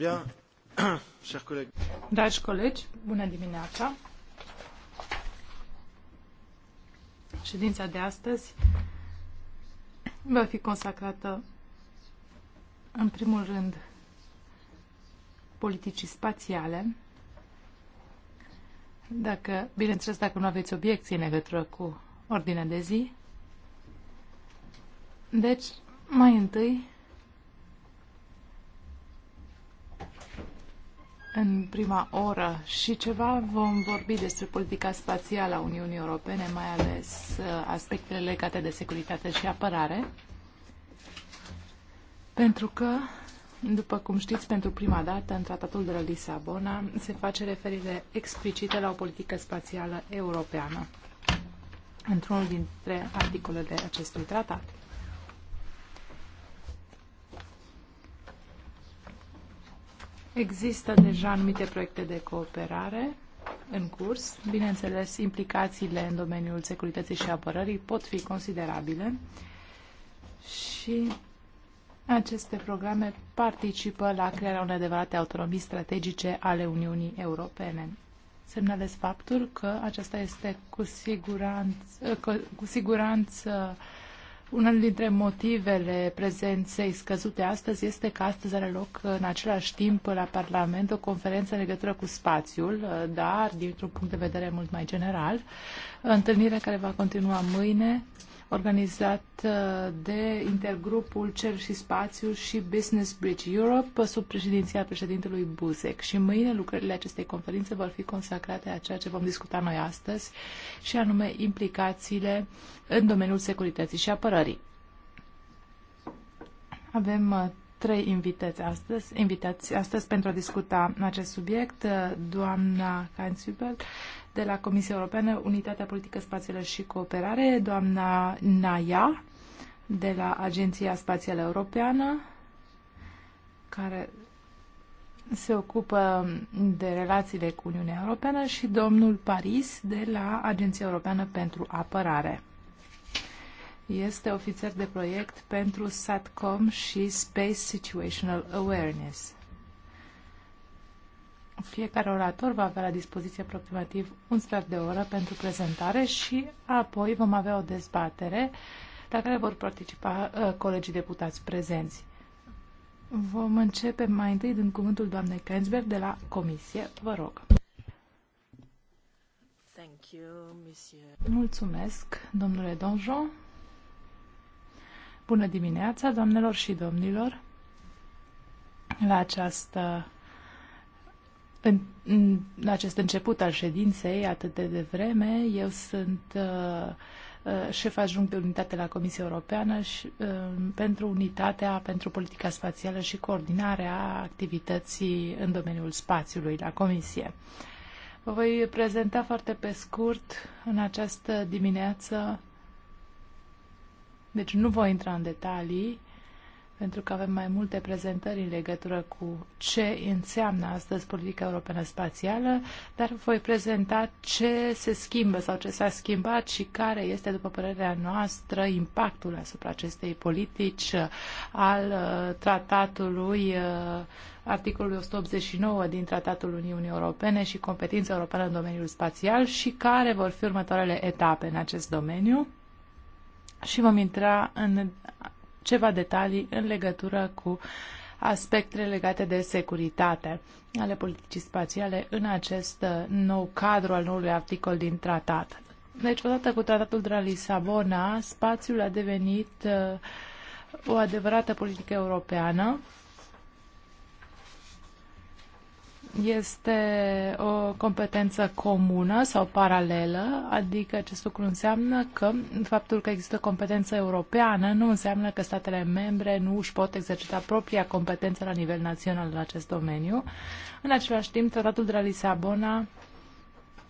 Dragi colegi, bună dimineața. Ședința de astăzi va fi consacrată în primul rând politicii spațiale. Dacă, bineînțeles, dacă nu aveți obiecții în legătură cu ordinea de zi. Deci, mai întâi în prima oră și ceva vom vorbi despre politica spațială a Uniunii Europene, mai ales uh, aspectele legate de securitate și apărare. Pentru că, după cum știți, pentru prima dată în Tratatul de la Lisabona se face referire explicită la o politică spațială europeană într-unul dintre articolele acestui tratat. Există deja anumite proiecte de cooperare în curs. Bineînțeles, implicațiile în domeniul securității și apărării pot fi considerabile și aceste programe participă la crearea unei adevărate autonomii strategice ale Uniunii Europene. Semnalez faptul că aceasta este cu siguranță, cu siguranță unul dintre motivele prezenței scăzute astăzi este că astăzi are loc în același timp la Parlament o conferință în legătură cu spațiul, dar dintr-un punct de vedere mult mai general, întâlnire care va continua mâine organizat uh, de intergrupul Cer și Spațiu și Business Bridge Europe uh, sub președinția președintelui Buzek. Și mâine lucrările acestei conferințe vor fi consacrate a ceea ce vom discuta noi astăzi și anume implicațiile în domeniul securității și apărării. Avem uh, trei invitați astăzi, invitați astăzi pentru a discuta acest subiect, doamna Kainzübel, de la Comisia Europeană, Unitatea Politică Spațială și Cooperare, doamna Naya, de la Agenția Spațială Europeană, care se ocupă de relațiile cu Uniunea Europeană și domnul Paris de la Agenția Europeană pentru Apărare. Este ofițer de proiect pentru SATCOM și Space Situational Awareness. Fiecare orator va avea la dispoziție aproximativ un sfert de oră pentru prezentare și apoi vom avea o dezbatere la care vor participa uh, colegii deputați prezenți. Vom începe mai întâi din cuvântul doamnei Kensberg de la Comisie. Vă rog. Thank you, monsieur. Mulțumesc, domnule Donjon. Bună dimineața, doamnelor și domnilor, la această în, în acest început al ședinței, atât de devreme, eu sunt uh, uh șef ajunct de unitate la Comisia Europeană și, uh, pentru unitatea pentru politica spațială și coordinarea activității în domeniul spațiului la Comisie. Vă voi prezenta foarte pe scurt în această dimineață, deci nu voi intra în detalii, pentru că avem mai multe prezentări în legătură cu ce înseamnă astăzi politica europeană spațială, dar voi prezenta ce se schimbă sau ce s-a schimbat și care este, după părerea noastră, impactul asupra acestei politici al uh, tratatului uh, articolul 189 din Tratatul Uniunii Europene și competența europeană în domeniul spațial și care vor fi următoarele etape în acest domeniu și vom intra în ceva detalii în legătură cu aspectele legate de securitate ale politicii spațiale în acest uh, nou cadru al noului articol din tratat. Deci, odată cu tratatul de la Lisabona, spațiul a devenit uh, o adevărată politică europeană este o competență comună sau paralelă, adică acest lucru înseamnă că faptul că există competență europeană nu înseamnă că statele membre nu își pot exercita propria competență la nivel național în acest domeniu. În același timp, Tratatul de la Lisabona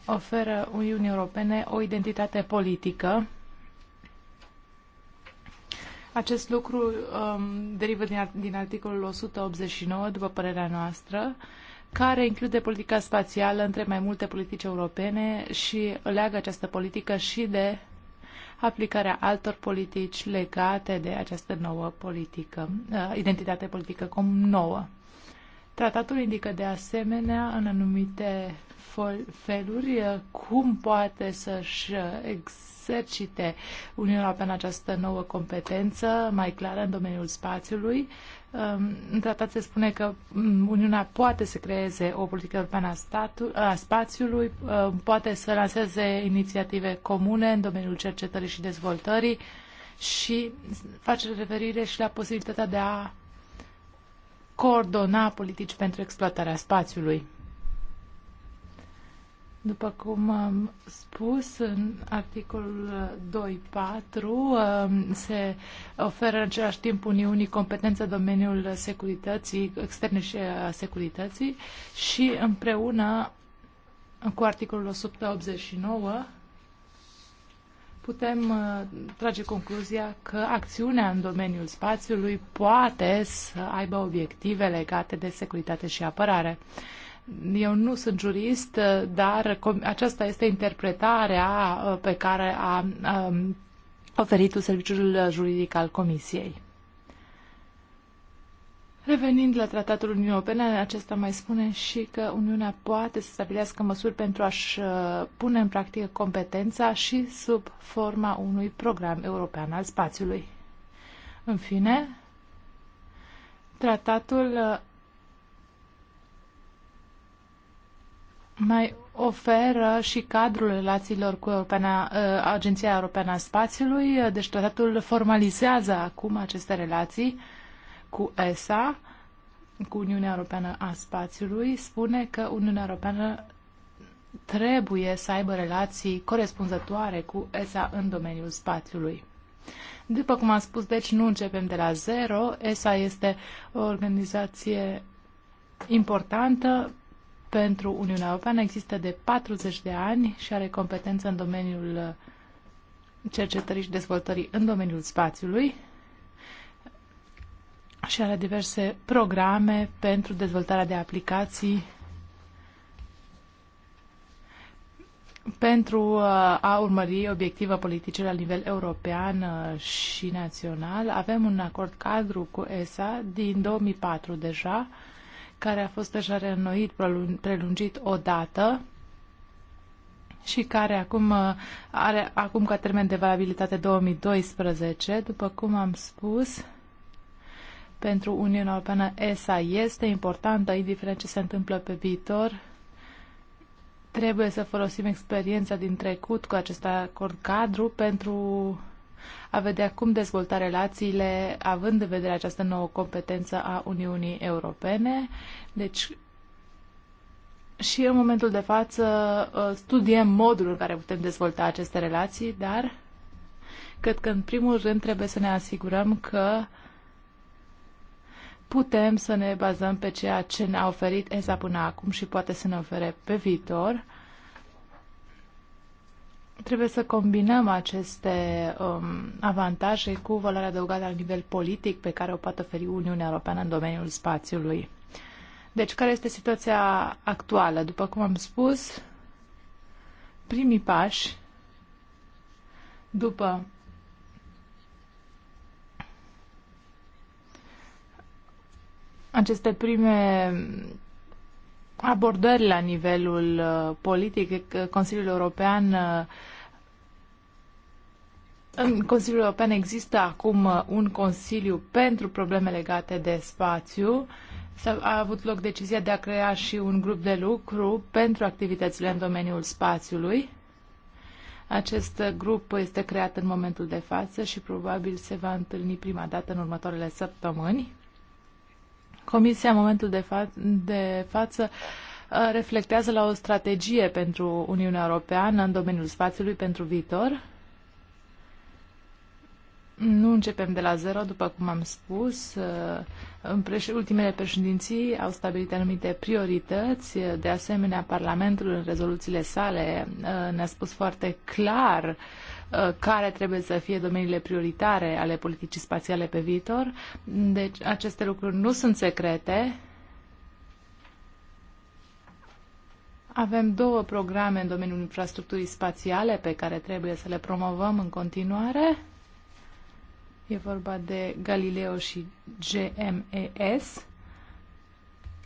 oferă Uniunii Europene o identitate politică. Acest lucru um, derivă din, din articolul 189, după părerea noastră, uh, care include politica spațială între mai multe politici europene și leagă această politică și de aplicarea altor politici legate de această nouă politică, uh, identitate politică nouă. Tratatul indică de asemenea în anumite feluri uh, cum poate să-și uh, exercite Uniunea Europeană această nouă competență mai clară în domeniul spațiului Um, în tratat se spune că um, Uniunea poate să creeze o politică europeană a, a spațiului, um, poate să lanseze inițiative comune în domeniul cercetării și dezvoltării și face referire și la posibilitatea de a coordona politici pentru exploatarea spațiului. După cum am spus, în articolul 2.4 um, se oferă în același timp Uniunii competență domeniul securității, externe și a uh, securității și împreună cu articolul 189 putem uh, trage concluzia că acțiunea în domeniul spațiului poate să aibă obiective legate de securitate și apărare. Eu nu sunt jurist, dar aceasta este interpretarea uh, pe care a um, oferit serviciul juridic al Comisiei. Revenind la Tratatul Uniunii Europene, acesta mai spune și că Uniunea poate să stabilească măsuri pentru a-și uh, pune în practică competența și sub forma unui program european al spațiului. În fine, tratatul uh, mai oferă și cadrul relațiilor cu Europeana, uh, Agenția Europeană a Spațiului, uh, deci tratatul formalizează acum aceste relații cu ESA, cu Uniunea Europeană a Spațiului, spune că Uniunea Europeană trebuie să aibă relații corespunzătoare cu ESA în domeniul spațiului. După cum am spus, deci nu începem de la zero. ESA este o organizație importantă pentru Uniunea Europeană există de 40 de ani și are competență în domeniul uh, cercetării și dezvoltării în domeniul spațiului și are diverse programe pentru dezvoltarea de aplicații pentru uh, a urmări obiective politice la nivel european uh, și național. Avem un acord cadru cu ESA din 2004 deja, care a fost deja reînnoit, prelungit odată și care acum uh, are acum ca termen de valabilitate 2012, după cum am spus, pentru Uniunea Europeană ESA este importantă, indiferent ce se întâmplă pe viitor. Trebuie să folosim experiența din trecut cu acest acord cadru pentru a vedea cum dezvolta relațiile, având în vedere această nouă competență a Uniunii Europene. Deci, și în momentul de față uh, studiem modul în care putem dezvolta aceste relații, dar cred că în primul rând trebuie să ne asigurăm că putem să ne bazăm pe ceea ce ne-a oferit ESA până acum și poate să ne ofere pe viitor trebuie să combinăm aceste um, avantaje cu valoarea adăugată la nivel politic pe care o poate oferi Uniunea Europeană în domeniul spațiului. Deci, care este situația actuală? După cum am spus, primii pași după aceste prime abordări la nivelul uh, politic, Consiliul European uh, în Consiliul European există acum uh, un Consiliu pentru probleme legate de spațiu. A avut loc decizia de a crea și un grup de lucru pentru activitățile în domeniul spațiului. Acest grup este creat în momentul de față și probabil se va întâlni prima dată în următoarele săptămâni. Comisia, în momentul de, fa- de față, uh, reflectează la o strategie pentru Uniunea Europeană în domeniul spațiului pentru viitor nu începem de la zero, după cum am spus. În ultimele președinții au stabilit anumite priorități. De asemenea, Parlamentul, în rezoluțiile sale, uh, ne-a spus foarte clar uh, care trebuie să fie domeniile prioritare ale politicii spațiale pe viitor. Deci, aceste lucruri nu sunt secrete. Avem două programe în domeniul infrastructurii spațiale pe care trebuie să le promovăm în continuare E vorba de Galileo și GMES.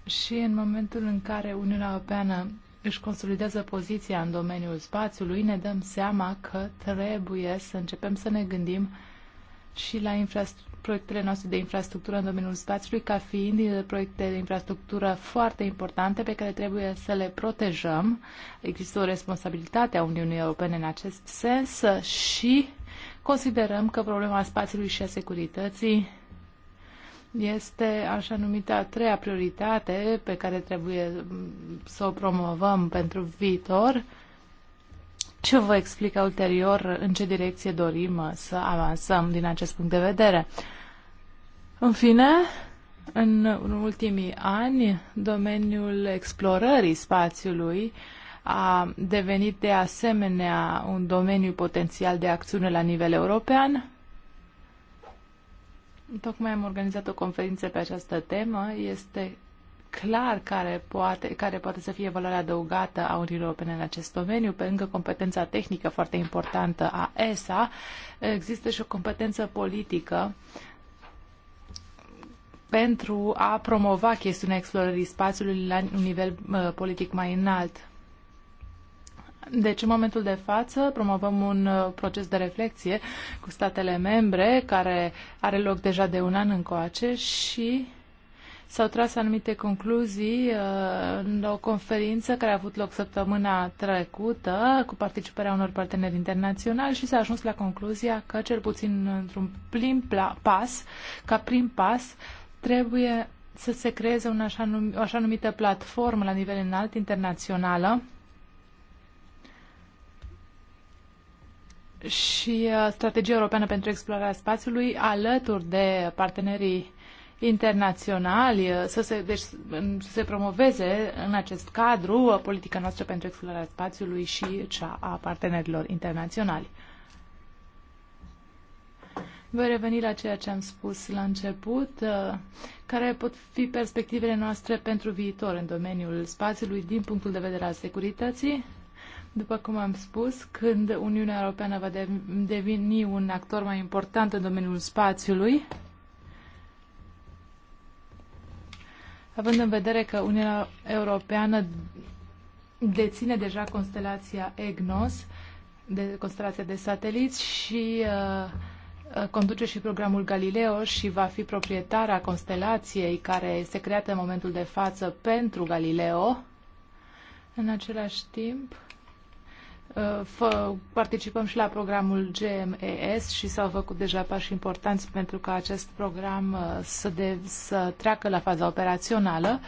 Și în momentul în care Uniunea Europeană își consolidează poziția în domeniul spațiului, ne dăm seama că trebuie să începem să ne gândim și la proiectele noastre de infrastructură în domeniul spațiului ca fiind proiecte de infrastructură foarte importante pe care trebuie să le protejăm. Există o responsabilitate a Uniunii Europene în acest sens și Considerăm că problema spațiului și a securității este așa numită a treia prioritate pe care trebuie mm, să o promovăm pentru viitor. Ce vă explic ulterior în ce direcție dorim uh, să avansăm din acest punct de vedere. În fine, în ultimii ani, domeniul explorării spațiului uh, a devenit de asemenea un domeniu potențial de acțiune la nivel european. Tocmai am organizat o conferință pe această temă. Este clar care poate, care poate să fie valoarea adăugată a Uniunii Europene în acest domeniu. Pe lângă competența tehnică foarte importantă a ESA, există și o competență politică pentru a promova chestiunea explorării spațiului la un nivel uh, politic mai înalt. Deci, în momentul de față, promovăm un uh, proces de reflexie cu statele membre, care are loc deja de un an încoace și s-au tras anumite concluzii uh, în o conferință care a avut loc săptămâna trecută cu participarea unor parteneri internaționali și s-a ajuns la concluzia că, cel puțin într-un prim pas, ca prim pas, trebuie să se creeze un așa, num- o așa numită platformă la nivel înalt internațională și uh, strategia europeană pentru explorarea spațiului alături de partenerii internaționali, uh, să se, deci, să se promoveze în acest cadru uh, politica noastră pentru explorarea spațiului și cea a partenerilor internaționali. Voi reveni la ceea ce am spus la început, care pot fi perspectivele noastre pentru viitor în domeniul spațiului din punctul de vedere al securității, după cum am spus, când Uniunea Europeană va deveni un actor mai important în domeniul spațiului, având în vedere că Uniunea Europeană deține deja constelația EGNOS, de constelația de sateliți și uh, uh conduce și programul Galileo și va fi proprietara constelației care este creată în momentul de față pentru Galileo. În același timp, participăm și la programul GMES și s-au făcut deja pași importanți pentru ca acest program uh, să, de, să treacă la faza operațională.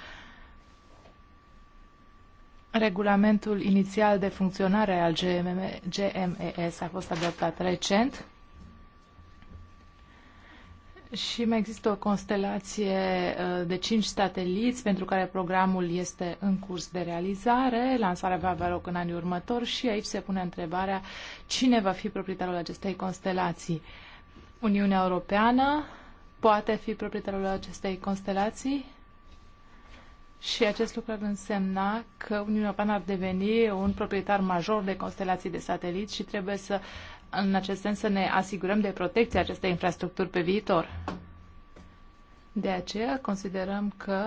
Regulamentul inițial de funcționare al GMES a fost adoptat recent și mai există o constelație uh, de cinci sateliți pentru care programul este în curs de realizare. Lansarea va avea loc în anii următori și aici se pune întrebarea cine va fi proprietarul acestei constelații. Uniunea Europeană poate fi proprietarul acestei constelații? Și acest lucru ar însemna că Uniunea Europeană ar deveni un proprietar major de constelații de sateliți și trebuie să în acest sens să ne asigurăm de protecția acestei infrastructuri pe viitor. De aceea considerăm că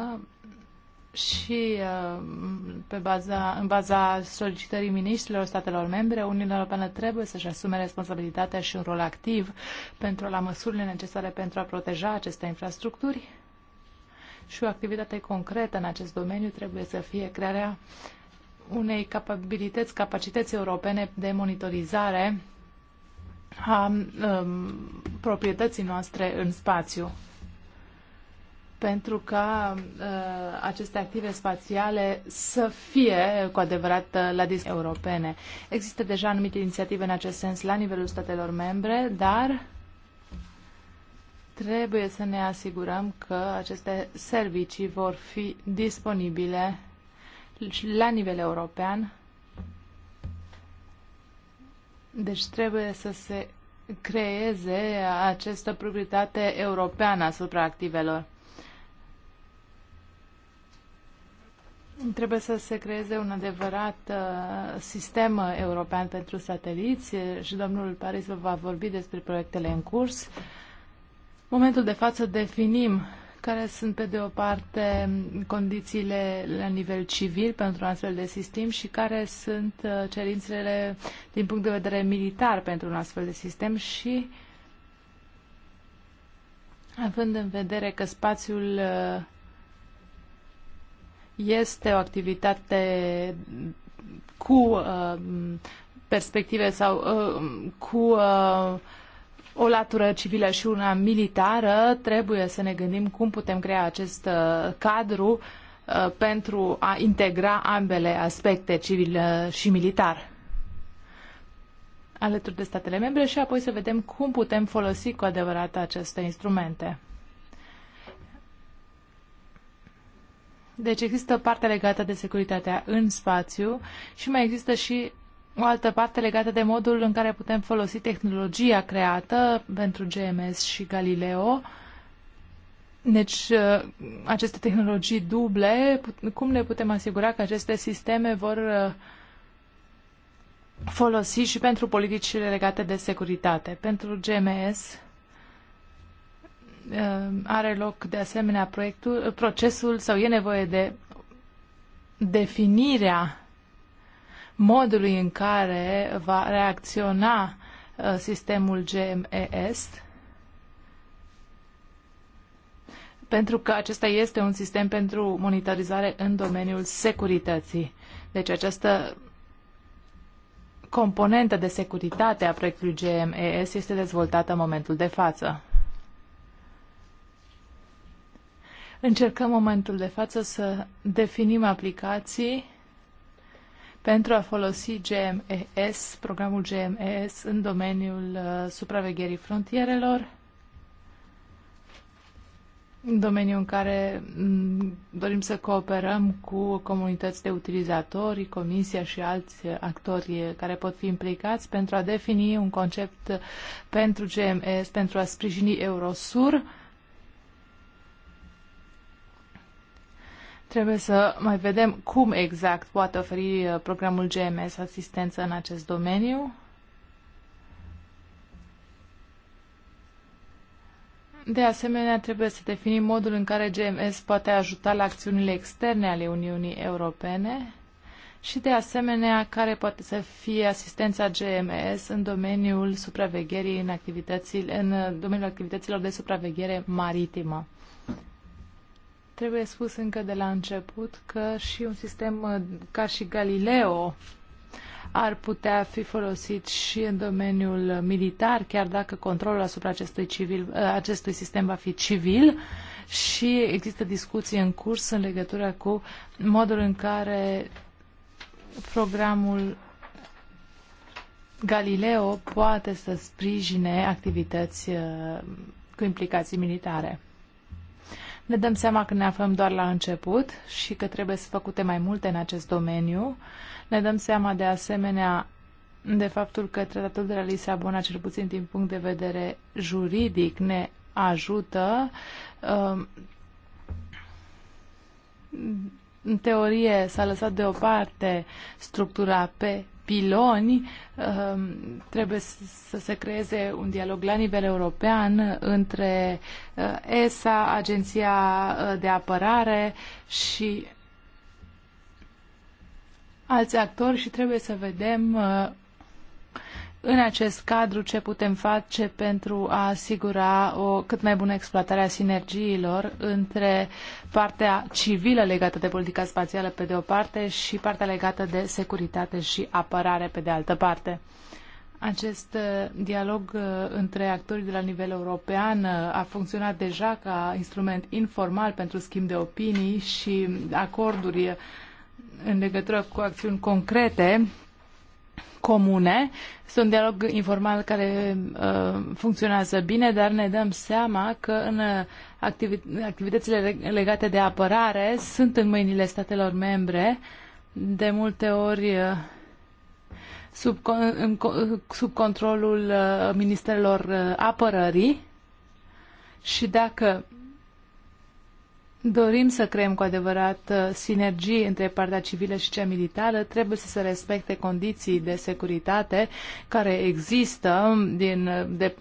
și uh, pe baza, în baza solicitării ministrilor statelor membre, Uniunea Europeană trebuie să-și asume responsabilitatea și un rol activ pentru la măsurile necesare pentru a proteja aceste infrastructuri și o activitate concretă în acest domeniu trebuie să fie crearea unei capabilități, capacități europene de monitorizare a um, proprietății noastre în spațiu. Pentru ca uh, aceste active spațiale să fie cu adevărat uh, la dis europene. Există deja anumite inițiative în acest sens la nivelul statelor membre, dar trebuie să ne asigurăm că aceste servicii vor fi disponibile la nivel european deci trebuie să se creeze această proprietate europeană asupra activelor. Trebuie să se creeze un adevărat uh, sistem european pentru sateliți și domnul Paris vă va vorbi despre proiectele în curs. Momentul de față definim care sunt pe de o parte condițiile la nivel civil pentru un astfel de sistem și care sunt uh, cerințele din punct de vedere militar pentru un astfel de sistem și având în vedere că spațiul uh, este o activitate cu uh, perspective sau cu o latură civilă și una militară, trebuie să ne gândim cum putem crea acest uh, cadru uh, pentru a integra ambele aspecte, civil uh, și militar, alături de statele membre și apoi să vedem cum putem folosi cu adevărat aceste instrumente. Deci există partea legată de securitatea în spațiu și mai există și o altă parte legată de modul în care putem folosi tehnologia creată pentru GMS și Galileo. Deci, uh, aceste tehnologii duble, cum ne putem asigura că aceste sisteme vor uh, folosi și pentru politicile legate de securitate? Pentru GMS uh, are loc de asemenea proiectul, procesul sau e nevoie de definirea modului în care va reacționa uh, sistemul GMES, pentru că acesta este un sistem pentru monitorizare în domeniul securității. Deci această componentă de securitate a proiectului GMES este dezvoltată în momentul de față. Încercăm momentul de față să definim aplicații pentru a folosi GMES, programul GMES, în domeniul uh, supravegherii frontierelor, în domeniul în care mm, dorim să cooperăm cu comunități de utilizatori, comisia și alți actori care pot fi implicați pentru a defini un concept pentru GMS, pentru a sprijini Eurosur Trebuie să mai vedem cum exact poate oferi uh, programul GMS asistență în acest domeniu. De asemenea, trebuie să definim modul în care GMS poate ajuta la acțiunile externe ale Uniunii Europene și, de asemenea, care poate să fie asistența GMS în domeniul supravegherii în, în uh, domeniul activităților de supraveghere maritimă. Trebuie spus încă de la început că și un sistem uh, ca și Galileo ar putea fi folosit și în domeniul militar, chiar dacă controlul asupra acestui, civil, uh, acestui sistem va fi civil și există discuții în curs în legătură cu modul în care programul Galileo poate să sprijine activități uh, cu implicații militare. Ne dăm seama că ne aflăm doar la început și că trebuie să făcute mai multe în acest domeniu. Ne dăm seama de asemenea de faptul că tratatul de la Lisabona, cel puțin din punct de vedere juridic, ne ajută. Um, în teorie s-a lăsat deoparte structura pe piloni, um, trebuie să se creeze un dialog la nivel european între uh, ESA, Agenția uh, de Apărare și alți actori și trebuie să vedem uh, în acest cadru ce putem face pentru a asigura o cât mai bună exploatare a sinergiilor între partea civilă legată de politica spațială pe de o parte și partea legată de securitate și apărare pe de altă parte. Acest uh, dialog uh, între actorii de la nivel european uh, a funcționat deja ca instrument informal pentru schimb de opinii și acorduri în legătură cu acțiuni concrete comune. Este un dialog informal care uh, funcționează bine, dar ne dăm seama că în uh, activi- activitățile legate de apărare sunt în mâinile statelor membre, de multe ori uh, sub, în, uh, sub controlul uh, ministerelor uh, apărării și dacă dorim să creăm cu adevărat uh, sinergii între partea civilă și cea militară, trebuie să se respecte condiții de securitate care există din, uh, de,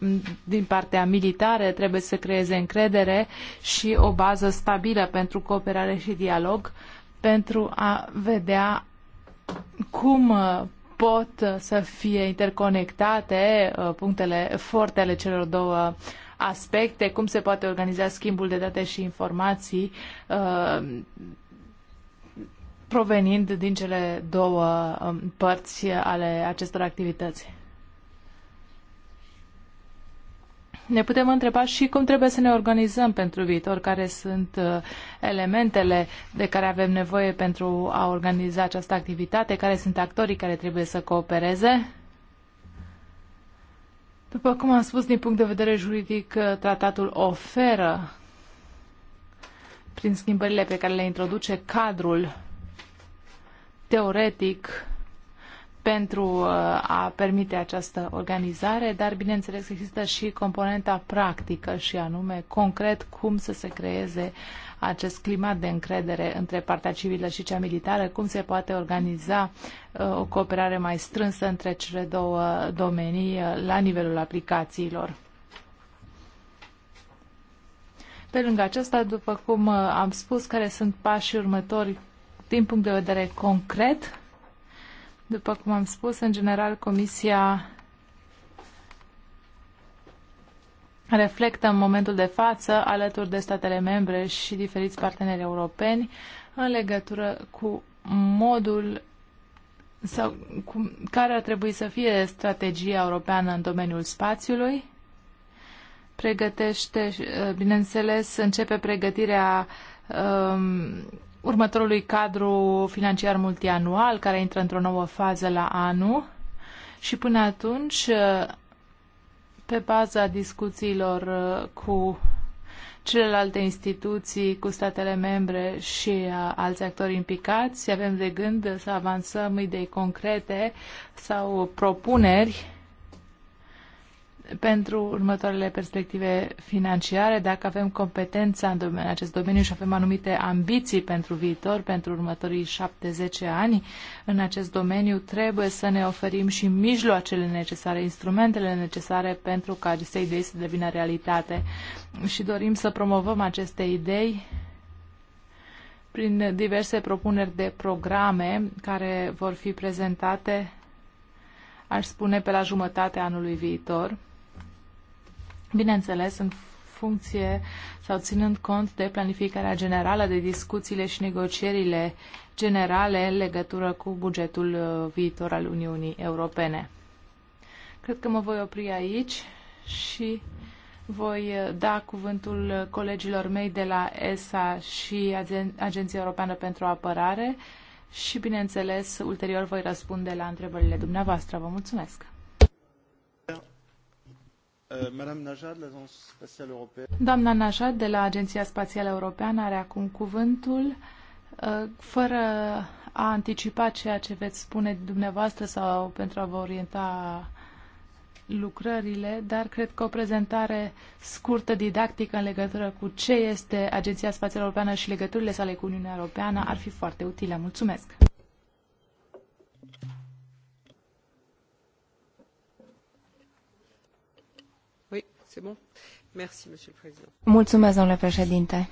din partea militară, trebuie să creeze încredere și o bază stabilă pentru cooperare și dialog pentru a vedea cum uh, pot să fie interconectate punctele forte ale celor două aspecte, cum se poate organiza schimbul de date și informații uh, provenind din cele două um, părți ale acestor activități. Ne putem întreba și cum trebuie să ne organizăm pentru viitor, care sunt uh, elementele de care avem nevoie pentru a organiza această activitate, care sunt actorii care trebuie să coopereze. După cum am spus, din punct de vedere juridic, uh, tratatul oferă, prin schimbările pe care le introduce, cadrul teoretic pentru uh, a permite această organizare, dar bineînțeles există și componenta practică și anume concret cum să se creeze uh, acest climat de încredere între partea civilă și cea militară, cum se poate organiza uh, o cooperare mai strânsă între cele două domenii uh, la nivelul aplicațiilor. Pe lângă aceasta, după cum uh, am spus, care sunt pașii următori din punct de vedere concret? După cum am spus, în general, Comisia reflectă în momentul de față alături de statele membre și diferiți parteneri europeni în legătură cu modul sau cu, care ar trebui să fie strategia europeană în domeniul spațiului. Pregătește, uh, bineînțeles, începe pregătirea um, următorului cadru financiar multianual care intră într-o nouă fază la anul și până atunci uh, pe baza discuțiilor uh, cu celelalte instituții, cu statele membre și uh, alți actori implicați, avem de gând să avansăm idei concrete sau propuneri pentru următoarele perspective financiare, dacă avem competența în, domeniu, în acest domeniu și avem anumite ambiții pentru viitor, pentru următorii 7-10 ani în acest domeniu, trebuie să ne oferim și mijloacele necesare, instrumentele necesare pentru ca aceste idei să devină realitate. Și dorim să promovăm aceste idei prin diverse propuneri de programe care vor fi prezentate, aș spune, pe la jumătatea anului viitor bineînțeles, în funcție sau ținând cont de planificarea generală, de discuțiile și negocierile generale în legătură cu bugetul uh, viitor al Uniunii Europene. Cred că mă voi opri aici și voi uh, da cuvântul colegilor mei de la ESA și Agenția Europeană pentru Apărare și, bineînțeles, ulterior voi răspunde la întrebările dumneavoastră. Vă mulțumesc! Euh, Doamna Najad de la Agenția Spațială Europeană are acum cuvântul. Uh, fără a anticipa ceea ce veți spune dumneavoastră sau pentru a vă orienta lucrările, dar cred că o prezentare scurtă, didactică în legătură cu ce este Agenția Spațială Europeană și legăturile sale cu Uniunea Europeană ar fi foarte utilă. Mulțumesc! Mulțumesc, domnule președinte.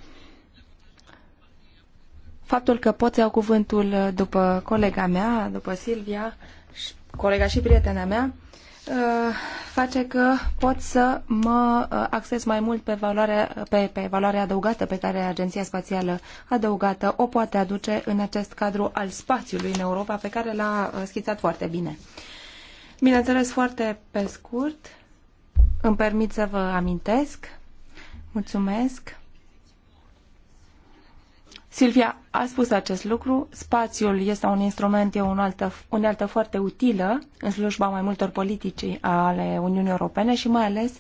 Faptul că pot să iau cuvântul după colega mea, după Silvia, colega și prietena mea, uh, face că pot să mă uh, acces mai mult pe valoarea, pe, pe valoarea adăugată pe care Agenția Spațială Adăugată o poate aduce în acest cadru al spațiului în Europa pe care l-a uh, schițat foarte bine. Bineînțeles, foarte pe scurt, îmi permit să vă amintesc. Mulțumesc. Silvia a spus acest lucru. Spațiul este un instrument, e un altă, foarte utilă în slujba mai multor politici ale Uniunii Europene și mai ales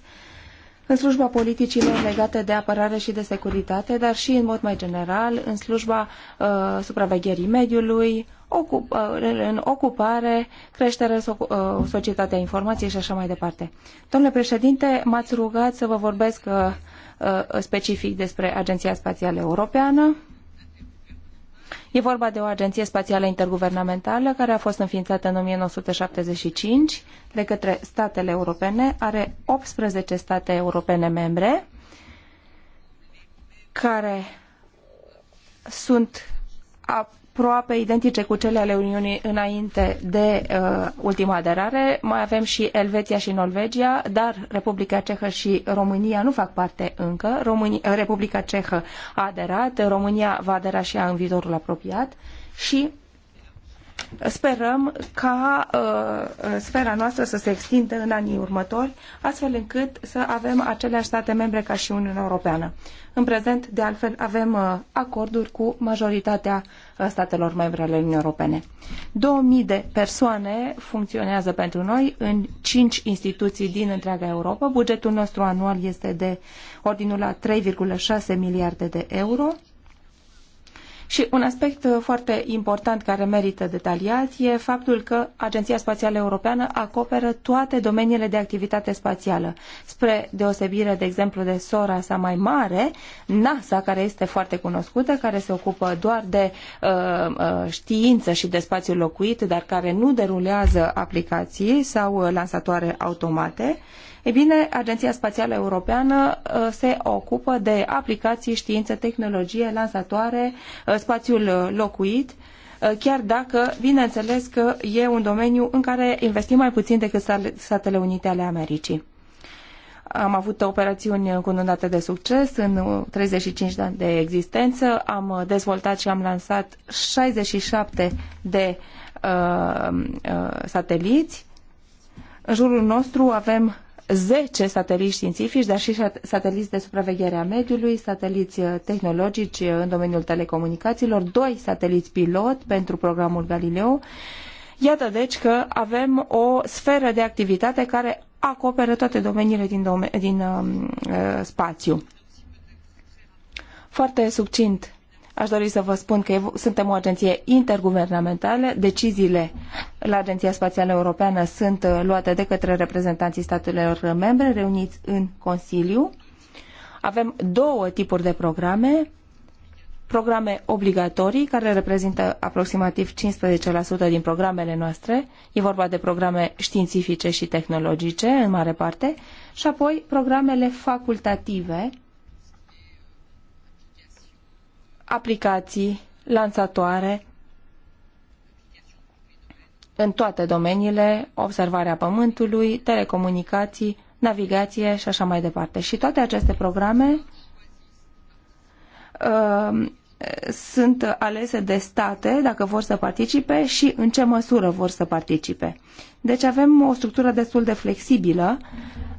în slujba politicilor legate de apărare și de securitate, dar și în mod mai general în slujba uh, supravegherii mediului, ocup, uh, în ocupare, creștere, uh, societatea informației și așa mai departe. Domnule președinte, m-ați rugat să vă vorbesc uh, specific despre Agenția Spațială Europeană. E vorba de o agenție spațială interguvernamentală care a fost înființată în 1975 de către statele europene. Are 18 state europene membre care sunt aproape identice cu cele ale Uniunii înainte de uh, ultima aderare. Mai avem și Elveția și Norvegia, dar Republica Cehă și România nu fac parte încă. România, uh, Republica Cehă a aderat, România va adera și ea în viitorul apropiat și Sperăm ca uh, uh, sfera noastră să se extindă în anii următori, astfel încât să avem aceleași state membre ca și Uniunea Europeană. În prezent, de altfel, avem uh, acorduri cu majoritatea uh, statelor membre ale Uniunii Europene. 2000 de persoane funcționează pentru noi în 5 instituții din întreaga Europa. Bugetul nostru anual este de ordinul la 3,6 miliarde de euro. Și un aspect uh, foarte important care merită detaliat e faptul că Agenția Spațială Europeană acoperă toate domeniile de activitate spațială. Spre deosebire, de exemplu, de sora sa mai mare, NASA, care este foarte cunoscută, care se ocupă doar de uh, uh știință și de spațiu locuit, dar care nu derulează aplicații sau uh, lansatoare automate, E bine, Agenția Spațială Europeană uh, se ocupă de aplicații, știință, tehnologie, lansatoare, uh, spațiul uh, locuit, chiar dacă, bineînțeles, că e un domeniu în care investim mai puțin decât Statele Unite ale Americii. Am avut operațiuni încununate de succes în 35 de ani de existență. Am dezvoltat și am lansat 67 de uh, uh, sateliți. În jurul nostru avem 10 sateliți științifici, dar și sateliți de supraveghere a mediului, sateliți uh, tehnologici uh, în domeniul telecomunicațiilor, doi sateliți pilot pentru programul Galileo. Iată deci că avem o sferă de activitate care acoperă toate domeniile din, dom din um, uh, spațiu. Foarte succint Aș dori să vă spun că suntem o agenție interguvernamentală. Deciziile la Agenția Spațială Europeană sunt uh, luate de către reprezentanții statelor membre reuniți în Consiliu. Avem două tipuri de programe. Programe obligatorii, care reprezintă aproximativ 15% din programele noastre. E vorba de programe științifice și tehnologice, în mare parte. Și apoi programele facultative, aplicații lansatoare în toate domeniile, observarea pământului, telecomunicații, navigație și așa mai departe. Și toate aceste programe uh, sunt alese de state dacă vor să participe și în ce măsură vor să participe. Deci avem o structură destul de flexibilă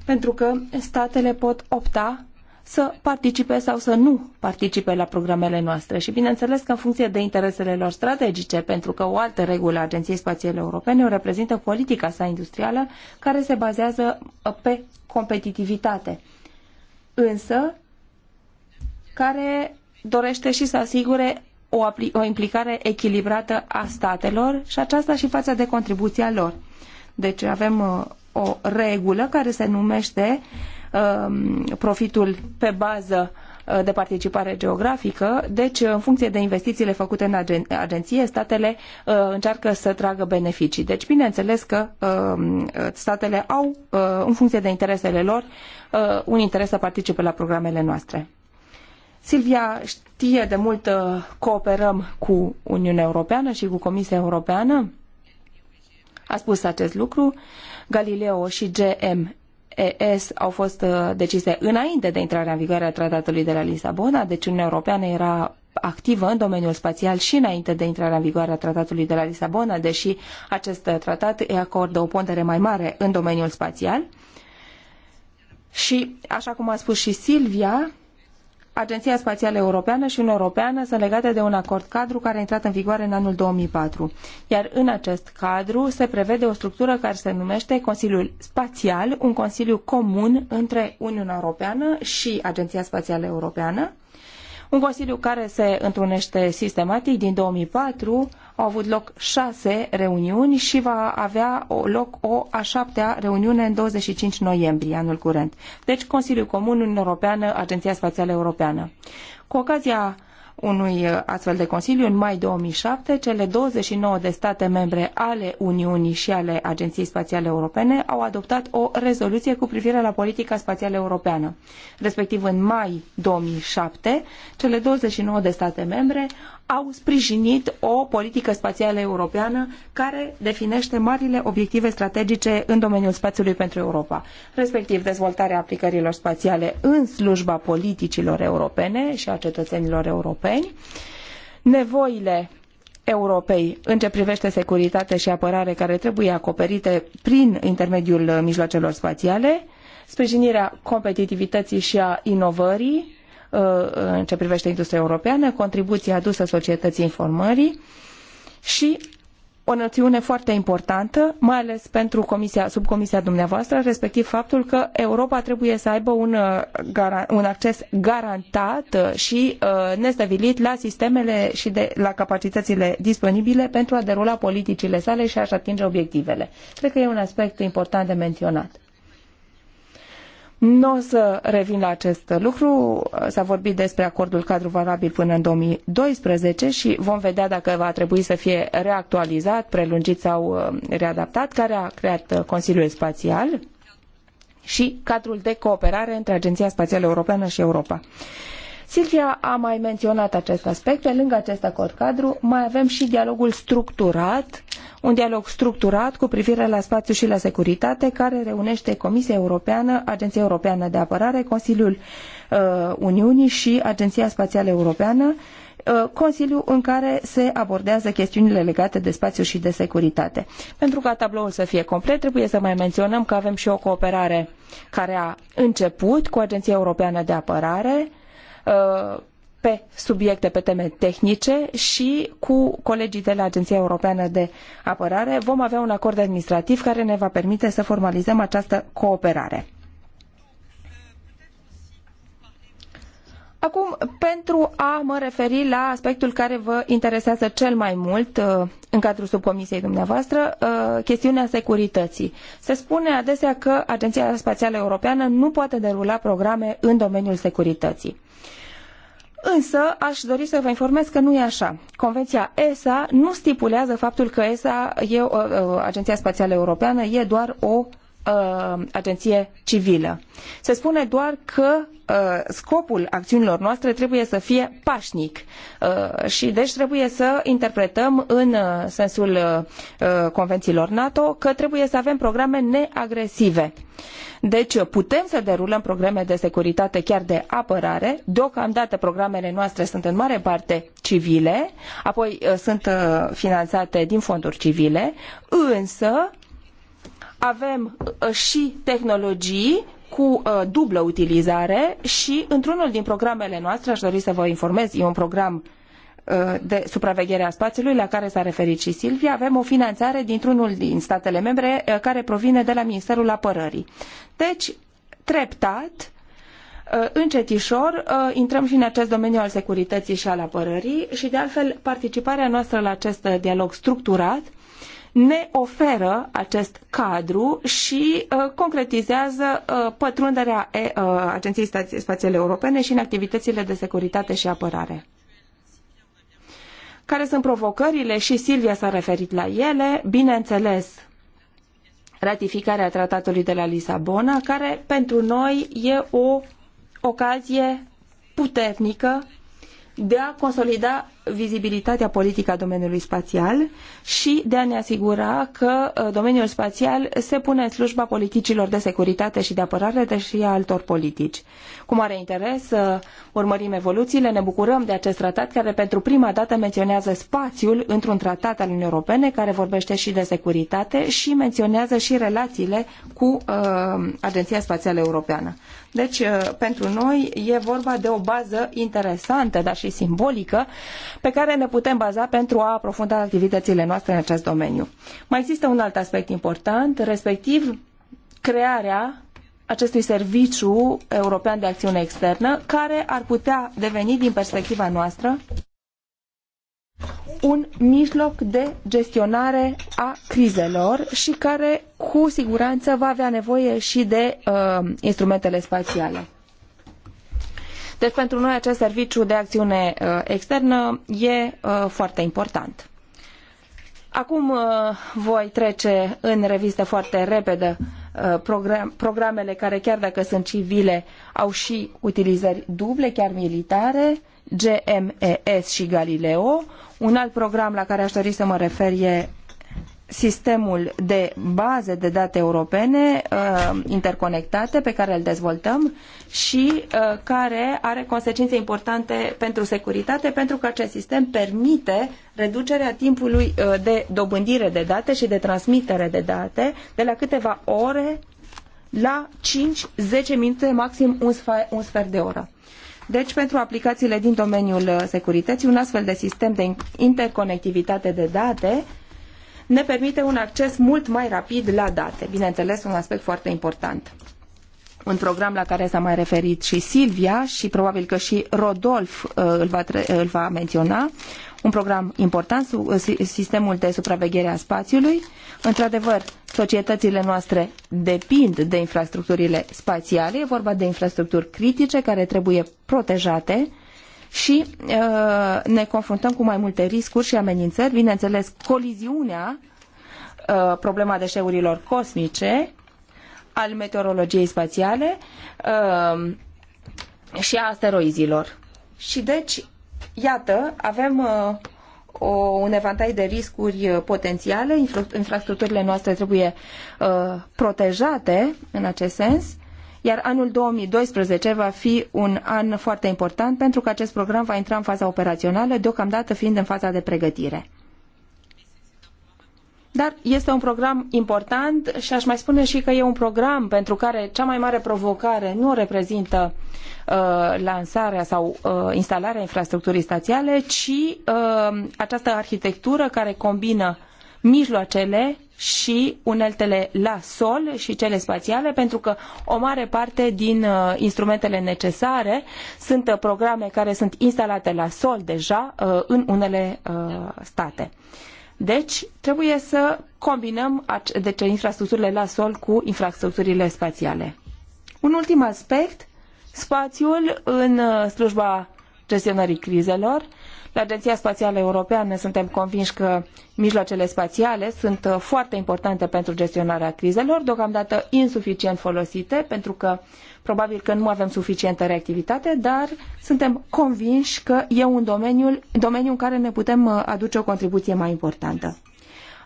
pentru că statele pot opta să participe sau să nu participe la programele noastre. Și bineînțeles că în funcție de interesele lor strategice, pentru că o altă regulă a Agenției Spațiale Europene o reprezintă politica sa industrială care se bazează uh, pe competitivitate. Însă, care dorește și să asigure o, o implicare echilibrată a statelor și aceasta și față de contribuția lor. Deci avem uh, o regulă care se numește uh, Um, profitul pe bază uh, de participare geografică, deci în funcție de investițiile făcute în agenție, statele uh, încearcă să tragă beneficii. Deci bineînțeles că um, statele au, uh, în funcție de interesele lor, un interes să participe la programele noastre. Silvia știe de mult cooperăm cu Uniunea Europeană și cu Comisia Europeană. A spus acest lucru. Galileo și GM. ES au fost uh, decise înainte de intrarea în vigoare a tratatului de la Lisabona, deci Uniunea Europeană era activă în domeniul spațial și înainte de intrarea în vigoare a tratatului de la Lisabona, deși acest uh, tratat îi acordă o pondere mai mare în domeniul spațial. Și, așa cum a spus și Silvia, Agenția Spațială Europeană și Uniunea Europeană sunt legate de un acord cadru care a intrat în vigoare în anul 2004. Iar în acest cadru se prevede o structură care se numește Consiliul Spațial, un consiliu comun între Uniunea Europeană și Agenția Spațială Europeană, un Consiliu care se întrunește sistematic din 2004, au avut loc șase reuniuni și va avea loc o a șaptea reuniune în 25 noiembrie anul curent. Deci Consiliul Comun, Uniunea Europeană, Agenția Spațială Europeană. Cu ocazia unui uh, astfel de consiliu în mai 2007, cele 29 de state membre ale Uniunii și ale Agenției Spațiale Europene au adoptat o rezoluție cu privire la politica spațială europeană. Respectiv în mai 2007, cele 29 de state membre au sprijinit o politică spațială europeană care definește marile obiective strategice în domeniul spațiului pentru Europa, respectiv dezvoltarea aplicărilor spațiale în slujba politicilor europene și a cetățenilor europeni, nevoile Europei în ce privește securitate și apărare care trebuie acoperite prin intermediul mijloacelor spațiale, sprijinirea competitivității și a inovării, Uh, în ce privește industria europeană, contribuția adusă societății informării și o noțiune foarte importantă, mai ales pentru comisia, subcomisia dumneavoastră, respectiv faptul că Europa trebuie să aibă un, uh, un acces garantat și uh, nestabilit la sistemele și de, la capacitățile disponibile pentru a derula politicile sale și a-și atinge obiectivele. Cred că e un aspect important de menționat. Nu o să revin la acest lucru. S-a vorbit despre acordul cadru valabil până în 2012 și vom vedea dacă va trebui să fie reactualizat, prelungit sau uh, readaptat, care a creat uh, Consiliul Spațial și cadrul de cooperare între Agenția Spațială Europeană și Europa. Silvia a mai menționat acest aspect. Pe lângă acest acord cadru, mai avem și dialogul structurat, un dialog structurat cu privire la spațiu și la securitate, care reunește Comisia Europeană, Agenția Europeană de Apărare, Consiliul uh, Uniunii și Agenția Spațială Europeană, uh, Consiliu în care se abordează chestiunile legate de spațiu și de securitate. Pentru ca tabloul să fie complet, trebuie să mai menționăm că avem și o cooperare care a început cu Agenția Europeană de Apărare, uh, pe subiecte, pe teme tehnice și cu colegii de la Agenția Europeană de Apărare vom avea un acord administrativ care ne va permite să formalizăm această cooperare. Acum, pentru a mă referi la aspectul care vă interesează cel mai mult uh, în cadrul subcomisiei dumneavoastră, uh, chestiunea securității. Se spune adesea că Agenția Spațială Europeană nu poate derula programe în domeniul securității. Însă aș dori să vă informez că nu e așa. Convenția ESA nu stipulează faptul că ESA, e, Agenția Spațială Europeană, e doar o uh, agenție civilă. Se spune doar că uh, scopul acțiunilor noastre trebuie să fie pașnic uh, și deci trebuie să interpretăm în uh, sensul uh, uh, convențiilor NATO că trebuie să avem programe neagresive. Deci uh, putem să derulăm programe de securitate, chiar de apărare. Deocamdată programele noastre sunt în mare parte civile, apoi sunt finanțate din fonduri civile, însă avem uh, și tehnologii cu uh, dublă utilizare și într-unul din programele noastre, aș dori să vă informez, e un program uh, de supraveghere a spațiului la care s-a referit și Silvia, avem o finanțare dintr-unul din statele membre care provine de la Ministerul Apărării. Deci, treptat, încetișor, intrăm și în acest domeniu al securității și al apărării și, de altfel, participarea noastră la acest dialog structurat ne oferă acest cadru și uh, concretizează uh, pătrunderea e, uh, Agenției Spațiale Europene și în activitățile de securitate și apărare. Care sunt provocările și Silvia s-a referit la ele, bineînțeles ratificarea tratatului de la Lisabona, care pentru noi e o ocazie puternică de a consolida vizibilitatea politică a domeniului spațial și de a ne asigura că uh, domeniul spațial se pune în slujba politicilor de securitate și de apărare, deși a altor politici. Cu mare interes uh, urmărim evoluțiile, ne bucurăm de acest tratat care pentru prima dată menționează spațiul într-un tratat al Uniunii Europene care vorbește și de securitate și menționează și relațiile cu uh, Agenția Spațială Europeană. Deci, uh, pentru noi e vorba de o bază interesantă, dar și simbolică, pe care ne putem baza pentru a aprofunda activitățile noastre în acest domeniu. Mai există un alt aspect important, respectiv crearea acestui serviciu european de acțiune externă, care ar putea deveni, din perspectiva noastră, un mijloc de gestionare a crizelor și care cu siguranță va avea nevoie și de uh, instrumentele spațiale. Deci pentru noi acest serviciu de acțiune uh, externă e uh, foarte important. Acum uh, voi trece în revistă foarte repede uh, programele care chiar dacă sunt civile au și utilizări duble, chiar militare. Uh, GMES și Galileo. Un alt program la care aș dori să mă refer e sistemul de baze de date europene uh, interconectate pe care îl dezvoltăm și uh, care are consecințe importante pentru securitate pentru că acest sistem permite reducerea timpului uh, de dobândire de date și de transmitere de date de la câteva ore la 5-10 minute, maxim un, sfert de oră. Deci, pentru aplicațiile din domeniul uh, securității, un astfel de sistem de interconectivitate de date ne permite un acces mult mai rapid la date. Bineînțeles, un aspect foarte important. Un program la care s-a mai referit și Silvia și probabil că și Rodolf uh, îl va, îl va menționa, un program important, uh, sistemul de supraveghere a spațiului. Într-adevăr, societățile noastre depind de infrastructurile spațiale, e vorba de infrastructuri critice care trebuie protejate și uh, ne confruntăm cu mai multe riscuri și amenințări, bineînțeles coliziunea, uh, problema deșeurilor cosmice, al meteorologiei spațiale uh, și a asteroizilor. Și deci Iată, avem uh, o, un evantai de riscuri uh, potențiale, infrastructurile noastre trebuie uh, protejate în acest sens iar anul 2012 va fi un an foarte important pentru că acest program va intra în faza operațională, deocamdată fiind în faza de pregătire. Dar este un program important și aș mai spune și că e un program pentru care cea mai mare provocare nu reprezintă uh, lansarea sau uh, instalarea infrastructurii stațiale, ci uh, această arhitectură care combină mijloacele și uneltele la sol și cele spațiale, pentru că o mare parte din uh, instrumentele necesare sunt uh, programe care sunt instalate la sol deja uh, în unele uh, state. Uh, deci, trebuie să combinăm deci, infrastructurile la sol cu infrastructurile spațiale. Un ultim aspect, spațiul în uh, slujba gestionării crizelor la Agenția Spațială Europeană suntem convinși că mijloacele spațiale sunt uh, foarte importante pentru gestionarea crizelor, deocamdată insuficient folosite, pentru că probabil că nu avem suficientă reactivitate, dar suntem convinși că e un domeniu, domeniu în care ne putem uh, aduce o contribuție mai importantă.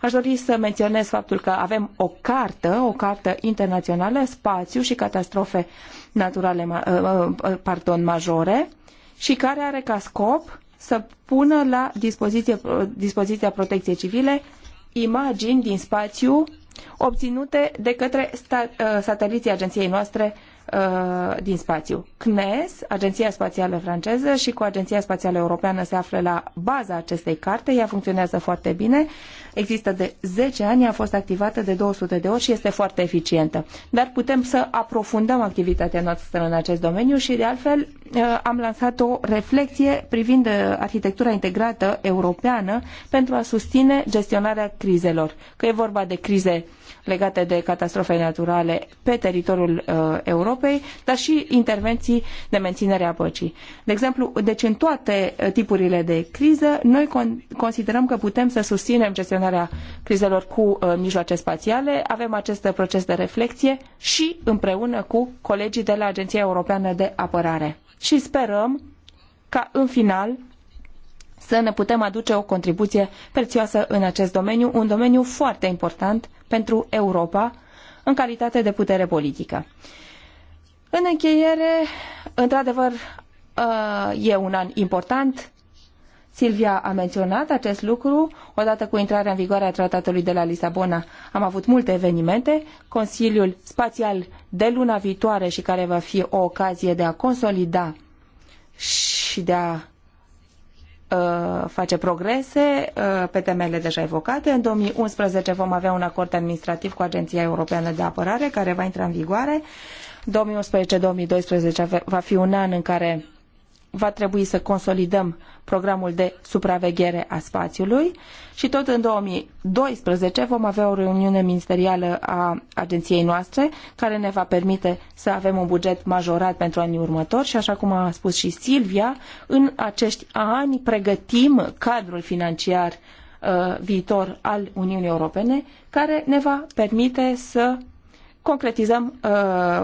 Aș dori să menționez faptul că avem o cartă, o cartă internațională, spațiu și catastrofe naturale, uh, pardon, majore, și care are ca scop să pună la dispoziție, uh, dispoziția protecției civile imagini din spațiu obținute de către stat, uh, sateliții agenției noastre Uh, din spațiu. CNES, Agenția Spațială Franceză și cu Agenția Spațială Europeană se află la baza acestei carte. Ea funcționează foarte bine, există de 10 ani, a fost activată de 200 de ori și este foarte eficientă. Dar putem să aprofundăm activitatea noastră în acest domeniu și de altfel uh, am lansat o reflexie privind uh, arhitectura integrată europeană pentru a susține gestionarea crizelor. Că e vorba de crize legate de catastrofe naturale pe teritoriul uh, Europei, dar și intervenții de menținere a păcii. De exemplu, deci în toate uh, tipurile de criză, noi con- considerăm că putem să susținem gestionarea crizelor cu uh, mijloace spațiale, avem acest proces de reflexie și împreună cu colegii de la Agenția Europeană de Apărare. Și sperăm ca în final să ne putem aduce o contribuție prețioasă în acest domeniu, un domeniu foarte important pentru Europa în calitate de putere politică. În încheiere, într-adevăr, uh, e un an important. Silvia a menționat acest lucru. Odată cu intrarea în vigoare a tratatului de la Lisabona am avut multe evenimente. Consiliul Spațial de luna viitoare și care va fi o ocazie de a consolida și de a Uh, face progrese uh, pe temele deja evocate. În 2011 vom avea un acord administrativ cu Agenția Europeană de Apărare care va intra în vigoare. 2011-2012 va fi un an în care va trebui să consolidăm programul de supraveghere a spațiului și tot în 2012 vom avea o reuniune ministerială a agenției noastre care ne va permite să avem un buget majorat pentru anii următori și așa cum a spus și Silvia, în acești ani pregătim cadrul financiar uh, viitor al Uniunii Europene care ne va permite să concretizăm uh,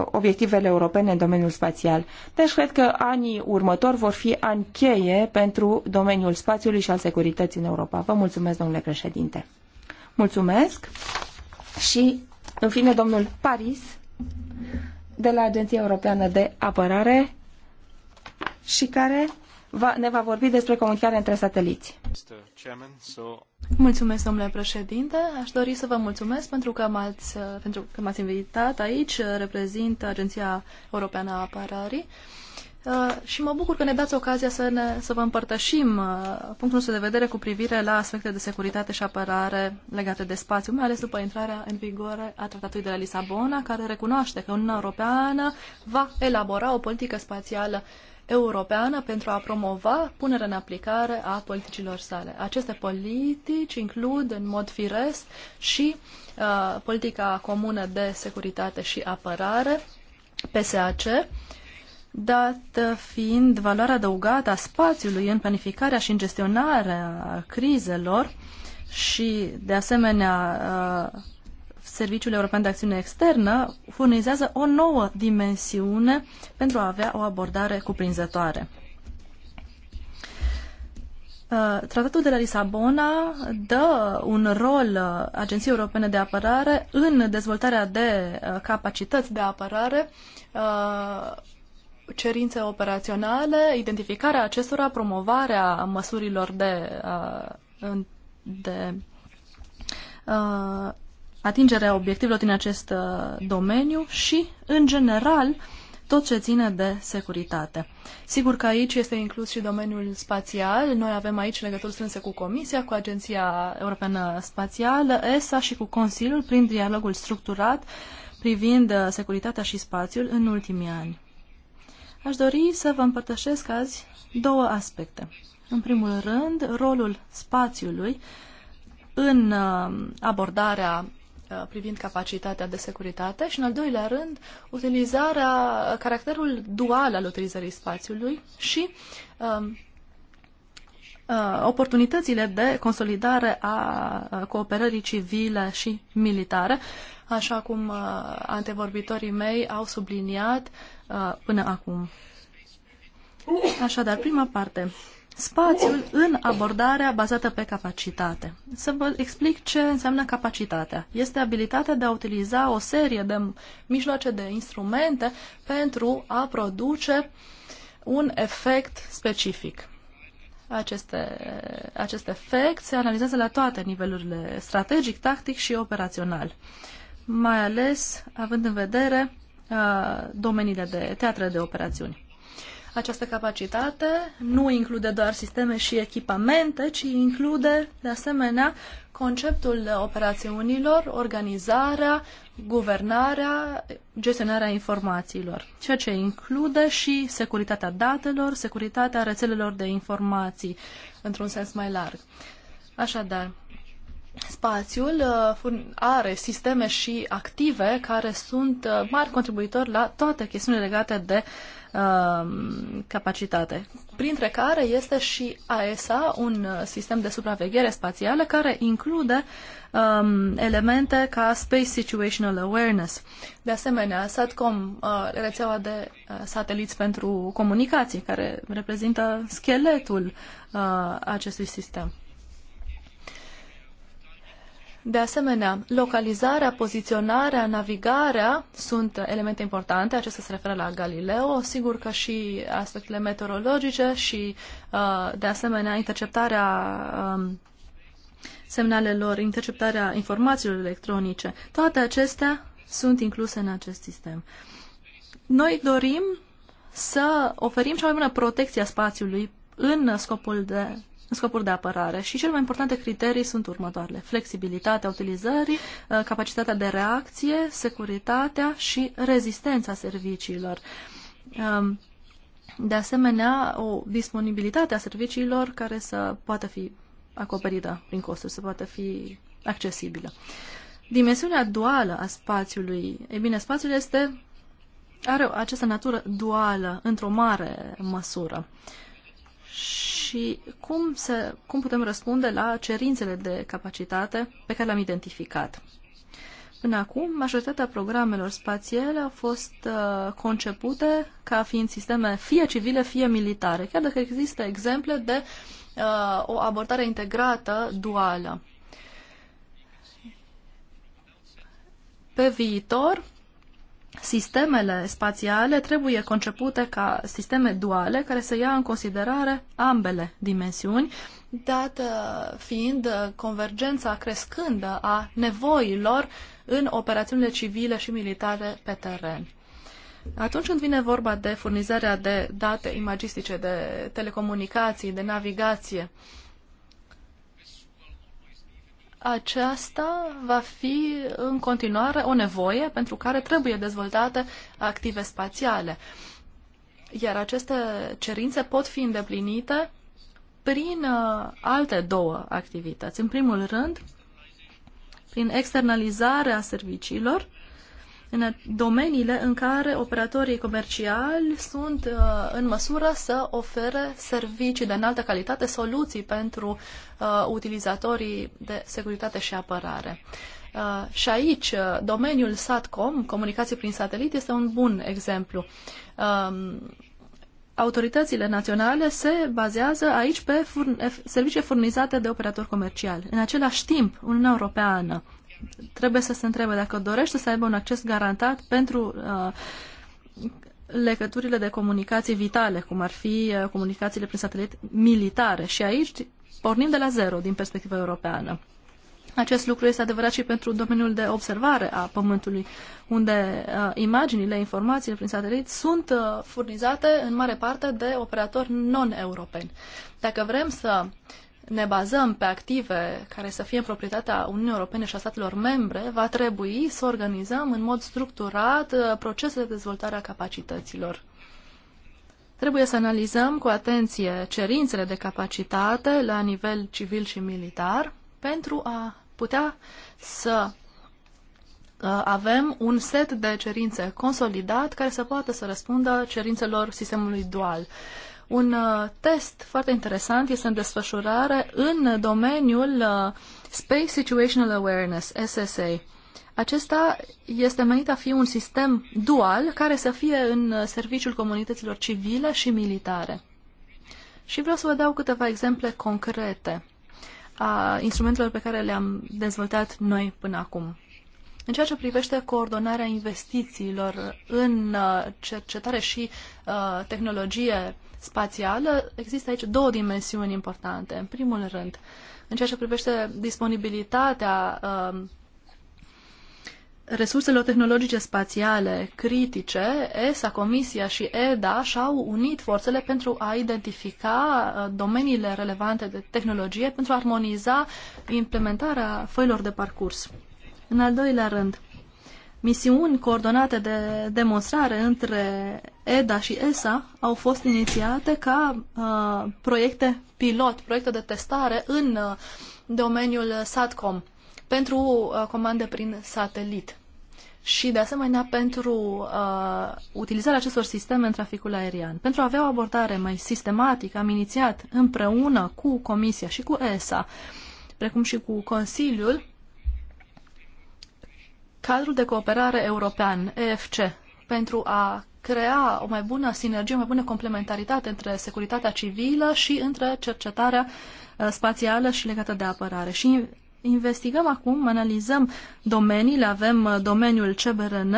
obiectivele europene în domeniul spațial. Deci cred că anii următori vor fi ani cheie pentru domeniul spațiului și al securității în Europa. Vă mulțumesc, domnule președinte. Mulțumesc. Și, în fine, domnul Paris, de la Agenția Europeană de Apărare și care va, ne va vorbi despre comunicare între sateliți. Mulțumesc, domnule președinte. Aș dori să vă mulțumesc pentru că m-ați, pentru că m-ați invitat aici. Reprezint Agenția Europeană a Apărării. Uh, și mă bucur că ne dați ocazia să, ne, să vă împărtășim uh, punctul nostru de vedere cu privire la aspecte de securitate și apărare legate de spațiu, mai ales după intrarea în vigoare a Tratatului de la Lisabona, care recunoaște că Uniunea Europeană va elabora o politică spațială europeană pentru a promova punerea în aplicare a politicilor sale. Aceste politici includ în mod firesc și uh, politica comună de securitate și apărare, PSAC, dat fiind valoarea adăugată a spațiului în planificarea și în gestionarea crizelor și, de asemenea, uh, Serviciul European de Acțiune Externă furnizează o nouă dimensiune pentru a avea o abordare cuprinzătoare. Uh, tratatul de la Lisabona dă un rol uh, Agenției Europene de Apărare în dezvoltarea de uh, capacități de apărare, cerințe operaționale, identificarea acestora, promovarea măsurilor de, de atingerea obiectivelor din acest uh, domeniu și, în general, tot ce ține de securitate. Sigur că aici este inclus și domeniul spațial. Noi avem aici legături strânse cu Comisia, cu Agenția Europeană Spațială, ESA și cu Consiliul prin dialogul structurat privind uh, securitatea și spațiul în ultimii ani. Aș dori să vă împărtășesc azi două aspecte. În primul rând, rolul spațiului în uh, abordarea Uh, privind capacitatea de securitate și, în al doilea rând, utilizarea, caracterul dual al utilizării spațiului și um, uh, oportunitățile de consolidare a uh, cooperării civile și militare, așa cum uh, antevorbitorii mei au subliniat uh, până acum. Așadar, prima parte, spațiul în abordarea bazată pe capacitate. Să vă explic ce înseamnă capacitatea. Este abilitatea de a utiliza o serie de mijloace de instrumente pentru a produce un efect specific. Aceste, acest efect se analizează la toate nivelurile strategic, tactic și operațional, mai ales având în vedere uh, domeniile de teatre de operațiuni. Această capacitate nu include doar sisteme și echipamente, ci include, de asemenea, conceptul operațiunilor, organizarea, guvernarea, gestionarea informațiilor, ceea ce include și securitatea datelor, securitatea rețelelor de informații, într-un sens mai larg. Așadar, spațiul uh, are sisteme și active care sunt uh, mari contribuitori la toate chestiunile legate de uh, Um, capacitate, printre care este și AESA, un uh, sistem de supraveghere spațială care include um, elemente ca Space Situational Awareness. De asemenea, SATCOM, uh, rețeaua de uh, sateliți pentru comunicații, care reprezintă scheletul uh, acestui sistem. De asemenea, localizarea, poziționarea, navigarea sunt elemente importante. Acestea se referă la Galileo. Sigur că și aspectele meteorologice și, uh, de asemenea, interceptarea um, semnalelor, interceptarea informațiilor electronice. Toate acestea sunt incluse în acest sistem. Noi dorim să oferim cea mai bună protecție a spațiului în scopul de în scopuri de apărare. Și cele mai importante criterii sunt următoarele. Flexibilitatea utilizării, uh, capacitatea de reacție, securitatea și rezistența serviciilor. Um, de asemenea, o disponibilitate a serviciilor care să poată fi acoperită prin costuri, să poată fi accesibilă. Dimensiunea duală a spațiului. E bine, spațiul este, are această natură duală într-o mare măsură. Uh, și cum, să, cum putem răspunde la cerințele de capacitate pe care le-am identificat. Până acum, majoritatea programelor spațiale au fost uh, concepute ca fiind sisteme fie civile, fie militare, chiar dacă există exemple de uh, o abordare integrată duală. Pe viitor, sistemele spațiale trebuie concepute ca sisteme duale care să ia în considerare ambele dimensiuni, dată fiind convergența crescândă a nevoilor în operațiunile civile și militare pe teren. Atunci când vine vorba de furnizarea de date imagistice, de telecomunicații, de navigație, uh, aceasta va fi în continuare o nevoie pentru care trebuie dezvoltate active spațiale. Iar aceste cerințe pot fi îndeplinite prin uh, alte două activități. În primul rând, prin externalizarea serviciilor în domeniile în care operatorii comerciali sunt uh, în măsură să ofere servicii de înaltă calitate, soluții pentru uh, utilizatorii de securitate și apărare. Uh, și aici, uh, domeniul SATCOM, comunicații prin satelit, este un bun exemplu. Um, autoritățile naționale se bazează aici pe furn servicii furnizate de operatori comerciali. În același timp, Uniunea Europeană trebuie să se întrebe dacă dorește să aibă un acces garantat pentru uh, legăturile de comunicații vitale, cum ar fi uh, comunicațiile prin satelit militare. Și aici pornim de la zero din perspectiva europeană. Acest lucru este adevărat și pentru domeniul de observare a Pământului, unde uh, imaginile, informațiile prin satelit sunt uh, furnizate în mare parte de operatori non-europeni. Dacă vrem să uh, ne bazăm pe active care să fie în proprietatea Uniunii Europene și a statelor membre, va trebui să organizăm în mod structurat uh, procesele de dezvoltare a capacităților. Trebuie să analizăm cu atenție cerințele de capacitate la nivel civil și militar pentru a putea să uh, avem un set de cerințe consolidat care să poată să răspundă cerințelor sistemului dual. Un uh, test foarte interesant este în desfășurare în domeniul uh, Space Situational Awareness, SSA. Acesta este menit a fi un sistem dual care să fie în uh, serviciul comunităților civile și militare. Și vreau să vă dau câteva exemple concrete a instrumentelor pe care le-am dezvoltat noi până acum. În ceea ce privește coordonarea investițiilor în cercetare și uh, tehnologie spațială, există aici două dimensiuni importante. În primul rând, în ceea ce privește disponibilitatea uh, resurselor tehnologice spațiale critice, ESA, Comisia și EDA și-au unit forțele pentru a identifica uh, domeniile relevante de tehnologie pentru a armoniza implementarea foilor de parcurs. În al doilea rând, misiuni coordonate de demonstrare între EDA și ESA au fost inițiate ca uh, proiecte pilot, proiecte de testare în uh, domeniul SATCOM pentru uh, comande prin satelit și de asemenea pentru uh, utilizarea acestor sisteme în traficul aerian. Pentru a avea o abordare mai sistematică, am inițiat împreună cu Comisia și cu ESA, precum și cu Consiliul, cadrul de cooperare european, EFC, pentru a crea o mai bună sinergie, o mai bună complementaritate între securitatea civilă și între cercetarea uh, spațială și legată de apărare. Și investigăm acum, analizăm domeniile, avem uh, domeniul CBRN,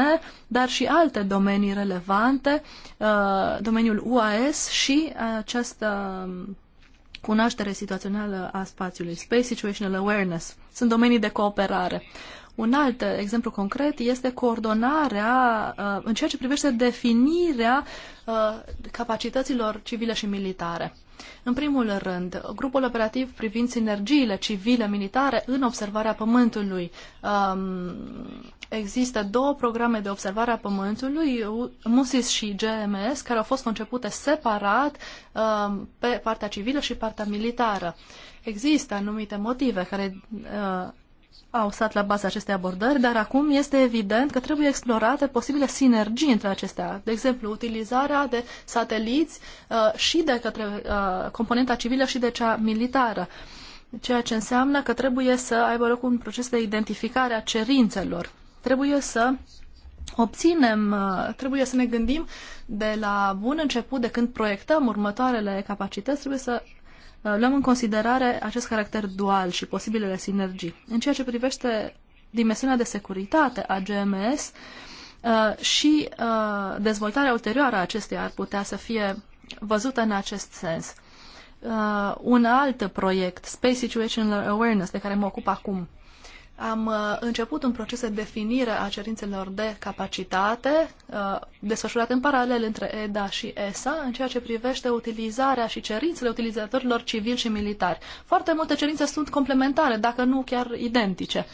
dar și alte domenii relevante, uh, domeniul UAS și această um, cunoaștere situațională a spațiului, Space Situational Awareness. Sunt domenii de cooperare. Un alt exemplu concret este coordonarea uh, în ceea ce privește definirea uh, capacităților civile și militare. În primul rând, grupul operativ privind sinergiile civile-militare în observarea Pământului. Um, există două programe de observare a Pământului, MUSIS și GMS, care au fost concepute separat um, pe partea civilă și partea militară. Există anumite motive care uh, au stat la baza acestei abordări, dar acum este evident că trebuie explorate posibile sinergii între acestea. De exemplu, utilizarea de sateliți uh, și de către uh, componenta civilă și de cea militară, ceea ce înseamnă că trebuie să aibă loc un proces de identificare a cerințelor. Trebuie să obținem, uh, trebuie să ne gândim de la bun început, de când proiectăm următoarele capacități, trebuie să Uh, luăm în considerare acest caracter dual și posibilele sinergii. În ceea ce privește dimensiunea de securitate a GMS, uh, și uh, dezvoltarea ulterioară a acesteia ar putea să fie văzută în acest sens. Un alt proiect, Space Situational Awareness, de care mă ocup acum, am uh, început un proces de definire a cerințelor de capacitate, uh, desfășurat în paralel între EDA și ESA, în ceea ce privește utilizarea și cerințele utilizatorilor civili și militari. Foarte multe cerințe sunt complementare, dacă nu chiar identice.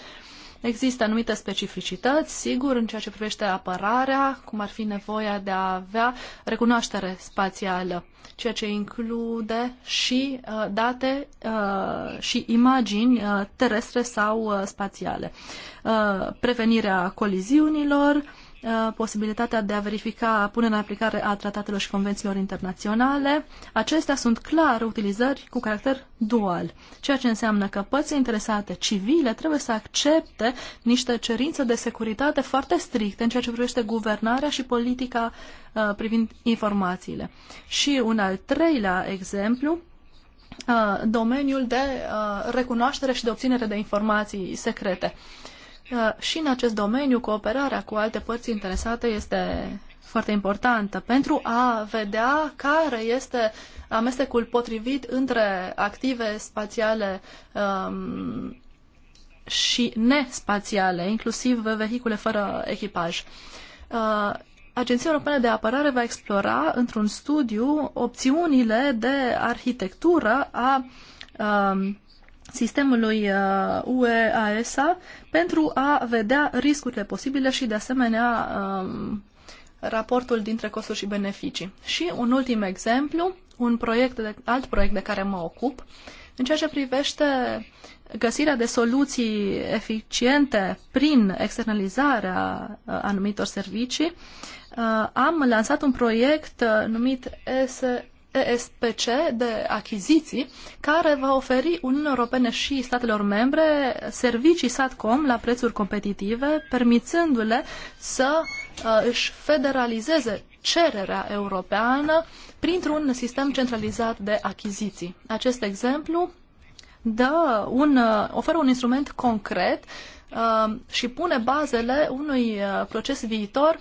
Există anumite specificități, sigur, în ceea ce privește apărarea, cum ar fi nevoia de a avea recunoaștere spațială, ceea ce include și uh, date uh, și imagini uh, terestre sau uh, spațiale. Uh, prevenirea coliziunilor, uh, Uh, posibilitatea de a verifica punerea în aplicare a tratatelor și convențiilor internaționale. Acestea sunt clar utilizări cu caracter dual, ceea ce înseamnă că părții interesate civile trebuie să accepte niște cerințe de securitate foarte stricte în ceea ce privește guvernarea și politica uh, privind informațiile. Și un al treilea exemplu, uh, domeniul de uh, recunoaștere și de obținere de informații secrete. Uh, Uh, și în acest domeniu cooperarea cu alte părți interesate este foarte importantă pentru a vedea care este amestecul potrivit între active spațiale um, și nespațiale, inclusiv vehicule fără echipaj. Uh, Agenția Europeană de Apărare va explora într-un studiu opțiunile de arhitectură a uh, sistemului UE-AESA uh, pentru a vedea riscurile posibile și, de asemenea, um, raportul dintre costuri și beneficii. Și un ultim exemplu, un proiect de, alt proiect de care mă ocup, în ceea ce privește găsirea de soluții eficiente prin externalizarea uh, anumitor servicii, uh, am lansat un proiect numit ESPC de achiziții, care va oferi Uniunii Europene și statelor membre servicii SATCOM la prețuri competitive, permițându-le să uh, își federalizeze cererea europeană printr-un sistem centralizat de achiziții. Acest exemplu dă un, uh, oferă un instrument concret uh, și pune bazele unui proces viitor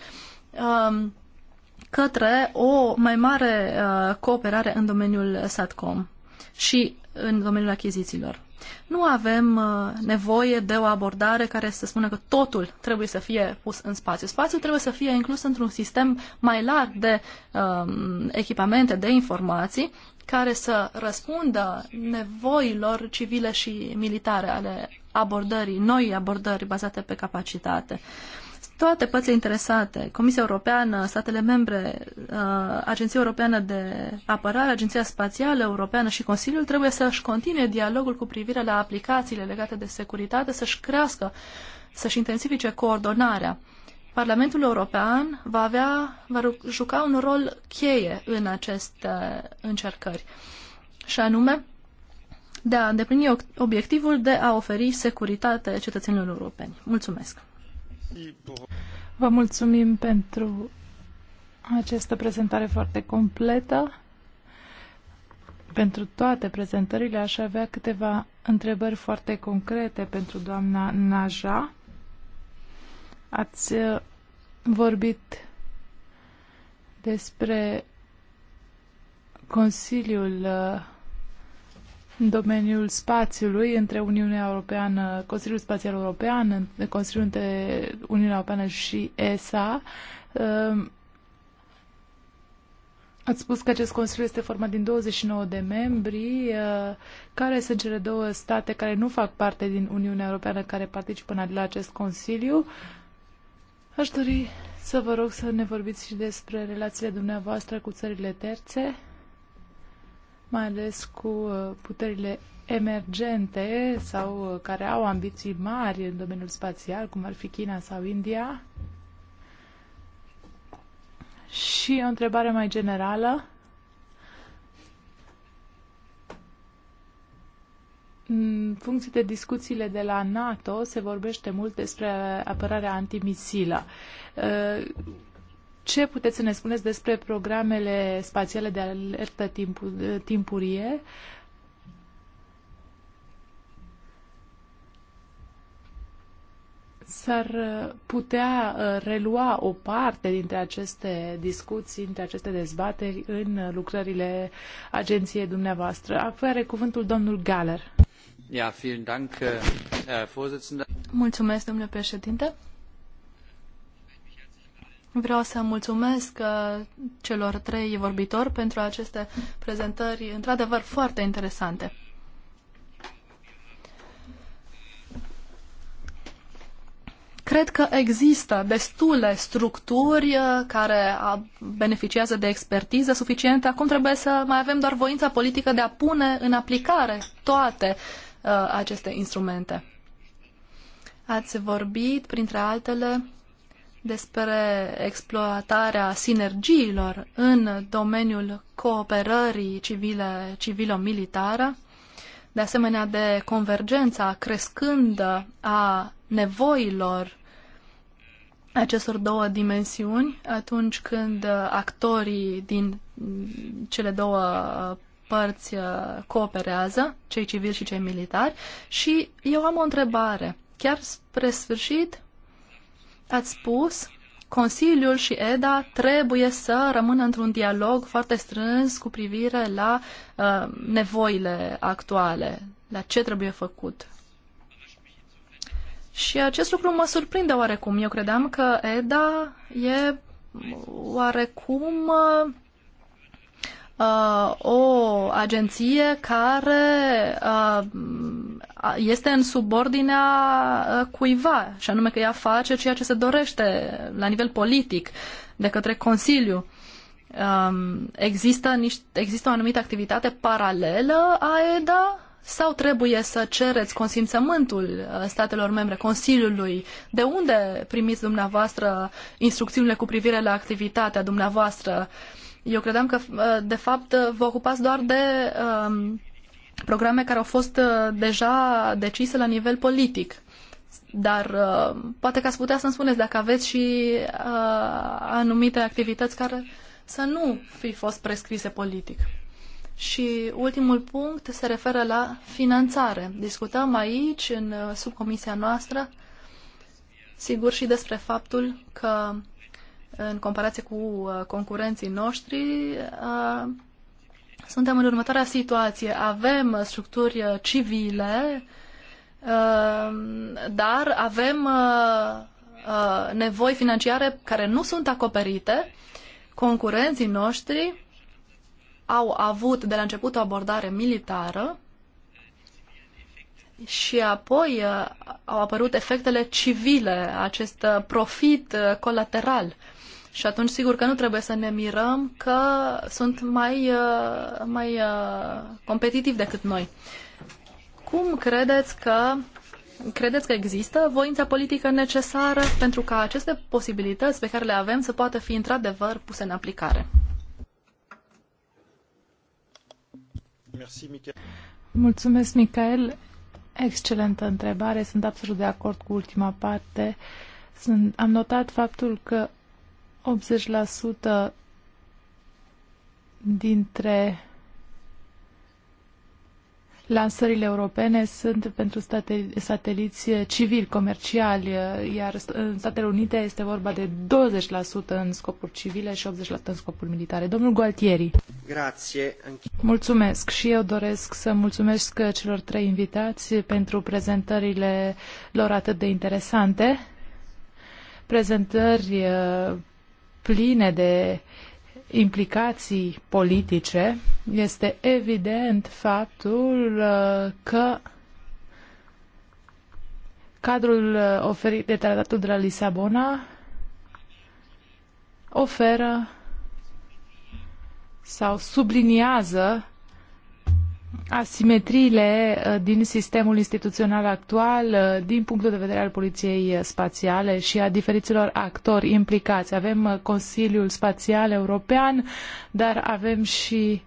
către o mai mare uh, cooperare în domeniul SATCOM și în domeniul achizițiilor. Nu avem uh, nevoie de o abordare care să spună că totul trebuie să fie pus în spațiu. Spațiul trebuie să fie inclus într-un sistem mai larg de um, echipamente, de informații, care să răspundă nevoilor civile și militare ale abordării, noi abordări bazate pe capacitate. Uh, toate părțile interesate, Comisia Europeană, statele membre, uh, Agenția Europeană de Apărare, Agenția Spațială Europeană și Consiliul trebuie să-și continue dialogul cu privire la aplicațiile legate de securitate, să-și crească, să-și intensifice coordonarea. Parlamentul European va, avea, va juca un rol cheie în aceste încercări, și anume de a îndeplini obiectivul de a oferi securitate cetățenilor europeni. Mulțumesc! Vă mulțumim pentru această prezentare foarte completă. Pentru toate prezentările aș avea câteva întrebări foarte concrete pentru doamna Naja. Ați uh, vorbit despre Consiliul uh, în domeniul spațiului între Uniunea Europeană, Consiliul Spațial European, Consiliul între Uniunea Europeană și ESA. Um, ați spus că acest Consiliu este format din 29 de membri. Uh, care sunt cele două state care nu fac parte din Uniunea Europeană care participă la acest Consiliu? Aș dori să vă rog să ne vorbiți și despre relațiile dumneavoastră cu țările terțe mai ales cu uh, puterile emergente sau uh, care au ambiții mari în domeniul spațial, cum ar fi China sau India. Și o întrebare mai generală. În funcție de discuțiile de la NATO, se vorbește mult despre apărarea antimisilă. Uh, ce puteți să ne spuneți despre programele spațiale de alertă timpurie? S-ar uh, putea uh, relua o parte dintre aceste discuții, dintre aceste dezbateri în lucrările agenției dumneavoastră. Apoi are cuvântul domnul Galler. Ja, vielen Dank, uh, Herr Vorsitzender. Mulțumesc, domnule președinte. Vreau să mulțumesc uh, celor trei vorbitori pentru aceste prezentări, într-adevăr, foarte interesante. Cred că există destule structuri uh, care beneficiază de expertiză suficientă. Acum trebuie să mai avem doar voința politică de a pune în aplicare toate uh, aceste instrumente. Ați vorbit, printre altele, despre exploatarea sinergiilor în domeniul cooperării civile, civilo-militară, de asemenea de convergența crescândă a nevoilor acestor două dimensiuni atunci când actorii din cele două părți uh, cooperează, cei civili și cei militari. Și eu am o întrebare. Chiar spre sfârșit, Ați spus, Consiliul și EDA trebuie să rămână într-un dialog foarte strâns cu privire la uh, nevoile actuale, la ce trebuie făcut. Și acest lucru mă surprinde oarecum. Eu credeam că EDA e oarecum uh, Uh, o agenție care uh, este în subordinea uh, cuiva, și anume că ea face ceea ce se dorește la nivel politic de către Consiliu. Um, există, niște, există o anumită activitate paralelă a EDA sau trebuie să cereți consimțământul statelor membre, Consiliului? De unde primiți dumneavoastră instrucțiunile cu privire la activitatea dumneavoastră uh, eu credeam că, uh, de fapt, uh, vă ocupați doar de um, programe care au fost uh, deja decise la nivel politic. Dar uh, poate că ați putea să-mi spuneți dacă aveți și uh, anumite activități care să nu fi fost prescrise politic. Și ultimul punct se referă la finanțare. Discutăm aici, în subcomisia noastră, sigur și despre faptul că în comparație cu uh, concurenții noștri, uh, suntem în următoarea situație. Avem uh, structuri civile, dar avem nevoi financiare care nu sunt acoperite. Concurenții noștri au avut de la început o abordare militară și apoi au apărut efectele civile, acest profit colateral. Și atunci, sigur că nu trebuie să ne mirăm că sunt mai, uh, mai uh, competitivi decât noi. Cum credeți că Credeți că există voința politică necesară pentru ca aceste posibilități pe care le avem să poată fi într-adevăr puse în aplicare? Mulțumesc, Michael. Excelentă întrebare. Sunt absolut de acord cu ultima parte. Sunt, am notat faptul că 80% dintre lansările europene sunt pentru state, sateliți civili, comerciali, iar în Statele Unite este vorba de 20% în scopuri civile și 80% în scopuri militare. Domnul Gualtieri. Grație. Mulțumesc și eu doresc să mulțumesc celor trei invitați pentru prezentările lor atât de interesante. Prezentări uh, pline de implicații politice, este evident faptul uh, că cadrul uh, oferit de tratatul de la Lisabona oferă sau subliniază asimetriile uh, din sistemul instituțional actual uh, din punctul de vedere al poliției spațiale și a diferiților actori implicați. Avem uh, Consiliul Spațial European, dar avem și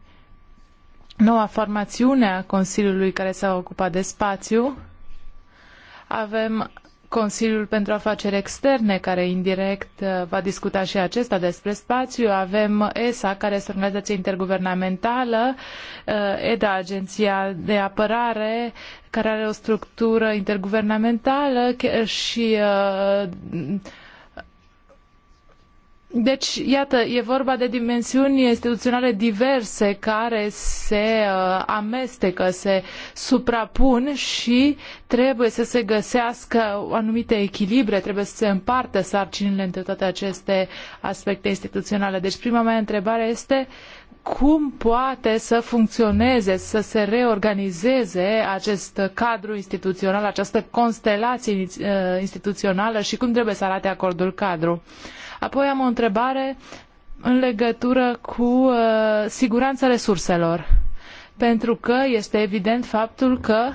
noua formațiune a Consiliului care s-a ocupat de spațiu. Avem Consiliul pentru Afaceri Externe, care indirect uh, va discuta și acesta despre spațiu. Avem ESA, care este o organizație interguvernamentală, uh, EDA, Agenția de Apărare, care are o structură interguvernamentală și uh, deci, iată, e vorba de dimensiuni instituționale diverse care se uh, amestecă, se suprapun și trebuie să se găsească anumite echilibre, trebuie să se împartă sarcinile între toate aceste aspecte instituționale. Deci, prima mea întrebare este cum poate să funcționeze, să se reorganizeze acest cadru instituțional, această constelație uh, instituțională și cum trebuie să arate acordul cadru. Uh, Apoi am o întrebare în legătură cu uh, siguranța resurselor. Pentru că este evident faptul că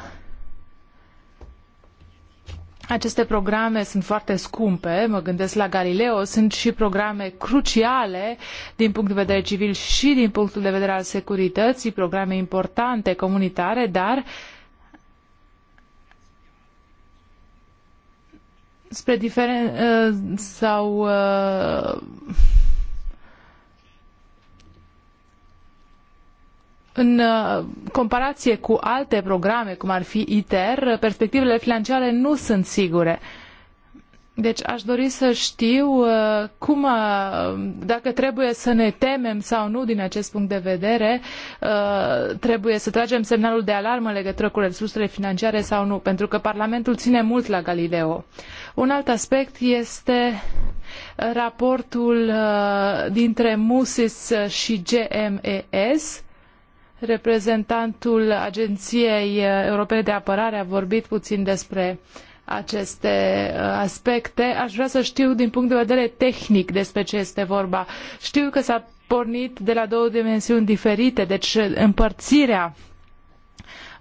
aceste programe sunt foarte scumpe, mă gândesc la Galileo, sunt și programe cruciale din punct de vedere civil și din punctul de vedere al securității, programe importante, comunitare, dar uh, spre diferen uh, sau uh, în uh, comparație cu alte programe, cum ar fi ITER, perspectivele financiare nu sunt sigure. Deci aș dori să știu cum, dacă trebuie să ne temem sau nu din acest punct de vedere, trebuie să tragem semnalul de alarmă legătură cu resursele financiare sau nu, pentru că Parlamentul ține mult la Galileo. Un alt aspect este raportul uh, dintre MUSIS și GMES. Reprezentantul Agenției uh, Europene de Apărare a vorbit puțin despre aceste uh, aspecte. Aș vrea să știu din punct de vedere tehnic despre ce este vorba. Știu că s-a pornit de la două dimensiuni diferite, deci împărțirea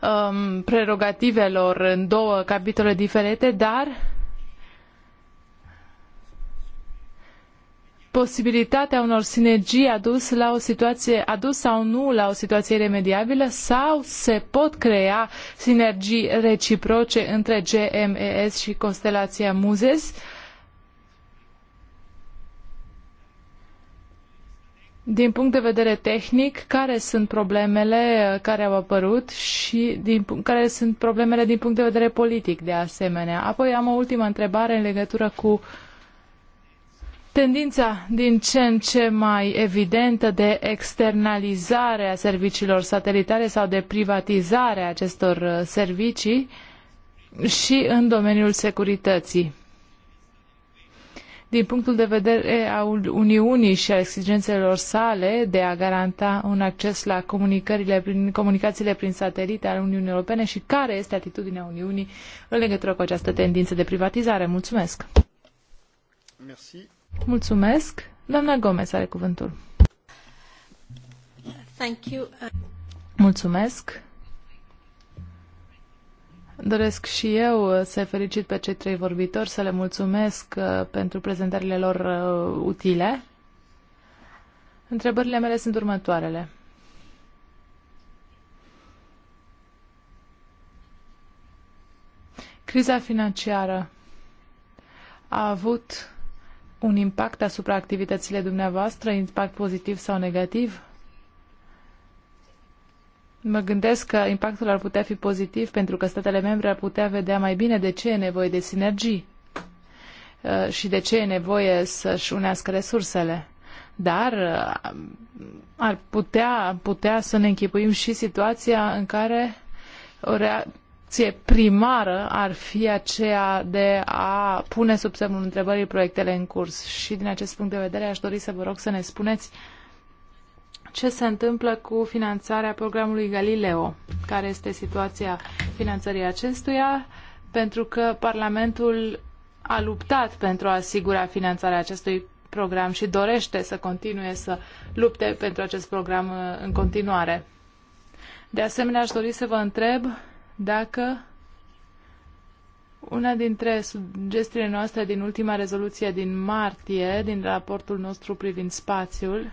um, prerogativelor în două capitole diferite, dar uh, posibilitatea unor sinergii adus la o situație, adus sau nu la o situație remediabilă sau se pot crea sinergii reciproce între GMES și constelația Muzes? Din punct de vedere tehnic, care sunt problemele care au apărut și din, care sunt problemele din punct de vedere politic de asemenea? Apoi am o ultimă întrebare în legătură cu uh, tendința din ce în ce mai evidentă de externalizare a serviciilor satelitare sau de privatizare a acestor uh, servicii și în domeniul securității. Din punctul de vedere al Uniunii și a exigențelor sale de a garanta un acces la comunicările prin, comunicațiile prin satelite al Uniunii Europene și care este atitudinea Uniunii în legătură cu această tendință de privatizare. Mulțumesc! Merci. Mulțumesc. Doamna Gomez are cuvântul. Thank you. Mulțumesc. Doresc și eu să felicit pe cei trei vorbitori, să le mulțumesc uh, pentru prezentările lor uh, utile. Întrebările mele sunt următoarele. Criza financiară a avut un impact asupra activitățile dumneavoastră, impact pozitiv sau negativ? Mă gândesc că impactul ar putea fi pozitiv pentru că statele membre ar putea vedea mai bine de ce e nevoie de sinergii uh, și de ce e nevoie să-și unească resursele. Dar uh, ar putea, putea să ne închipuim și situația în care o rea- reacție primară ar fi aceea de a pune sub semnul întrebării proiectele în curs. Și din acest punct de vedere aș dori să vă rog să ne spuneți ce se întâmplă cu finanțarea programului Galileo, care este situația finanțării acestuia, pentru că Parlamentul a luptat pentru a asigura finanțarea acestui program și dorește să continue să lupte pentru acest program uh, în continuare. De asemenea, aș dori să vă întreb dacă una dintre sugestiile noastre din ultima rezoluție din martie, din raportul nostru privind spațiul,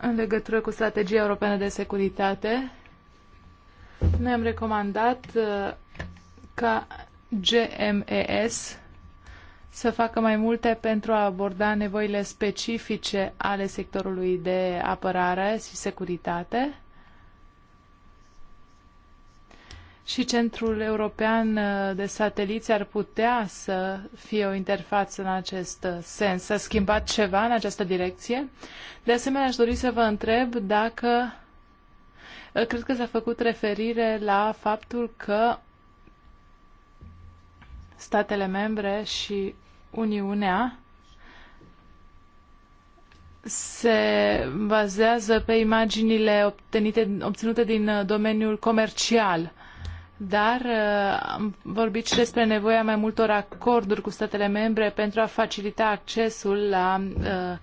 în legătură cu strategia europeană de securitate, noi am recomandat uh, ca GMES să facă mai multe pentru a aborda nevoile specifice ale sectorului de apărare și securitate și Centrul European uh, de Sateliți ar putea să fie o interfață în acest uh, sens. S-a schimbat ceva în această direcție? De asemenea, aș dori să vă întreb dacă uh, cred că s-a făcut referire la faptul că statele membre și Uniunea se bazează pe imaginile obținute din domeniul comercial dar uh, am vorbit și despre nevoia mai multor acorduri cu statele membre pentru a facilita accesul la uh,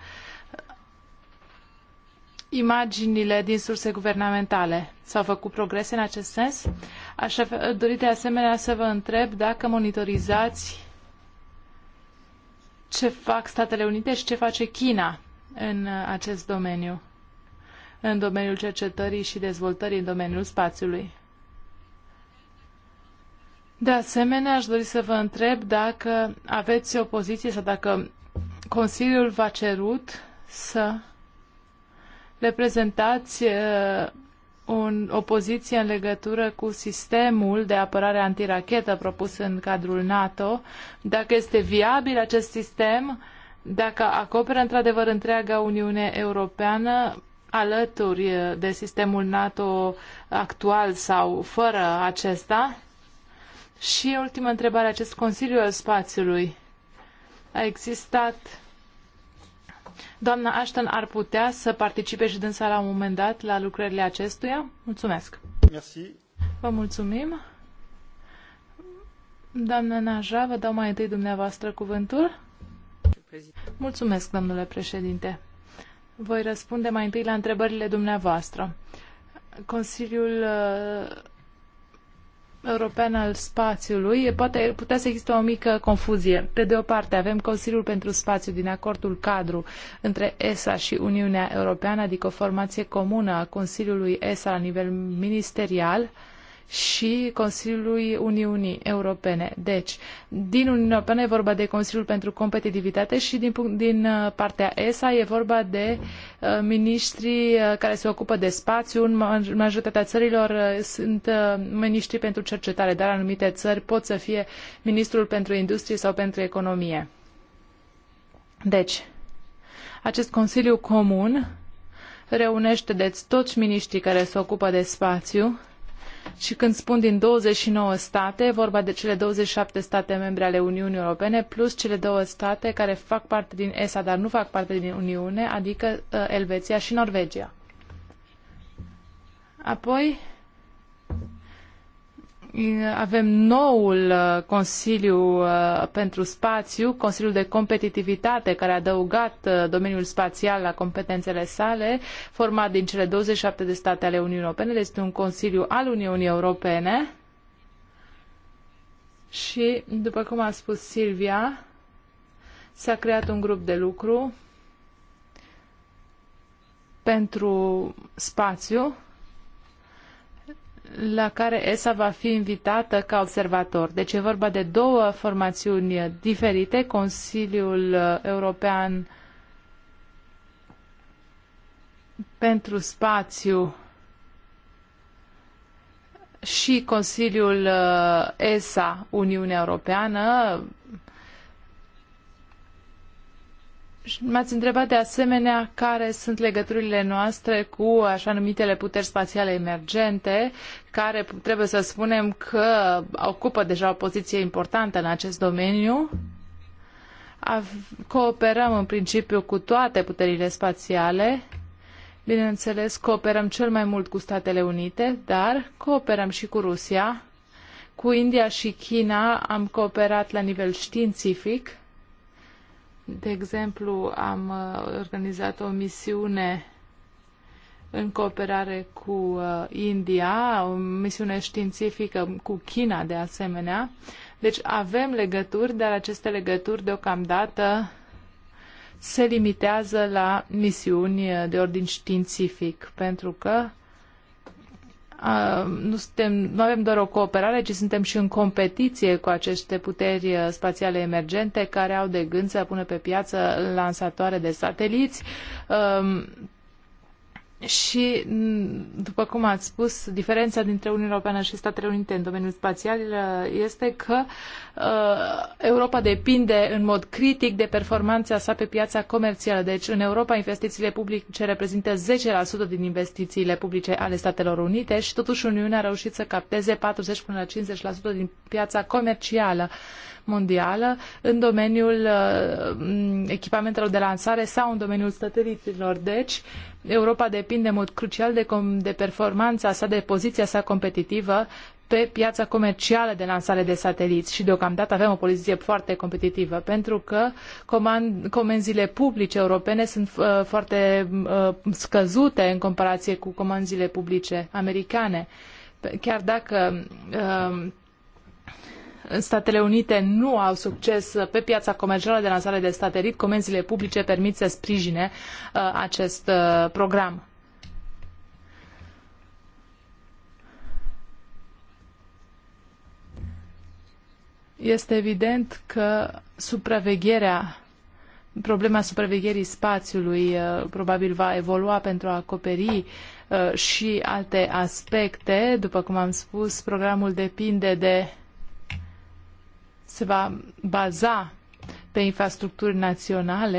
imaginile din surse guvernamentale. S-au făcut progrese în acest sens? Aș dori de asemenea să vă întreb dacă monitorizați ce fac Statele Unite și ce face China în uh, acest domeniu, în domeniul cercetării și dezvoltării în domeniul spațiului. De asemenea, aș dori să vă întreb dacă aveți o poziție sau dacă Consiliul v-a cerut să reprezentați uh, un, o poziție în legătură cu sistemul de apărare antirachetă propus în cadrul NATO, dacă este viabil acest sistem, dacă acoperă într-adevăr întreaga Uniune Europeană alături de sistemul NATO actual sau fără acesta și ultima întrebare, acest Consiliu al Spațiului a existat... Doamna Ashton ar putea să participe și dânsa la un moment dat la lucrările acestuia? Mulțumesc! Merci. Vă mulțumim! Doamna Naja, vă dau mai întâi dumneavoastră cuvântul. Mulțumesc, domnule președinte. Voi răspunde mai întâi la întrebările dumneavoastră. Consiliul European al Spațiului, poate putea să existe o mică confuzie. Pe de o parte, avem Consiliul pentru Spațiu din acordul cadru între ESA și Uniunea Europeană, adică o formație comună a Consiliului ESA la nivel ministerial, uh, și Consiliului Uniunii Europene. Deci, din Uniunea Europeană e vorba de Consiliul pentru Competitivitate și din, din uh, partea ESA e vorba de uh, miniștrii uh, care se ocupă de spațiu. În majoritatea țărilor uh, sunt uh, pentru cercetare, dar anumite țări pot să fie ministrul pentru industrie sau pentru economie. Deci, acest Consiliu Comun reunește deci toți miniștrii care se ocupă de spațiu și când spun din 29 state, e vorba de cele 27 state membre ale Uniunii Europene, plus cele două state care fac parte din ESA, dar nu fac parte din Uniune, adică uh, Elveția și Norvegia. Apoi, avem noul uh, Consiliu uh, pentru Spațiu, Consiliul de Competitivitate, care a adăugat uh, domeniul spațial la competențele sale, format din cele 27 de state ale Uniunii Europene. Deci este un Consiliu al Uniunii Europene. Și, după cum a spus Silvia, s-a creat un grup de lucru pentru spațiu la care ESA va fi invitată ca observator. Deci e vorba de două formațiuni diferite, Consiliul European pentru Spațiu și Consiliul uh, ESA Uniunea Europeană M-ați întrebat de asemenea care sunt legăturile noastre cu așa numitele puteri spațiale emergente, care trebuie să spunem că ocupă deja o poziție importantă în acest domeniu. Cooperăm în principiu cu toate puterile spațiale. Bineînțeles, cooperăm cel mai mult cu Statele Unite, dar cooperăm și cu Rusia. Cu India și China am cooperat la nivel științific de exemplu, am uh, organizat o misiune în cooperare cu uh, India, o misiune științifică cu China de asemenea. Deci avem legături, dar aceste legături deocamdată se limitează la misiuni uh, de ordin științific, pentru că nu, suntem, nu avem doar o cooperare, ci suntem și în competiție cu aceste puteri uh, spațiale emergente care au de gând să pună pe piață lansatoare de sateliți um, și, după cum ați spus, diferența dintre Uniunea Europeană și Statele Unite în domeniul spațial uh, este că uh, Europa depinde în mod critic de performanța sa pe piața comercială. Deci, în Europa, investițiile publice reprezintă 10% din investițiile publice ale Statelor Unite și, totuși, Uniunea a reușit să capteze 40 până la 50% din piața comercială mondială în domeniul uh, echipamentelor de lansare sau în domeniul sateliților. Deci, Europa depinde în mod crucial de, de performanța sa, de poziția sa competitivă pe piața comercială de lansare de sateliți și deocamdată avem o poziție foarte competitivă pentru că comand, comenzile publice europene sunt uh, foarte uh, scăzute în comparație cu comenzile publice americane. Chiar dacă uh, Statele Unite nu au succes pe piața comercială de lansare de satelit, comenzile publice permit să sprijine uh, acest uh, program. Este evident că supravegherea, problema supravegherii spațiului uh, probabil va evolua pentru a acoperi uh, și alte aspecte. După cum am spus, programul depinde de se va baza pe infrastructuri naționale,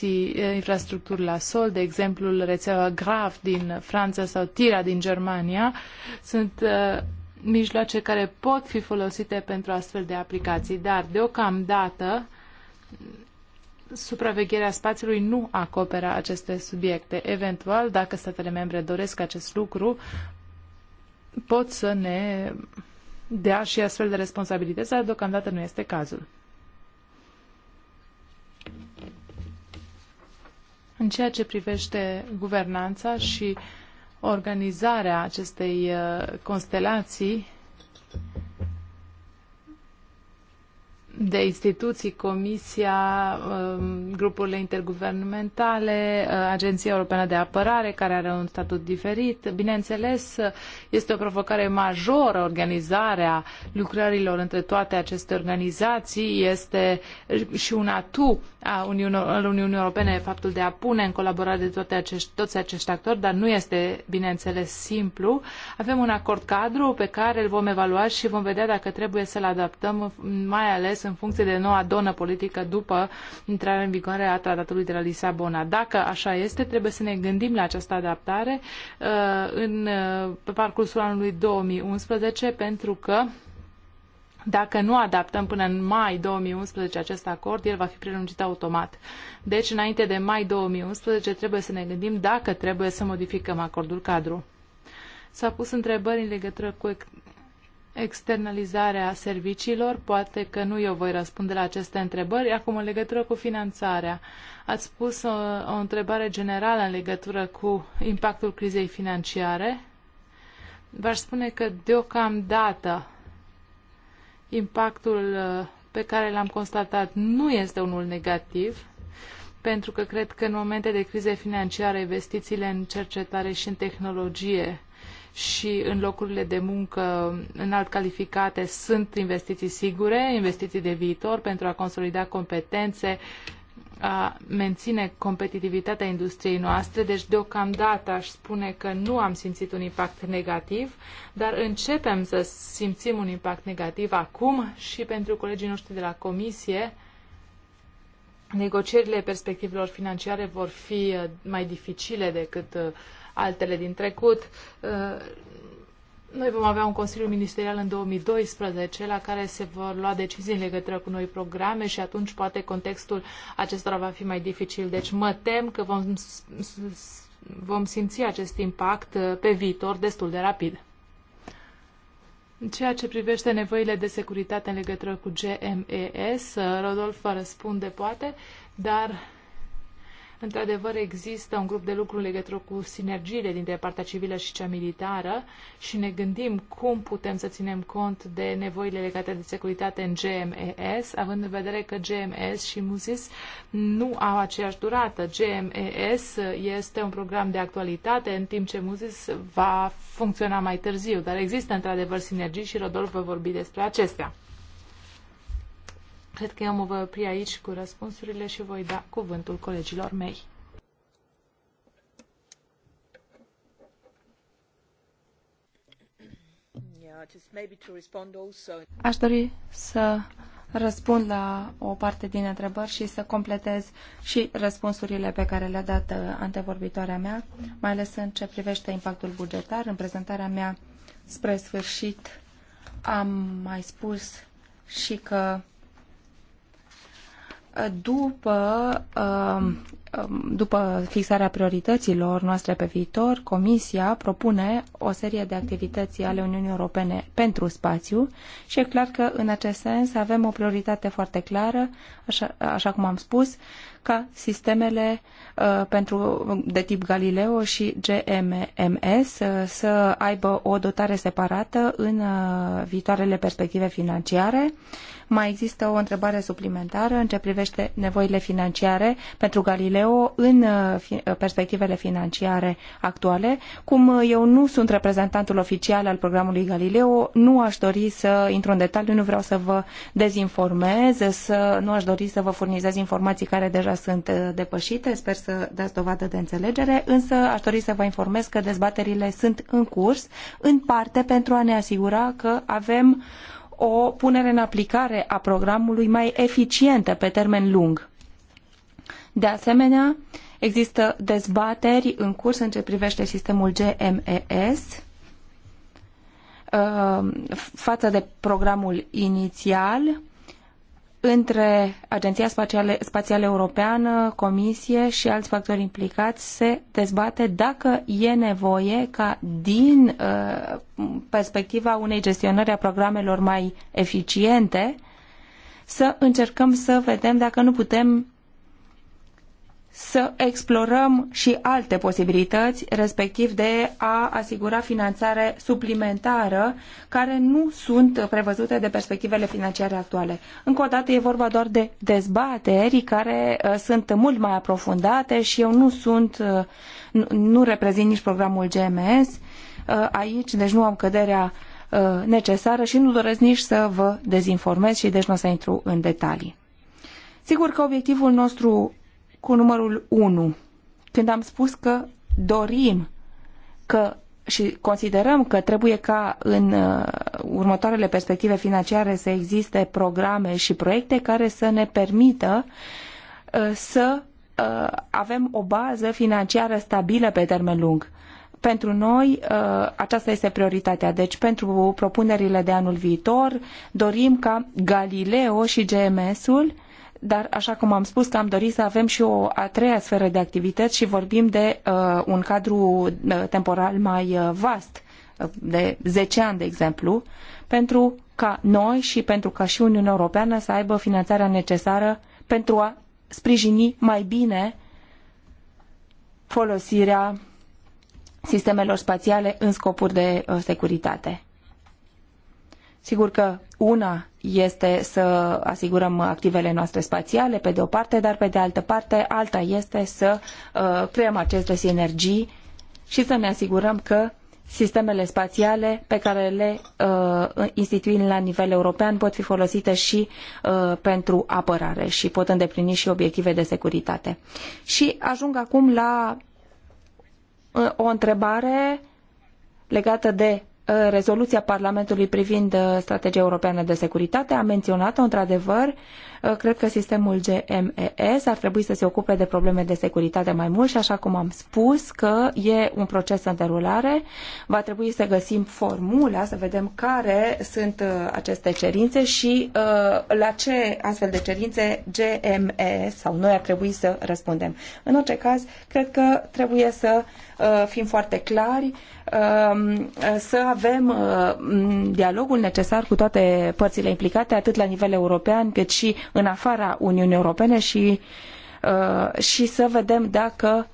eh, infrastructuri la sol, de exemplu rețeaua Graf din Franța sau Tira din Germania, sunt eh, mijloace care pot fi folosite pentru astfel de aplicații, dar deocamdată supravegherea spațiului nu acoperă aceste subiecte. Eventual, dacă statele membre doresc acest lucru, pot să ne dea și astfel de responsabilități, dar deocamdată nu este cazul. În ceea ce privește guvernanța și organizarea acestei uh, constelații, de instituții, Comisia, um, grupurile interguvernamentale, uh, Agenția Europeană de Apărare, care are un statut diferit. Bineînțeles, este o provocare majoră organizarea lucrărilor între toate aceste organizații, este și un atu al Uniunii Europene faptul de a pune în colaborare toate acești, toți acești actori, dar nu este, bineînțeles, simplu. Avem un acord cadru pe care îl vom evalua și vom vedea dacă trebuie să-l adaptăm, mai ales în funcție de noua donă politică după intrarea în vigoare a Tratatului de la Lisabona. Dacă așa este, trebuie să ne gândim la această adaptare uh, în, uh, pe parcursul anului 2011, pentru că dacă nu adaptăm până în mai 2011 acest acord, el va fi prelungit automat. Deci, înainte de mai 2011, trebuie să ne gândim dacă trebuie să modificăm acordul cadru. S-a pus întrebări în legătură cu externalizarea serviciilor. Poate că nu eu voi răspunde la aceste întrebări. Acum, în legătură cu finanțarea, ați pus o, o întrebare generală în legătură cu impactul crizei financiare. V-aș spune că deocamdată Impactul uh, pe care l-am constatat nu este unul negativ, pentru că cred că în momente de crize financiare investițiile în cercetare și în tehnologie și în locurile de muncă înalt calificate sunt investiții sigure, investiții de viitor pentru a consolida competențe, a menține competitivitatea industriei noastre, deci deocamdată aș spune că nu am simțit un impact negativ, dar începem să simțim un impact negativ acum și pentru colegii noștri de la Comisie. Negocierile perspectivelor financiare vor fi eh, mai dificile decât eh, altele din trecut eh, noi vom avea un Consiliu Ministerial în 2012 la care se vor lua decizii în legătură cu noi programe și atunci poate contextul acestora va fi mai dificil. Deci mă tem că vom, vom simți acest impact uh, pe viitor destul de rapid. În ceea ce privește nevoile de securitate în legătură cu GMES, uh, Rodolf va răspunde poate, dar Într-adevăr, există un grup de lucru în legătură cu sinergiile dintre partea civilă și cea militară și ne gândim cum putem să ținem cont de nevoile legate de securitate în GMES, având în vedere că GMS și MUSIS nu au aceeași durată. GMES este un program de actualitate, în timp ce MUSIS va funcționa mai târziu, dar există într-adevăr sinergii și Rodolf vă vorbi despre acestea. Cred că eu mă voi opri aici cu răspunsurile și voi da cuvântul colegilor mei. Aș dori să răspund la o parte din întrebări și să completez și răspunsurile pe care le-a dat uh, antevorbitoarea mea, mai ales în ce privește impactul bugetar. În prezentarea mea spre sfârșit am mai spus și că după uh, Um, după fixarea priorităților noastre pe viitor, Comisia propune o serie de activități ale Uniunii Europene pentru spațiu și e clar că în acest sens avem o prioritate foarte clară, așa, așa cum am spus, ca sistemele uh, pentru, de tip Galileo și GMMS uh, să aibă o dotare separată în uh, viitoarele perspective financiare. Mai există o întrebare suplimentară în ce privește nevoile financiare pentru Galileo Leo în uh, uh, perspectivele financiare actuale. Cum uh, eu nu sunt reprezentantul oficial al programului Galileo, nu aș dori să intru în detaliu, nu vreau să vă dezinformez, să, nu aș dori să vă furnizez informații care deja sunt depășite, sper să dați dovadă de înțelegere, însă aș dori să vă informez că dezbaterile sunt în curs, în parte pentru a ne asigura că avem o punere în aplicare a programului mai eficientă pe termen lung de asemenea, există dezbateri în curs în ce privește sistemul GMES uh, față de programul inițial între Agenția Spațială, Spațială Europeană, Comisie și alți factori implicați se dezbate dacă e nevoie ca din uh, perspectiva unei gestionări a programelor mai eficiente să încercăm să vedem dacă nu putem să explorăm și alte posibilități, respectiv de a asigura finanțare suplimentară care nu sunt prevăzute de perspectivele financiare actuale. Încă o dată e vorba doar de dezbateri care uh, sunt mult mai aprofundate și eu nu sunt, uh, nu reprezint nici programul GMS uh, aici, deci nu am căderea necesară și nu doresc nici să vă dezinformez și deci nu o să intru în detalii. Sigur că obiectivul nostru cu numărul 1, când am spus că dorim că și considerăm că trebuie ca în uh, următoarele perspective financiare să existe programe și proiecte care să ne permită uh, să uh, avem o bază financiară stabilă pe termen lung. Pentru noi aceasta este prioritatea. Deci pentru propunerile de anul viitor dorim ca Galileo și GMS-ul dar așa cum am spus că am dorit să avem și o a treia sferă de activități și vorbim de uh, un cadru uh, temporal mai uh, vast, uh, de 10 ani, de exemplu, pentru ca noi și pentru ca și Uniunea Europeană să aibă finanțarea necesară pentru a sprijini mai bine folosirea sistemelor spațiale în scopuri de securitate. Sigur că una este să asigurăm activele noastre spațiale, pe de o parte, dar pe de altă parte, alta este să uh, creăm aceste sinergii și să ne asigurăm că sistemele spațiale pe care le uh, instituim la nivel european pot fi folosite și uh, pentru apărare și pot îndeplini și obiective de securitate. Și ajung acum la uh, o întrebare legată de Uh, rezoluția Parlamentului privind uh, strategia europeană de securitate a menționat-o într-adevăr. Uh, cred că sistemul GMES ar trebui să se ocupe de probleme de securitate mai mult și așa cum am spus că e un proces în derulare, va trebui să găsim formula, să vedem care sunt aceste cerințe și la ce astfel de cerințe GMES sau noi ar trebui să răspundem. În orice caz, cred că trebuie să fim foarte clari, um, să avem uh, dialogul necesar cu toate părțile implicate, atât la nivel european, cât și în afara Uniunii Europene și, uh, și să vedem dacă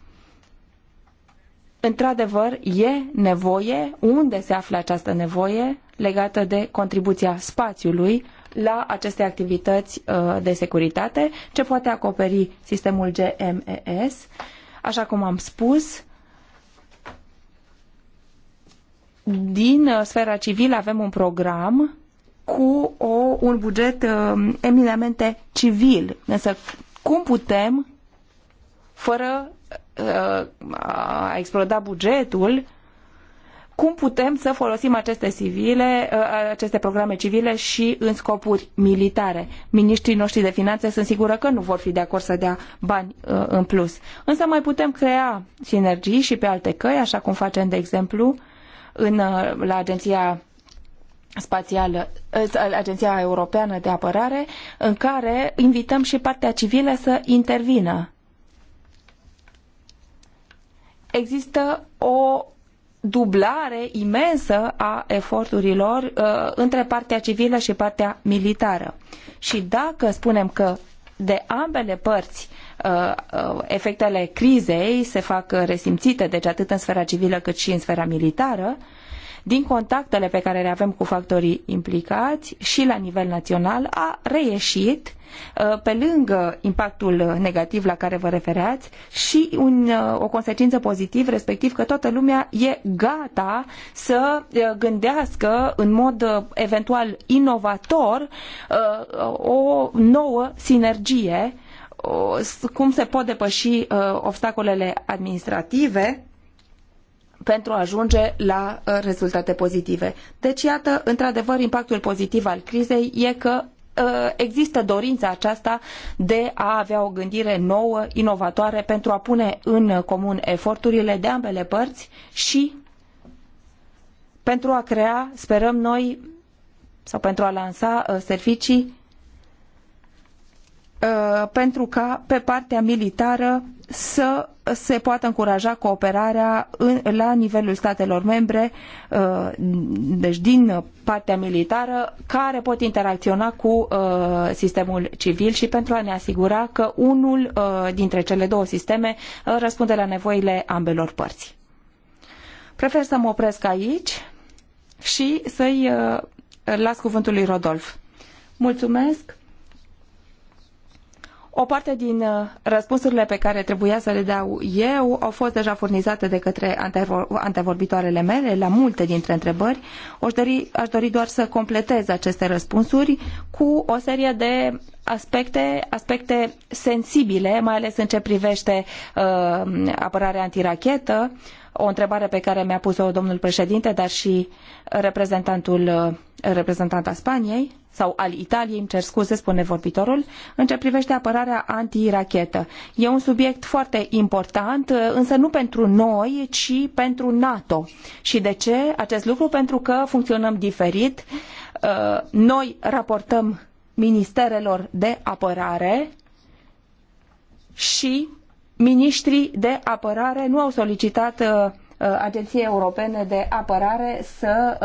într-adevăr e nevoie, unde se află această nevoie legată de contribuția spațiului la aceste activități uh, de securitate, ce poate acoperi sistemul GMES. Așa cum am spus, din uh, sfera civilă avem un program cu o, un buget uh, eminamente civil. Însă cum putem, fără uh, a exploda bugetul, cum putem să folosim aceste, civile, uh, aceste programe civile și în scopuri militare? Ministrii noștri de finanțe sunt sigură că nu vor fi de acord să dea bani uh, în plus. Însă mai putem crea sinergii și pe alte căi, așa cum facem, de exemplu, uh, în, uh, la Agenția spațială, uh, Agenția Europeană de Apărare, în care invităm și partea civilă să intervină. Există o dublare imensă a eforturilor uh, între partea civilă și partea militară. Și dacă spunem că de ambele părți uh, Uh, uh, efectele crizei se fac uh, resimțite, deci atât în sfera civilă cât și în sfera militară, din contactele pe care le avem cu factorii implicați și la nivel național a reieșit pe lângă impactul negativ la care vă refereați și un, o consecință pozitiv, respectiv că toată lumea e gata să gândească în mod eventual inovator o nouă sinergie cum se pot depăși uh, obstacolele administrative pentru a ajunge la uh, rezultate pozitive. Deci, iată, într-adevăr, impactul pozitiv al crizei e că uh, există dorința aceasta de a avea o gândire nouă, inovatoare, pentru a pune în comun eforturile de ambele părți și pentru a crea, sperăm noi, sau pentru a lansa servicii Uh, pentru ca pe partea militară să se poată încuraja cooperarea în, la nivelul statelor membre, uh, deci din partea militară, care pot interacționa cu uh, sistemul civil și pentru a ne asigura că unul dintre cele două sisteme răspunde la nevoile ambelor părți. Prefer să mă opresc aici și să-i las cuvântul lui Rodolf. Mulțumesc! O parte din uh, răspunsurile pe care trebuia să le dau eu au fost deja furnizate de către antevorbitoarele mele la multe dintre întrebări. Aș dori, aș dori doar să completez aceste răspunsuri cu o serie de aspecte, aspecte sensibile, mai ales în ce privește uh, apărarea antirachetă, o întrebare pe care mi-a pus-o domnul președinte, dar și reprezentantul, uh, reprezentanta Spaniei sau al Italiei, îmi cer scuze, spune vorbitorul, în ce privește apărarea antirachetă. E un subiect foarte important, însă nu pentru noi, ci pentru NATO. Și de ce acest lucru? Pentru că funcționăm diferit. Uh, noi raportăm ministerelor de apărare și miniștrii de apărare nu au solicitat uh, uh, Agenției Europene de Apărare să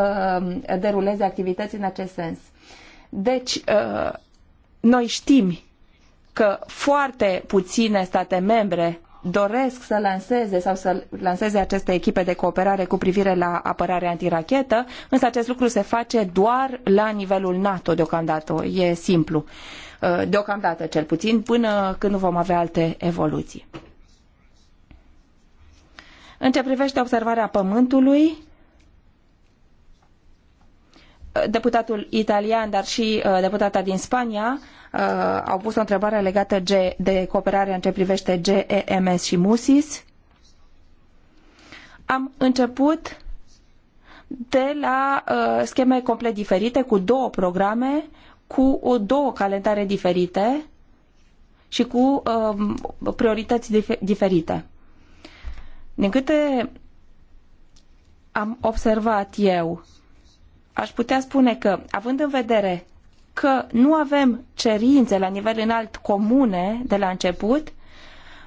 deruleze activități în acest sens. Deci, uh, noi știm că foarte puține state membre doresc să lanseze sau să lanseze aceste echipe de cooperare cu privire la apărare antirachetă, însă acest lucru se face doar la nivelul NATO deocamdată. E simplu. Uh, deocamdată, cel puțin, până când nu vom avea alte evoluții. În ce privește observarea Pământului, deputatul italian, dar și uh, deputata din Spania uh, au pus o întrebare legată de cooperarea în ce privește GEMS și MUSIS. Am început de la uh, scheme complet diferite, cu două programe, cu două calendare diferite și cu um, priorități diferite. Din câte am observat eu, aș putea spune că, având în vedere că nu avem cerințe la nivel înalt comune de la început,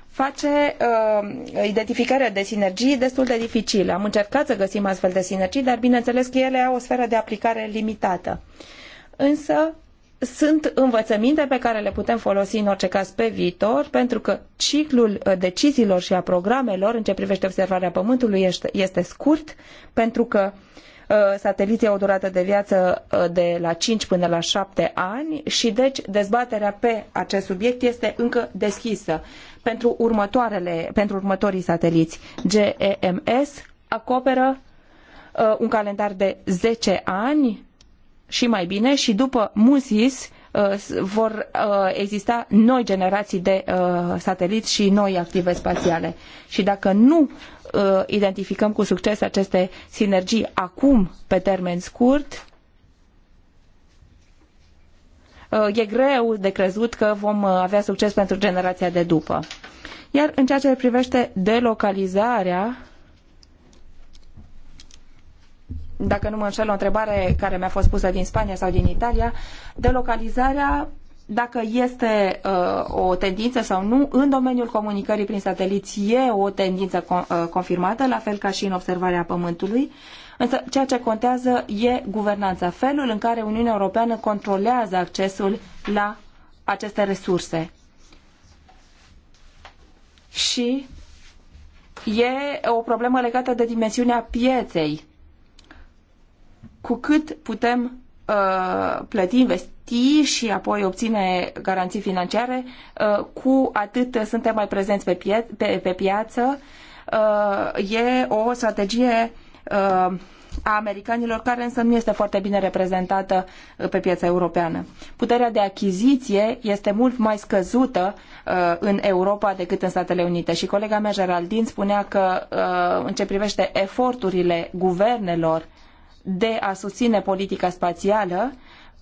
face uh, identificarea de sinergii destul de dificilă. Am încercat să găsim astfel de sinergii, dar bineînțeles că ele au o sferă de aplicare limitată. Însă sunt învățăminte pe care le putem folosi în orice caz pe viitor, pentru că ciclul uh, deciziilor și a programelor în ceea ce privește observarea Pământului este, scurt, pentru că uh, Uh, sateliții au o durată de viață uh, de la 5 până la 7 ani și deci dezbaterea pe acest subiect este încă deschisă pentru, următoarele, pentru următorii sateliți. GEMS acoperă uh, un calendar de zece ani și mai bine și după MUSIS Uh, vor uh, exista noi generații de uh, sateliți și noi active spațiale. Și dacă nu identificăm cu succes aceste sinergii acum, pe termen scurt, e greu de crezut că vom avea succes pentru generația de după. Iar în ceea ce privește delocalizarea, dacă nu mă înșel, o întrebare care mi-a fost pusă din Spania sau din Italia, de localizarea, dacă este uh, o tendință sau nu, în domeniul comunicării prin sateliți e o tendință con, uh, confirmată, la fel ca și în observarea Pământului, însă ceea ce contează e guvernanța, felul în care Uniunea Europeană controlează accesul la aceste resurse. Și e o problemă legată de dimensiunea pieței cu cât putem uh, plăti, investi și apoi obține garanții financiare, uh, cu atât suntem mai prezenți pe, pie- pe, pe piață. Uh, e o strategie uh, a americanilor, care însă nu este foarte bine reprezentată uh, pe piața europeană. Puterea de achiziție este mult mai scăzută uh, în Europa decât în Statele Unite și colega mea Geraldine spunea că uh, în ce privește eforturile guvernelor de a susține politica spațială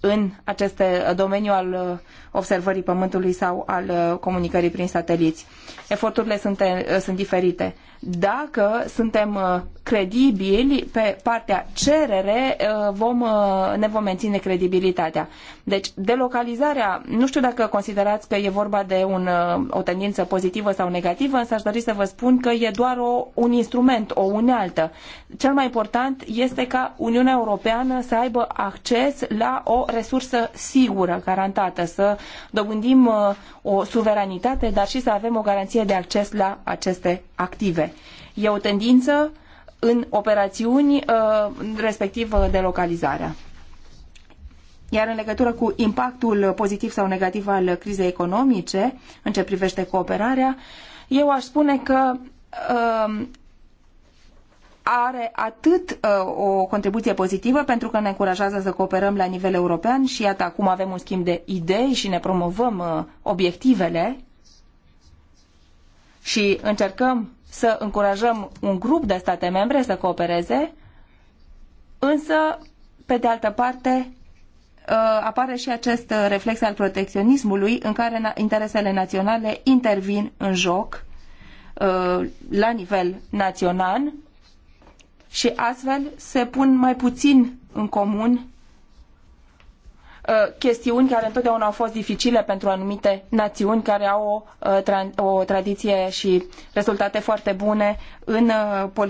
în acest domeniu al uh, observării Pământului sau al uh, comunicării prin sateliți. Eforturile sunt, uh, sunt diferite. Dacă suntem credibili pe partea cerere, vom, ne vom menține credibilitatea. Deci, delocalizarea, nu știu dacă considerați că e vorba de un, o tendință pozitivă sau negativă, însă aș dori să vă spun că e doar o, un instrument, o unealtă. Cel mai important este ca Uniunea Europeană să aibă acces la o resursă sigură, garantată, să dobândim uh, o suveranitate, dar și să avem o garanție de acces la aceste active. E o tendință în operațiuni, uh, respectiv uh, delocalizarea. Iar în legătură cu impactul pozitiv sau negativ al crizei economice, în ce privește cooperarea, eu aș spune că are atât uh, o contribuție pozitivă pentru că ne încurajează să cooperăm la nivel european și iată acum avem un schimb de idei și ne promovăm uh, obiectivele și încercăm să încurajăm un grup de state membre să coopereze, însă, pe de altă parte, uh, apare și acest reflex al protecționismului în care interesele naționale intervin în joc la nivel național și astfel se pun mai puțin în comun uh, chestiuni care întotdeauna au fost dificile pentru anumite națiuni care au o, uh, o tradiție și rezultate foarte bune în, uh,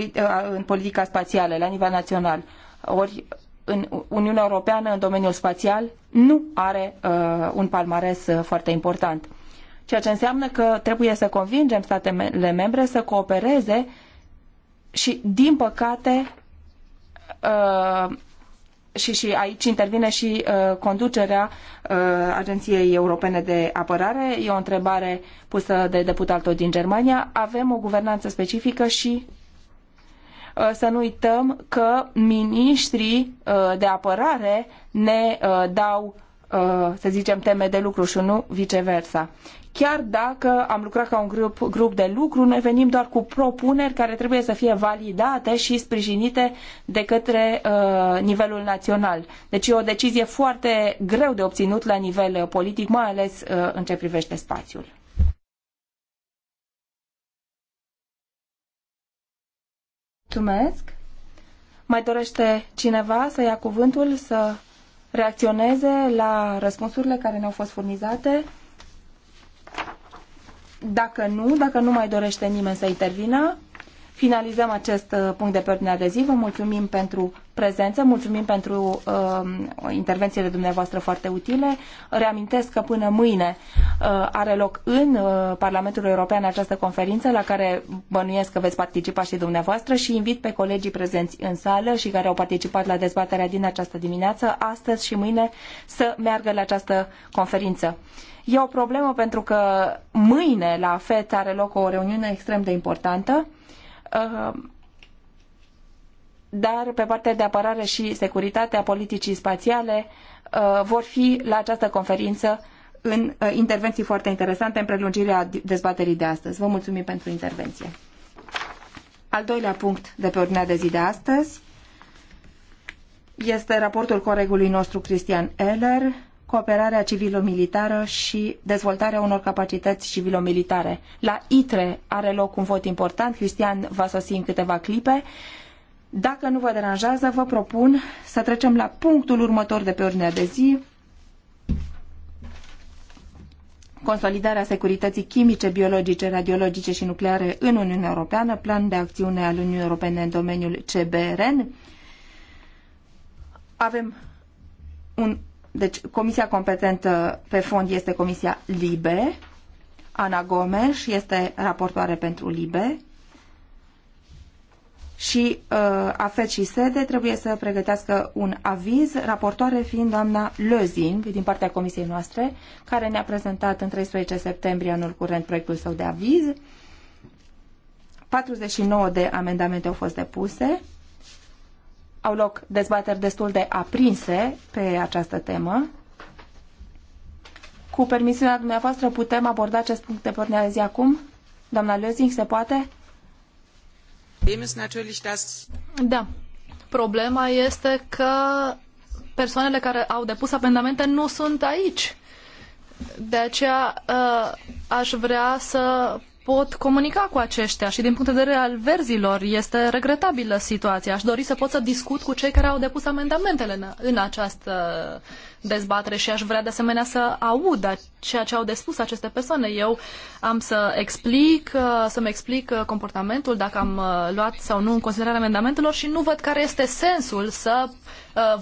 în politica spațială la nivel național. Ori în Uniunea Europeană, în domeniul spațial, nu are uh, un palmares foarte important. Ceea ce înseamnă că trebuie să convingem statele membre să coopereze uh, și, din păcate, uh, și, și aici intervine și uh, conducerea uh, Agenției Europene de Apărare. E o întrebare pusă de deputatul din Germania. Avem o guvernanță specifică și uh, să nu uităm că miniștrii uh, de apărare ne uh, dau Uh, să zicem, teme de lucru și nu viceversa. Chiar dacă am lucrat ca un grup, grup de lucru, noi venim doar cu propuneri care trebuie să fie validate și sprijinite de către uh, nivelul național. Deci e o decizie foarte greu de obținut la nivel politic, mai ales uh, în ce privește spațiul. Mulțumesc. Mai dorește cineva să ia cuvântul, să reacționeze la răspunsurile care ne-au fost furnizate. Dacă nu, dacă nu mai dorește nimeni să intervină, finalizăm acest uh, punct de pe ordinea de zi. Vă mulțumim pentru prezență, mulțumim pentru uh, intervențiile dumneavoastră foarte utile. Reamintesc că până mâine uh, are loc în uh, Parlamentul European această conferință la care bănuiesc că veți participa și dumneavoastră și invit pe colegii prezenți în sală și care au participat la dezbaterea din această dimineață, astăzi și mâine, să meargă la această conferință. E o problemă pentru că mâine la FET are loc o reuniune extrem de importantă Uh, dar pe partea de apărare și securitate a politicii spațiale uh, vor fi la această conferință în uh, intervenții foarte interesante în prelungirea dezbaterii de astăzi. Vă mulțumim pentru intervenție. Al doilea punct de pe ordinea de zi de astăzi este raportul colegului nostru Cristian Eller cooperarea civilo-militară și dezvoltarea unor capacități civilo-militare. La ITRE are loc un vot important, Cristian va sosi în câteva clipe. Dacă nu vă deranjează, vă propun să trecem la punctul următor de pe ordinea de zi, consolidarea securității chimice, biologice, radiologice și nucleare în Uniunea Europeană, plan de acțiune al Uniunii Europene în domeniul CBRN. Avem un deci, comisia competentă pe fond este comisia LIBE. Ana Gomes este raportoare pentru LIBE. Și uh, AFET și SEDE trebuie să pregătească un aviz, raportoare fiind doamna Lözing, din partea comisiei noastre, care ne-a prezentat în 13 septembrie anul curent proiectul său de aviz. 49 de amendamente au fost depuse au loc dezbateri destul de aprinse pe această temă. Cu permisiunea dumneavoastră putem aborda acest punct de pornire azi acum? Doamna Lezing, se poate? Da. Problema este că persoanele care au depus amendamente nu sunt aici. De aceea uh, aș vrea să pot comunica cu aceștia și din punct de vedere al verzilor este regretabilă situația. Aș dori să pot să discut cu cei care au depus amendamentele în, în această dezbatere și aș vrea de asemenea să aud ceea ce au de spus aceste persoane. Eu am să explic, uh, să-mi explic uh, comportamentul, dacă am uh, luat sau nu în considerare amendamentelor și nu văd care este sensul să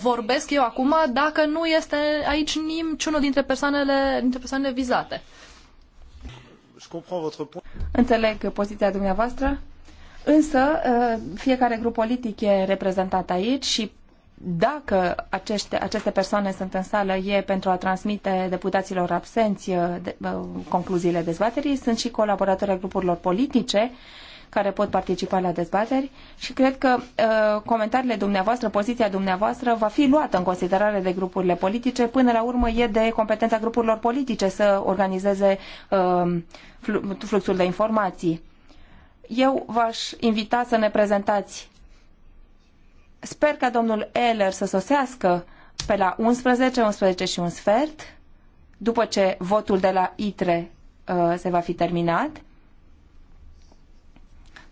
vorbesc eu acum dacă nu este aici niciunul dintre persoanele, dintre persoanele vizate. Înțeleg poziția dumneavoastră, însă ă, fiecare grup politic e reprezentat aici și dacă aceste, aceste persoane sunt în sală e pentru a transmite deputaților absenți ă, de, ă, concluziile dezbaterii, sunt și colaboratori ai grupurilor politice care pot participa la dezbateri și cred că uh, comentariile dumneavoastră, poziția dumneavoastră va fi luată în considerare de grupurile politice. Până la urmă e de competența grupurilor politice să organizeze uh, fluxul de informații. Eu v-aș invita să ne prezentați. Sper ca domnul Eller să sosească pe la 11, 11 și un sfert, după ce votul de la ITRE uh, se va fi terminat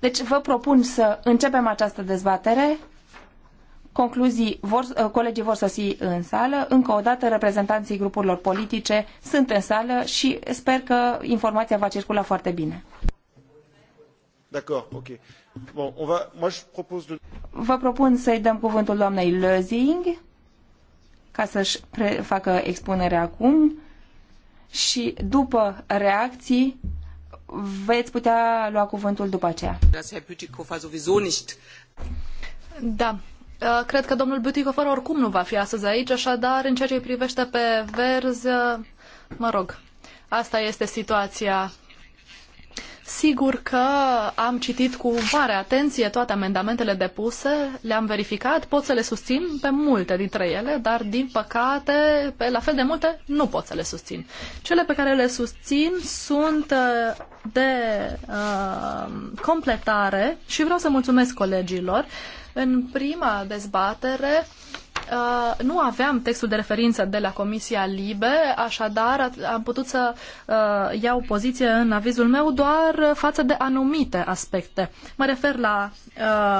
deci vă propun să începem această dezbatere. Concluzii vor, ă, colegii vor sosi în sală. Încă o dată, reprezentanții grupurilor politice sunt în sală și sper că informația va circula foarte bine. D'accord, ok. Bon, on va, moi je propose de... Vă propun să-i dăm cuvântul doamnei Lözing ca să-și facă expunerea acum și după reacții veți putea lua cuvântul după aceea. Da, uh, Cred că domnul Butikofer oricum nu va fi astăzi aici, așadar, în ceea ce îi privește pe verzi, uh, mă rog, asta este situația Sigur că am citit cu mare atenție toate amendamentele depuse, le-am verificat, pot să le susțin pe multe dintre ele, dar din păcate pe la fel de multe nu pot să le susțin. Cele pe care le susțin sunt uh, de uh, completare și vreau să mulțumesc colegilor. În prima dezbatere uh, Uh, nu aveam textul de referință de la Comisia Libe, așadar am putut să uh, iau poziție în avizul meu doar față de anumite aspecte. Mă refer la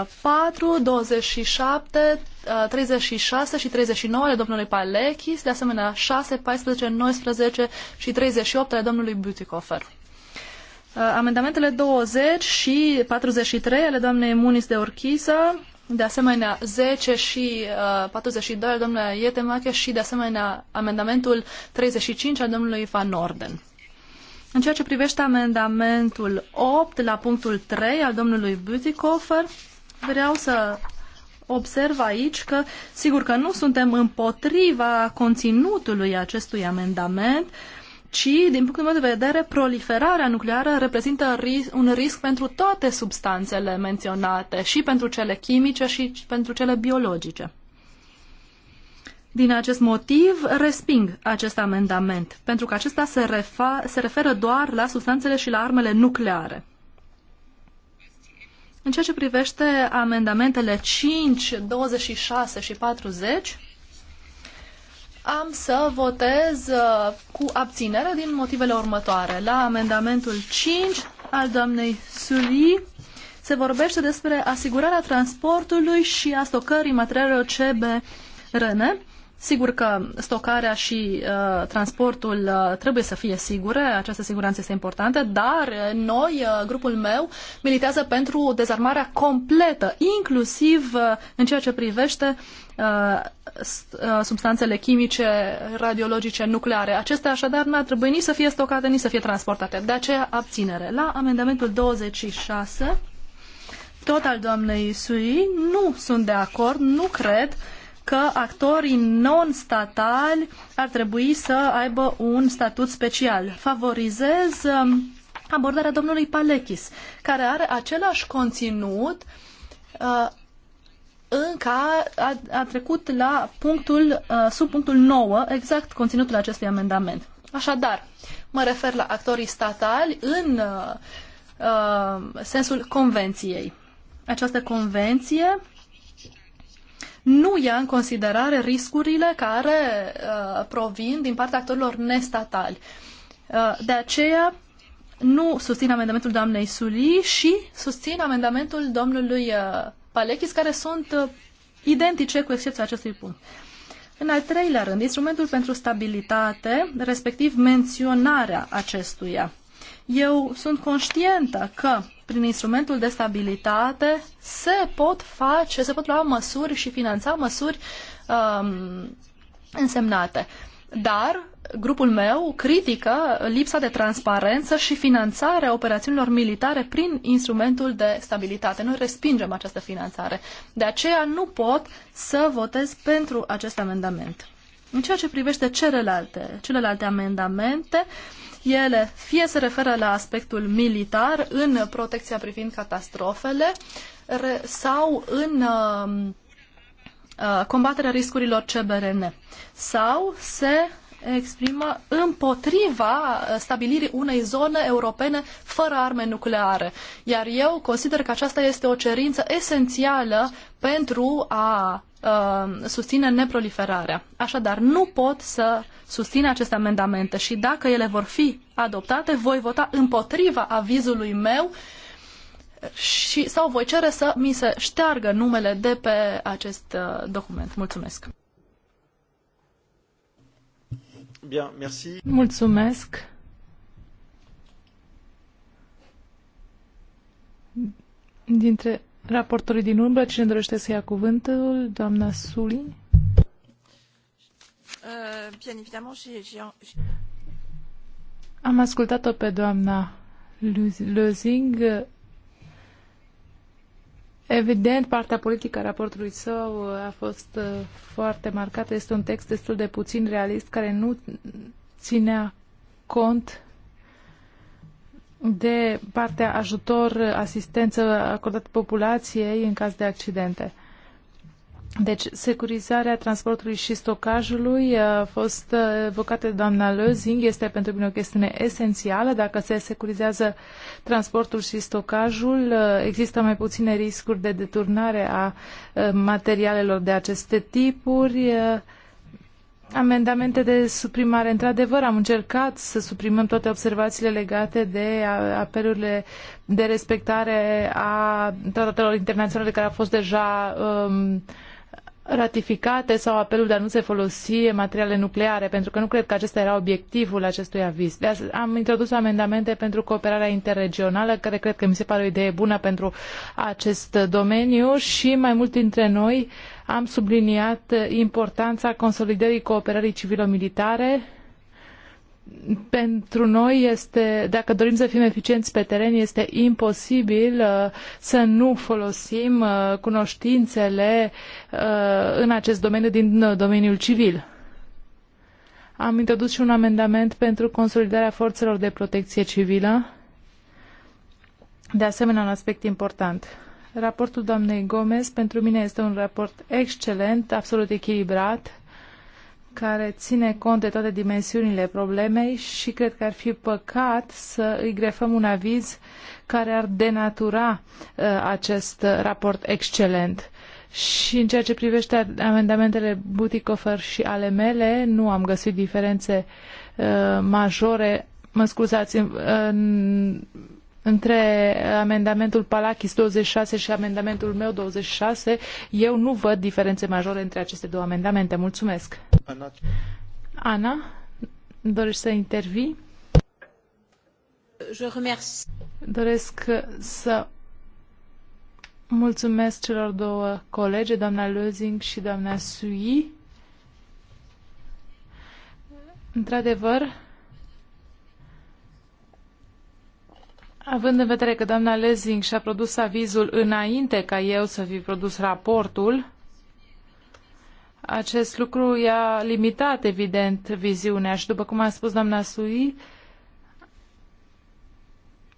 uh, 4, 27, 36 și 39 uh, ale domnului Palechis, de asemenea 6, 14, 19 și 38 ale domnului Butikofer. Uh, amendamentele 20 și 43 ale doamnei Munis de Orchisa de asemenea, 10 și uh, 42 al domnule Ietemache și, de asemenea, amendamentul 35 al domnului Van Orden. În ceea ce privește amendamentul 8 la punctul 3 al domnului Butikofer, vreau să observ aici că, sigur că nu suntem împotriva conținutului acestui amendament, uh, ci, din punctul meu de vedere, proliferarea nucleară reprezintă un risc pentru toate substanțele menționate, și pentru cele chimice și pentru cele biologice. Din acest motiv, resping acest amendament, pentru că acesta se, refa, se referă doar la substanțele și la armele nucleare. În ceea ce privește amendamentele 5, 26 și 40, am să votez uh, cu abținere din motivele următoare. La amendamentul 5 al doamnei Suli se vorbește despre asigurarea transportului și a stocării materialelor CBRN Sigur că stocarea și uh, transportul uh, trebuie să fie sigure, această siguranță este importantă, dar uh, noi, uh, grupul meu, militează pentru dezarmarea completă, inclusiv uh, în ceea ce privește uh, uh, substanțele chimice, radiologice, nucleare. Acestea așadar nu ar trebui nici să fie stocate, nici să fie transportate. De aceea, abținere. La amendamentul 26, tot al doamnei Sui, nu sunt de acord, nu cred uh, că actorii non-statali ar trebui să aibă un statut special. Favorizez um, abordarea domnului Palechis, care are același conținut uh, încă a, a trecut la punctul, uh, sub punctul 9, exact conținutul acestui amendament. Așadar, mă refer la actorii statali în uh, uh sensul convenției. Această convenție nu ia în considerare riscurile care uh, provin din partea actorilor nestatali. Uh, de aceea nu susțin amendamentul doamnei Suli și susțin amendamentul domnului uh, Palechis, care sunt uh, identice cu excepția acestui punct. În al treilea rând, instrumentul pentru stabilitate, respectiv menționarea acestuia. Eu sunt conștientă că prin instrumentul de stabilitate se pot face, se pot lua măsuri și finanța măsuri um, însemnate. Dar grupul meu critică lipsa de transparență și finanțarea operațiunilor militare prin instrumentul de stabilitate. Noi respingem această finanțare. De aceea nu pot să votez pentru acest amendament. În ceea ce privește celelalte, celelalte amendamente, uh, ele fie se referă la aspectul militar în protecția privind catastrofele sau în uh, uh, combaterea riscurilor CBRN sau se exprimă împotriva uh, stabilirii unei zone europene fără arme nucleare. Iar eu consider că aceasta este o cerință esențială pentru a uh, susține neproliferarea. Așadar, nu pot să susțin aceste amendamente și dacă ele vor fi adoptate, voi vota împotriva avizului meu și, sau voi cere să mi se șteargă numele de pe acest uh, document. Mulțumesc! Bien, merci. Mulțumesc. Dintre raportorii din umbră, cine dorește să ia cuvântul? Doamna Suli? Uh, Am ascultat-o pe doamna Lözing Evident, partea politică a raportului său uh, a fost uh, foarte marcată. Este un text destul de puțin realist care nu ținea cont de partea ajutor, asistență acordată populației în caz de accidente. Deci, securizarea transportului și stocajului a fost evocată de doamna Lăzing. este pentru mine o chestiune esențială. Dacă se securizează transportul și stocajul, există mai puține riscuri de deturnare a materialelor de aceste tipuri. Amendamente de suprimare. Într-adevăr, am încercat să suprimăm toate observațiile legate de apelurile de respectare a tratatelor internaționale care au fost deja um, ratificate sau apelul de a nu se folosi materiale nucleare, pentru că nu cred că acesta era obiectivul acestui aviz. De am introdus amendamente pentru cooperarea interregională, care cred că mi se pare o idee bună pentru acest domeniu și mai mult dintre noi am subliniat importanța consolidării cooperării civilo-militare pentru noi este, dacă dorim să fim eficienți pe teren, este imposibil uh, să nu folosim uh, cunoștințele uh, în acest domeniu din domeniul civil. Am introdus și un amendament pentru consolidarea forțelor de protecție civilă. De asemenea, un aspect important. Raportul doamnei Gomez pentru mine este un raport excelent, absolut echilibrat care ține cont de toate dimensiunile problemei și cred că ar fi păcat să îi grefăm un aviz care ar denatura uh, acest raport excelent. Și în ceea ce privește amendamentele Buticofer și ale mele, nu am găsit diferențe uh, majore. Mă scuzați, în, în între amendamentul Palachis 26 și amendamentul meu 26, eu nu văd diferențe majore între aceste două amendamente. Mulțumesc. Ana, dorești să intervii? Doresc să mulțumesc celor două colege, doamna Lozing și doamna Sui. Într-adevăr, Având în vedere că doamna Lezing și-a produs avizul înainte ca eu să fi produs raportul, acest lucru i-a limitat, evident, viziunea și, după cum a spus doamna Sui,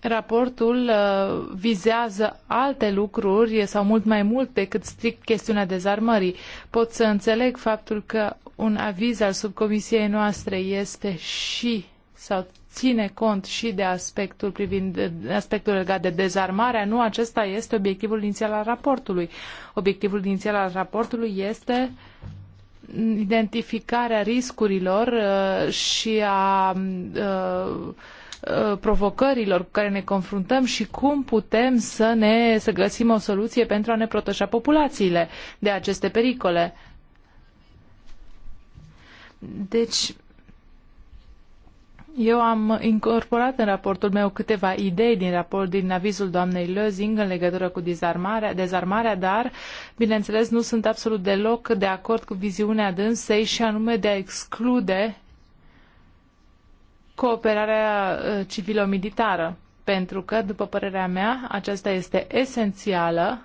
raportul uh, vizează alte lucruri sau mult mai mult decât strict chestiunea dezarmării. Pot să înțeleg faptul că un aviz al subcomisiei noastre este și sau ține cont și de aspectul, privind, aspectul legat de dezarmarea. Nu, acesta este obiectivul inițial al raportului. Obiectivul inițial al raportului este identificarea riscurilor uh, și a uh, uh, provocărilor cu care ne confruntăm și cum putem să ne să găsim o soluție pentru a ne proteja populațiile de aceste pericole. Deci, eu am incorporat în raportul meu câteva idei din raport din avizul doamnei Lözing în legătură cu dezarmarea, dezarmarea, dar, bineînțeles, nu sunt absolut deloc de acord cu viziunea dânsei și anume de a exclude cooperarea ă, civilo-militară, pentru că, după părerea mea, aceasta este esențială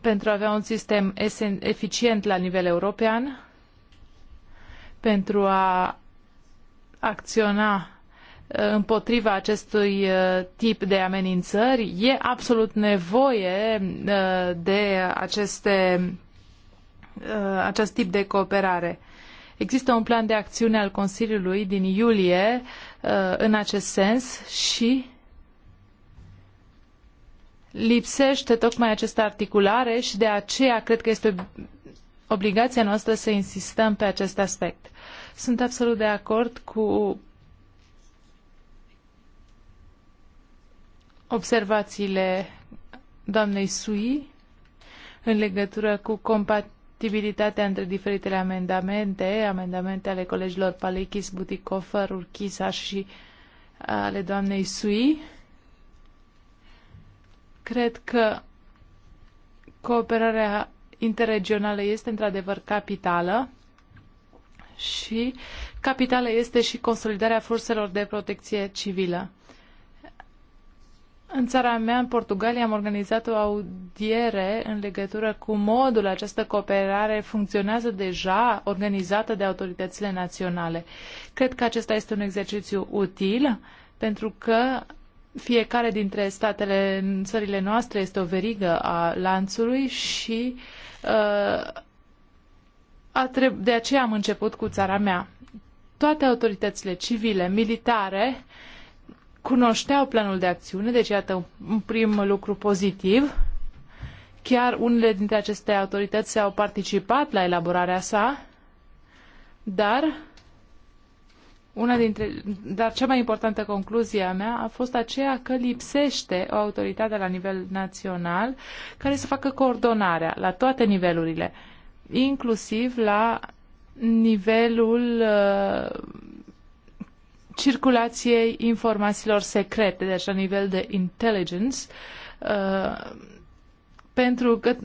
pentru a avea un sistem eficient la nivel european, pentru a acționa uh, împotriva acestui uh, tip de amenințări. E absolut nevoie uh, de aceste, acest tip de cooperare. Există un plan de acțiune al Consiliului din iulie în acest sens și lipsește tocmai această articulare și de aceea cred că este obligația noastră să insistăm pe acest aspect. Sunt absolut de acord cu observațiile doamnei Sui în legătură cu compatibilitatea între diferitele amendamente, amendamente ale colegilor Palechis, Buticofer, Urchisa și ale doamnei Sui. Cred că cooperarea interregională este într-adevăr capitală și capitală este și consolidarea forțelor de protecție civilă. În țara mea, în Portugalia, am organizat o audiere în legătură cu modul această cooperare funcționează deja organizată de autoritățile naționale. Cred că acesta este un exercițiu util pentru că fiecare dintre statele, țările noastre este o verigă a lanțului și uh, a treb- de aceea am început cu țara mea. Toate autoritățile civile, militare, cunoșteau planul de acțiune, deci iată un prim lucru pozitiv. Chiar unele dintre aceste autorități au participat la elaborarea sa, dar una dintre, dar cea mai importantă concluzie a mea a fost aceea că lipsește o autoritate la nivel național care să facă coordonarea la toate nivelurile inclusiv la nivelul uh, circulației informațiilor secrete, deci la nivel de intelligence, uh, pentru că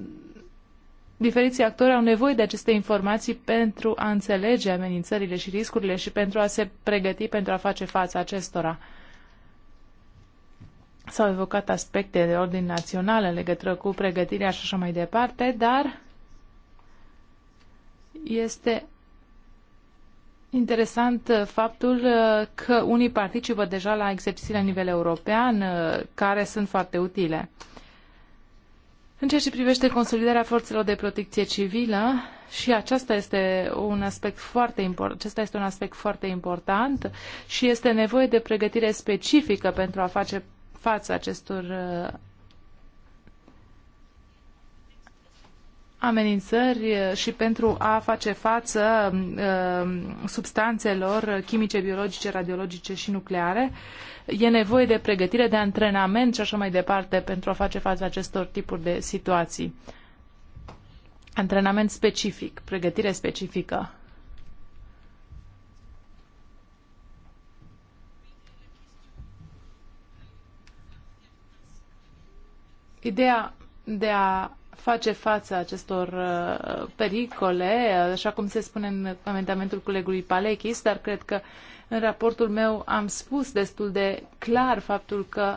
diferiții actori au nevoie de aceste informații pentru a înțelege amenințările și riscurile și pentru a se pregăti pentru a face față acestora. S-au evocat aspecte de ordin național în legătură cu pregătirea și așa mai departe, dar este interesant uh, faptul uh, că unii participă deja la exerciții la nivel european, uh, care sunt foarte utile. În ceea ce privește consolidarea forțelor de protecție civilă, și aceasta este un aspect foarte important, acesta este un aspect foarte important și este nevoie de pregătire specifică pentru a face față acestor amenințări uh, și pentru a face față uh, substanțelor chimice, biologice, radiologice și nucleare. E nevoie de pregătire, de antrenament și așa mai departe pentru a face față acestor tipuri de situații. Antrenament specific, pregătire specifică. Ideea de a face față acestor uh, pericole, așa cum se spune în amendamentul colegului Palechis, dar cred că în raportul meu am spus destul de clar faptul că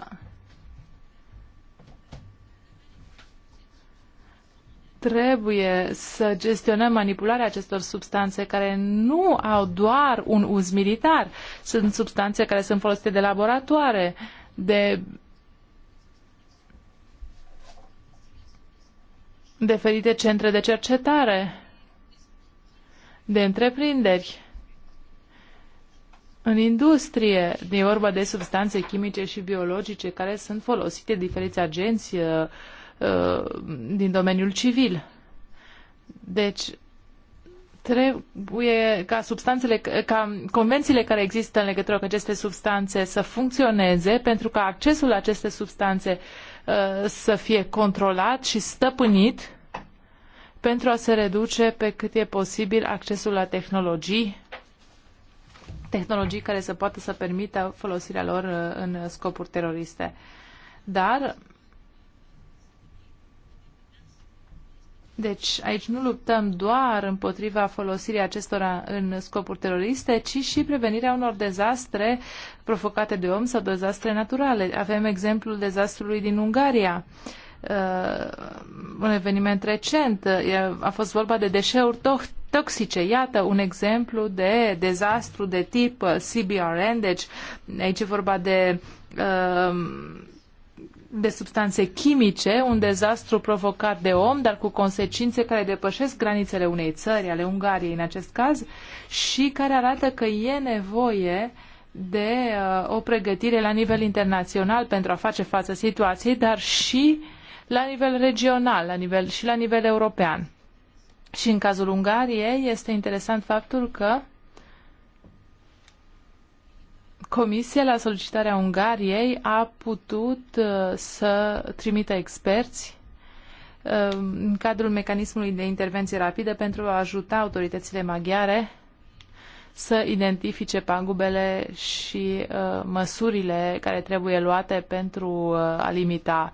trebuie să gestionăm manipularea acestor substanțe care nu au doar un uz militar. Sunt substanțe care sunt folosite de laboratoare, de diferite centre de cercetare, de întreprinderi, în industrie. E vorba de substanțe chimice și biologice care sunt folosite de diferiți agenți uh, uh, din domeniul civil. Deci, trebuie ca substanțele, ca convențiile care există în legătură cu aceste substanțe să funcționeze pentru ca accesul la aceste substanțe Uh, să fie controlat și stăpânit pentru a se reduce pe cât e posibil accesul la tehnologii, tehnologii care să poată să permită folosirea lor uh, în scopuri teroriste. Dar Deci aici nu luptăm doar împotriva folosirii acestora în scopuri teroriste, ci și prevenirea unor dezastre provocate de om sau dezastre naturale. Avem exemplul dezastrului din Ungaria. Uh, un eveniment recent uh, a fost vorba de deșeuri to- toxice. Iată un exemplu de dezastru de tip uh, CBRN, deci aici e vorba de uh, de substanțe chimice, un dezastru provocat de om, dar cu consecințe care depășesc granițele unei țări, ale Ungariei în acest caz, și care arată că e nevoie de uh, o pregătire la nivel internațional pentru a face față situației, dar și la nivel regional la nivel, și la nivel european. Și în cazul Ungariei este interesant faptul că Comisia, la solicitarea Ungariei, a putut uh, să trimită experți uh, în cadrul mecanismului de intervenție rapidă pentru a ajuta autoritățile maghiare să identifice pagubele și uh, măsurile care trebuie luate pentru a limita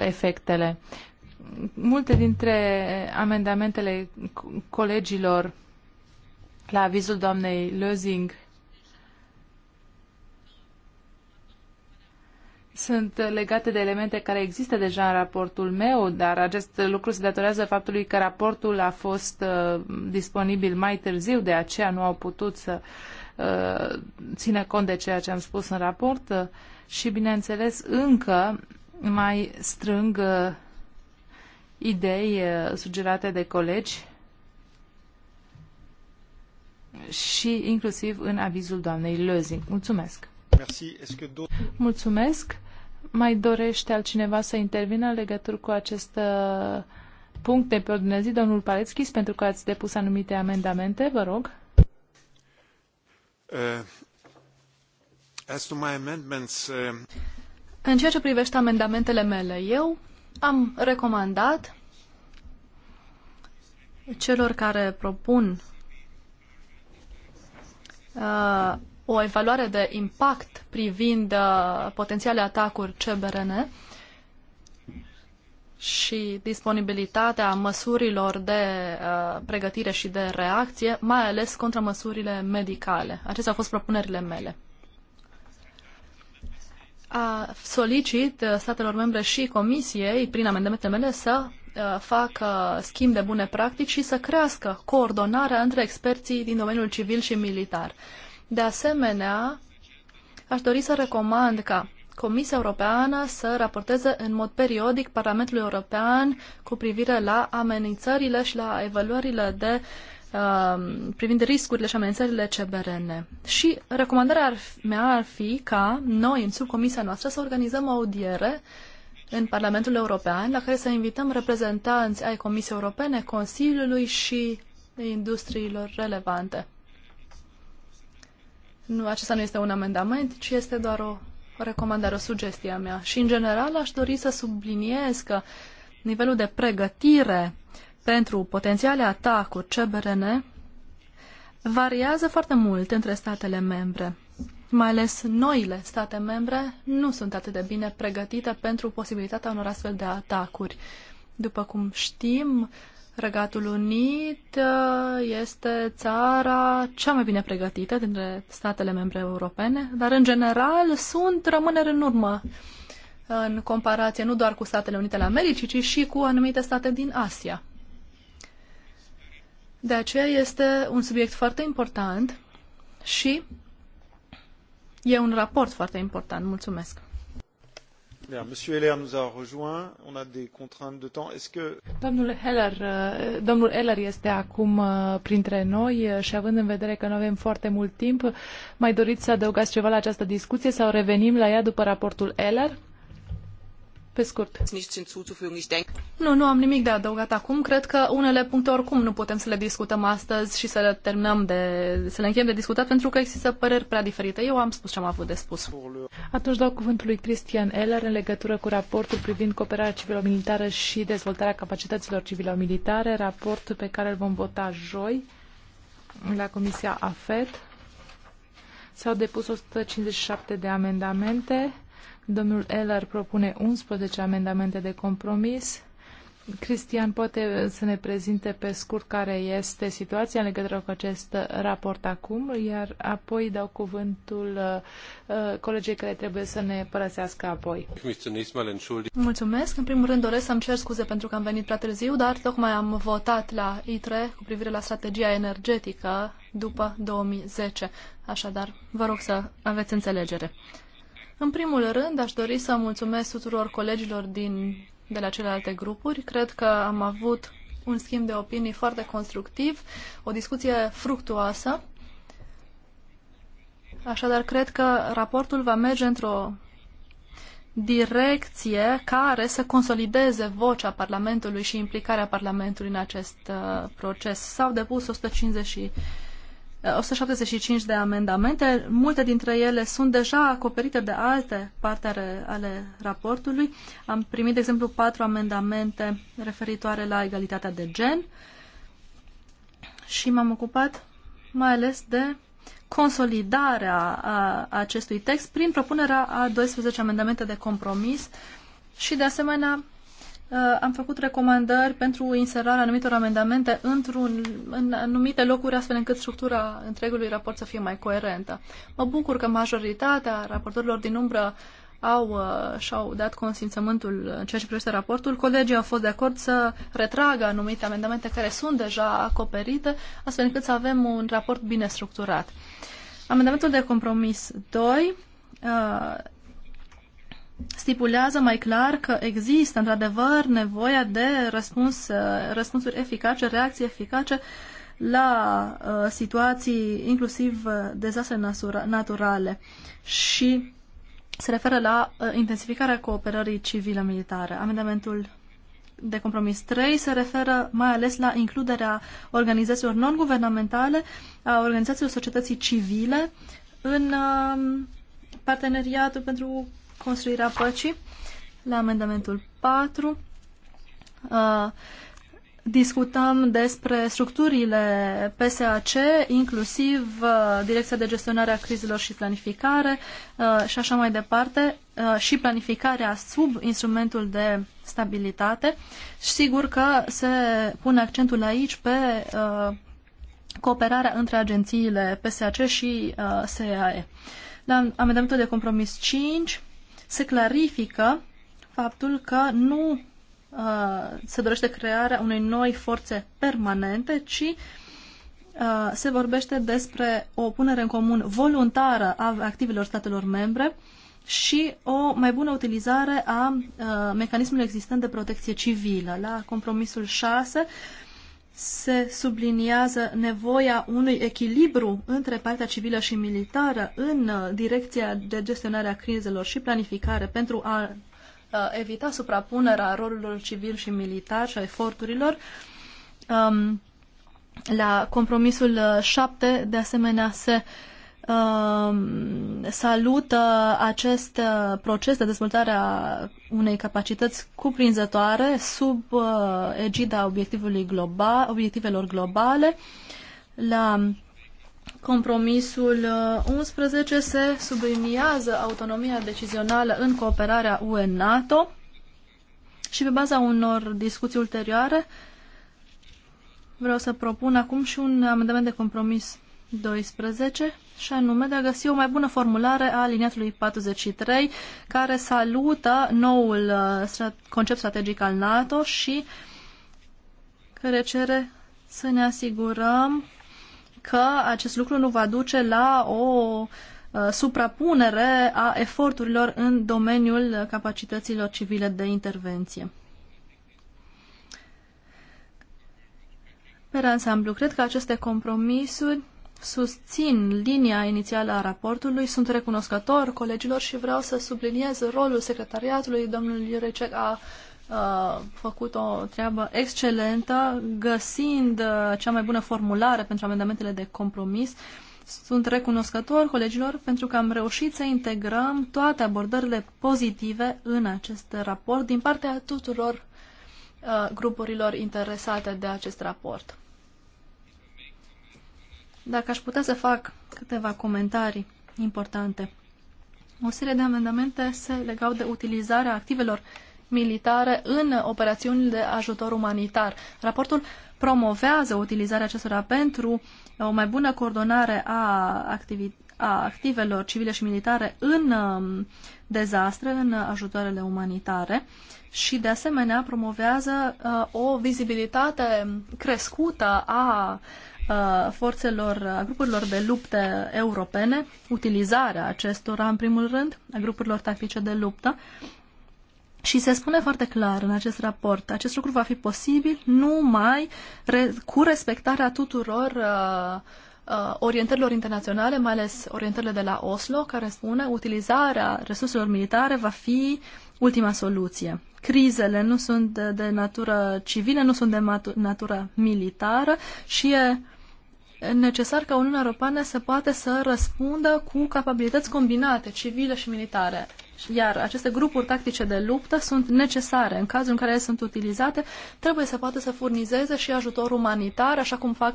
efectele. Multe dintre amendamentele colegilor la avizul doamnei Lözing sunt legate de elemente care există deja în raportul meu, dar acest lucru se datorează faptului că raportul a fost uh, disponibil mai târziu, de aceea nu au putut să uh, țină cont de ceea ce am spus în raport uh, și, bineînțeles, încă mai strâng uh, idei uh, sugerate de colegi și inclusiv în avizul doamnei Lözing. Mulțumesc! Mulțumesc. Mai dorește altcineva să intervină în legătură cu acest uh, punct de pe ordine zi, domnul Paleckis, pentru că ați depus anumite amendamente, vă rog. Uh, uh, în ceea ce privește amendamentele mele, eu am recomandat celor care propun uh, o evaluare de impact privind uh, potențiale atacuri CBRN și disponibilitatea măsurilor de uh, pregătire și de reacție, mai ales contra măsurile medicale. Acestea au fost propunerile mele. A solicit uh, statelor membre și Comisiei, prin amendamentele mele, să uh, facă schimb de bune practici și să crească coordonarea între experții din domeniul civil și militar. De asemenea, aș dori să recomand ca Comisia Europeană să raporteze în mod periodic Parlamentului European cu privire la amenințările și la evaluările de uh, privind riscurile și amenințările CBRN. Și recomandarea ar, mea ar fi ca noi, în subcomisia noastră, să organizăm o audiere în Parlamentul European, la care să invităm reprezentanți ai Comisiei Europene, Consiliului și industriilor relevante. Nu, acesta nu este un amendament, ci este doar o recomandare, o sugestie a mea. Și, în general, aș dori să subliniez că nivelul de pregătire pentru potențiale atacuri CBRN variază foarte mult între statele membre. Mai ales noile state membre nu sunt atât de bine pregătite pentru posibilitatea unor astfel de atacuri. După cum știm, Regatul Unit uh, este țara cea mai bine pregătită dintre statele membre europene, dar în general sunt rămâneri în urmă în comparație nu doar cu Statele Unite ale Americii, ci și cu anumite state din Asia. De aceea este un subiect foarte important și e un raport foarte important. Mulțumesc! Monsieur Heller nous a rejoint. On a des contraintes de temps. Est-ce que... Domnul Heller, eh, domnul Heller este acum eh, printre noi eh, și având în vedere că nu avem foarte mult timp, mai doriți să adăugați ceva la această discuție sau revenim la ea după raportul Heller? Pe scurt. Nu, nu am nimic de adăugat acum. Cred că unele puncte oricum nu putem să le discutăm astăzi și să le terminăm de, să le încheiem de discutat pentru că există păreri prea diferite. Eu am spus ce am avut de spus. Atunci dau cuvântul lui Cristian Eller în legătură cu raportul privind cooperarea civilo-militară și dezvoltarea capacităților civilo-militare, raport pe care îl vom vota joi la Comisia AFET. S-au depus 157 de amendamente Domnul Eller propune 11 amendamente de compromis. Cristian, poate să ne prezinte pe scurt care este situația în legătură cu acest raport acum, iar apoi dau cuvântul uh, uh, colegii care trebuie să ne părăsească apoi. Mulțumesc. În primul rând doresc să-mi cer scuze pentru că am venit prea târziu, dar tocmai am votat la ITRE cu privire la strategia energetică după 2010. Așadar, vă rog să aveți înțelegere. În primul rând, aș dori să mulțumesc tuturor colegilor din, de la celelalte grupuri. Cred că am avut un schimb de opinii foarte constructiv, o discuție fructuoasă. Așadar, cred că raportul va merge într-o direcție care să consolideze vocea Parlamentului și implicarea Parlamentului în acest uh, proces. S-au depus 150 175 de amendamente, multe dintre ele sunt deja acoperite de alte parte ale, ale raportului. Am primit, de exemplu, patru amendamente referitoare la egalitatea de gen și m-am ocupat mai ales de consolidarea a acestui text prin propunerea a 12 amendamente de compromis și, de asemenea, Uh, am făcut recomandări pentru inserarea anumitor amendamente într-un, în anumite locuri, astfel încât structura întregului raport să fie mai coerentă. Mă bucur că majoritatea raportorilor din umbră au, uh, și-au dat consimțământul în ceea ce privește raportul. Colegii au fost de acord să retragă anumite amendamente care sunt deja acoperite, astfel încât să avem un raport bine structurat. Amendamentul de compromis 2 stipulează mai clar că există într-adevăr nevoia de răspuns, uh, răspunsuri eficace, reacții eficace la uh, situații inclusiv uh, dezastre naturale și se referă la uh, intensificarea cooperării civile-militare. Amendamentul de compromis 3 se referă mai ales la includerea organizațiilor non-guvernamentale, a organizațiilor societății civile în uh, parteneriatul pentru construirea păcii, la amendamentul 4. Uh, discutăm despre structurile PSAC, inclusiv uh, Direcția de Gestionare a Crizelor și Planificare uh, și așa mai departe, uh, și planificarea sub instrumentul de stabilitate. Și sigur că se pune accentul aici pe uh, cooperarea între agențiile PSAC și uh, SEAE. La amendamentul de compromis 5 se clarifică faptul că nu uh, se dorește crearea unei noi forțe permanente, ci uh, se vorbește despre o punere în comun voluntară a activelor statelor membre și o mai bună utilizare a uh, mecanismului existent de protecție civilă. La compromisul 6 se subliniază nevoia unui echilibru între partea civilă și militară în uh, direcția de gestionare a crizelor și planificare pentru a uh, evita suprapunerea rolurilor civil și militar și a eforturilor. Um, la compromisul 7, uh, de asemenea, se uh, Um, salută acest uh, proces de dezvoltare a unei capacități cuprinzătoare sub uh, egida obiectivului global, obiectivelor globale. La compromisul 11 uh, se subliniază autonomia decizională în cooperarea UE-NATO și pe baza unor discuții ulterioare vreau să propun acum și un amendament de compromis 12 și anume de a găsi o mai bună formulare a aliniatului 43 care salută noul uh, concept strategic al NATO și care cere să ne asigurăm că acest lucru nu va duce la o uh, suprapunere a eforturilor în domeniul capacităților civile de intervenție. Per ansamblu, cred că aceste compromisuri susțin linia inițială a raportului, sunt recunoscător colegilor și vreau să subliniez rolul secretariatului. Domnul Iurecek a, făcut o treabă excelentă, găsind uh, cea mai bună formulare pentru amendamentele de compromis. Sunt recunoscător colegilor pentru că am reușit să integrăm toate abordările pozitive în acest raport din partea tuturor uh, grupurilor interesate de acest raport. Dacă aș putea să fac câteva comentarii importante. O serie de amendamente se legau de utilizarea activelor militare în operațiunile de ajutor umanitar. Raportul promovează utilizarea acestora pentru o mai bună coordonare a, activi- a activelor civile și militare în um, dezastre, în ajutoarele umanitare și, de asemenea, promovează uh, o vizibilitate crescută a Uh, forțelor, a uh, grupurilor de luptă europene, utilizarea acestora în primul rând, a grupurilor tactice de luptă. Și se spune foarte clar în acest raport, acest lucru va fi posibil numai re- cu respectarea tuturor uh, uh, orientărilor internaționale, mai ales orientările de la Oslo, care spune utilizarea resurselor militare va fi ultima soluție. Crizele nu sunt de, de natură civilă, nu sunt de matu- natură militară și e necesar ca Uniunea Europeană să poată să răspundă cu capabilități combinate, civile și militare. Iar aceste grupuri tactice de luptă sunt necesare. În cazul în care ele sunt utilizate, trebuie să poată să furnizeze și ajutor umanitar, așa cum fac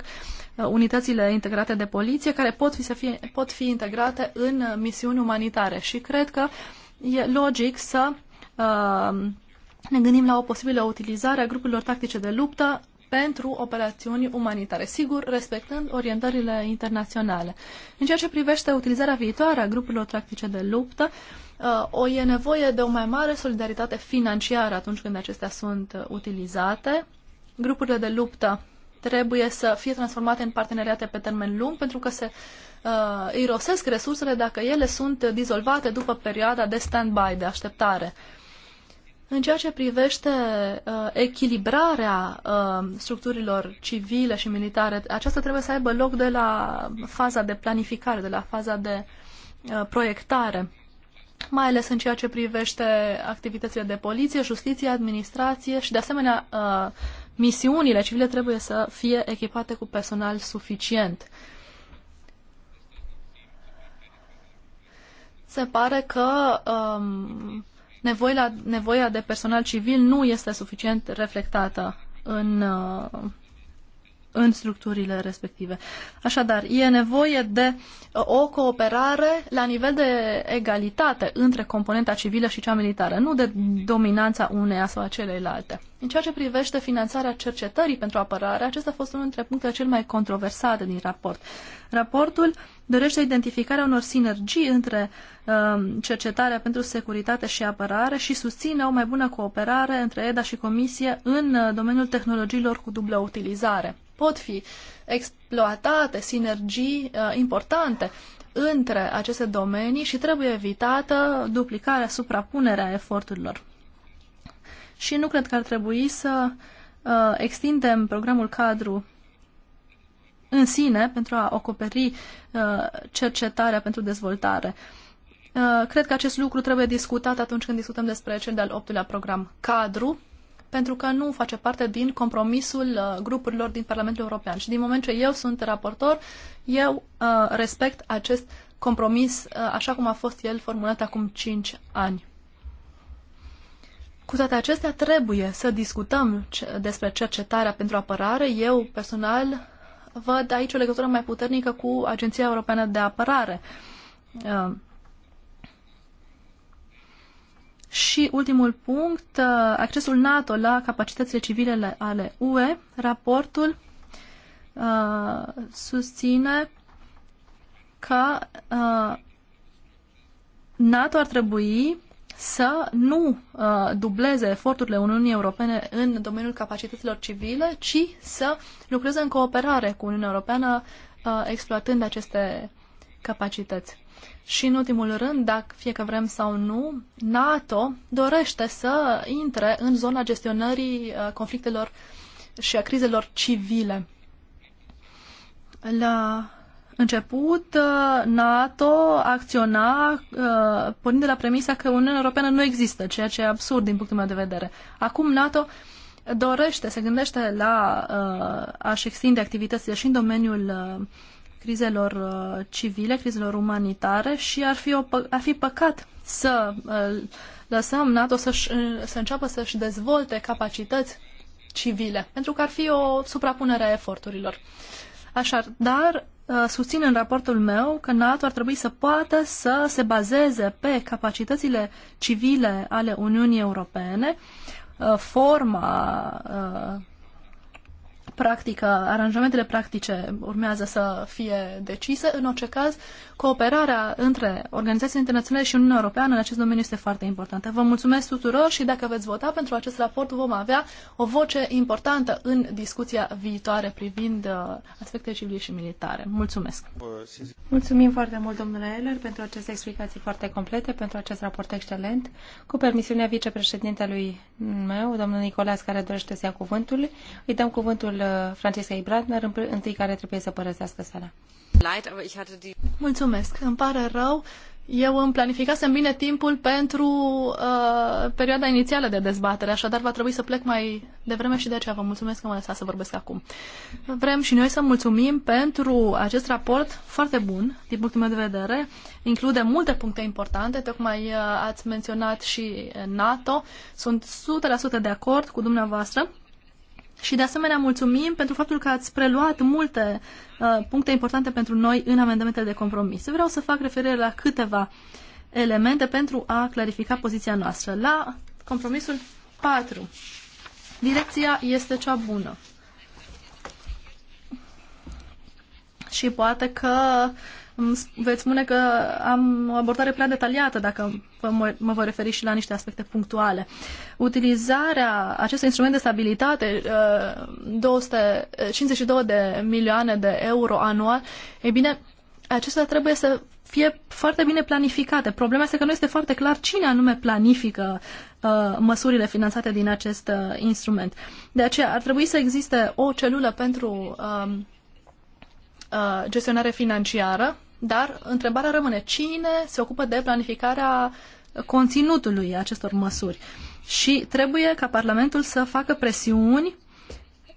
uh, unitățile integrate de poliție, care pot fi, să fie, pot fi integrate în uh, misiuni umanitare. Și cred că e logic să uh, ne gândim la o posibilă utilizare a grupurilor tactice de luptă pentru operațiuni umanitare, sigur, respectând orientările internaționale. În ceea ce privește utilizarea viitoare a grupurilor tactice de luptă, uh, o e nevoie de o mai mare solidaritate financiară atunci când acestea sunt uh, utilizate. Grupurile de luptă trebuie să fie transformate în parteneriate pe termen lung pentru că se uh, irosesc resursele dacă ele sunt dizolvate după perioada de stand-by, de așteptare. Uh, în ceea ce privește uh, echilibrarea uh, structurilor civile și militare, aceasta trebuie să aibă loc de la faza de planificare, de la faza de uh, proiectare, mai ales în ceea ce privește activitățile de poliție, justiție, administrație și, de asemenea, uh, misiunile civile trebuie să fie echipate cu personal suficient. Se pare că Uh, nevoia, de personal civil nu este suficient reflectată în uh, în structurile respective. Așadar, e nevoie de uh, o cooperare la nivel de egalitate între componenta civilă și cea militară, nu de dominanța uneia sau a celeilalte. În ceea ce privește finanțarea cercetării pentru apărare, acesta a fost unul dintre punctele cel mai controversate din raport. Raportul dorește identificarea unor sinergii între um, cercetarea pentru securitate și apărare și susține o mai bună cooperare între EDA și Comisie în uh, domeniul tehnologiilor cu dublă utilizare pot fi exploatate sinergii uh, importante între aceste domenii și trebuie evitată duplicarea, suprapunerea eforturilor. Și nu cred că ar trebui să uh, extindem programul cadru în sine pentru a acoperi uh, cercetarea pentru dezvoltare. Uh, cred că acest lucru trebuie discutat atunci când discutăm despre cel de-al optulea program cadru pentru că nu face parte din compromisul uh, grupurilor din Parlamentul European. Și din moment ce eu sunt raportor, eu uh, respect acest compromis uh, așa cum a fost el formulat acum 5 ani. Cu toate acestea, trebuie să discutăm despre cercetarea pentru apărare. Eu, personal, văd aici o legătură mai puternică cu Agenția Europeană de Apărare. Și ultimul punct, uh, accesul NATO la capacitățile civile ale UE. Raportul uh, susține că uh, NATO ar trebui să nu uh, dubleze eforturile Uniunii Europene în domeniul capacităților civile, ci să lucreze în cooperare cu Uniunea Europeană, uh, exploatând aceste capacități. Și în ultimul rând, dacă fie că vrem sau nu, NATO dorește să intre în zona gestionării uh, conflictelor și a crizelor civile. La început, uh, NATO acționa uh, pornind de la premisa că Uniunea Europeană nu există, ceea ce e absurd din punctul meu de vedere. Acum NATO dorește, se gândește la uh, a-și extinde activitățile și în domeniul uh, crizelor uh, civile, crizelor umanitare și ar fi, o, ar fi păcat să uh, lăsăm NATO să, uh, să înceapă să-și dezvolte capacități civile, pentru că ar fi o suprapunere a eforturilor. Așadar, susțin în raportul meu că NATO ar trebui să poată să se bazeze pe capacitățile civile ale Uniunii Europene, forma practică, aranjamentele practice urmează să fie decise. În orice caz, Cooperarea între organizațiile internaționale și Uniunea Europeană în acest domeniu este foarte importantă. Vă mulțumesc tuturor și dacă veți vota pentru acest raport vom avea o voce importantă în discuția viitoare privind uh, aspecte civile și militare. Mulțumesc! Mulțumim foarte mult, domnule Eller, pentru aceste explicații foarte complete, pentru acest raport excelent. Cu permisiunea vicepreședintelui meu, domnul Nicolaas, care dorește să ia cuvântul, îi dăm cuvântul uh, Francescai Bratner, întâi care trebuie să părăsească sala. Mulțumesc, îmi pare rău. Eu îmi planificasem bine timpul pentru uh, perioada inițială de dezbatere, așadar va trebui să plec mai devreme și de aceea vă mulțumesc că mă lăsați să vorbesc acum. Vrem și noi să mulțumim pentru acest raport foarte bun, din punctul meu de vedere. Include multe puncte importante, tocmai uh, ați menționat și NATO. Sunt 100% de acord cu dumneavoastră. Și de asemenea mulțumim pentru faptul că ați preluat multe uh, puncte importante pentru noi în amendamentele de compromis. Vreau să fac referire la câteva elemente pentru a clarifica poziția noastră. La compromisul 4. Direcția este cea bună. și poate că mm, veți spune că am o abordare prea detaliată dacă vă, mă voi referi și la niște aspecte punctuale. Utilizarea acestui instrument de stabilitate, 252 uh, uh, de milioane de euro anual, e bine, acestea trebuie să fie foarte bine planificate. Problema este că nu este foarte clar cine anume planifică uh, măsurile finanțate din acest uh, instrument. De aceea ar trebui să existe o celulă pentru um, Uh, gestionare financiară, dar întrebarea rămâne cine se ocupă de planificarea conținutului acestor măsuri. Și trebuie ca Parlamentul să facă presiuni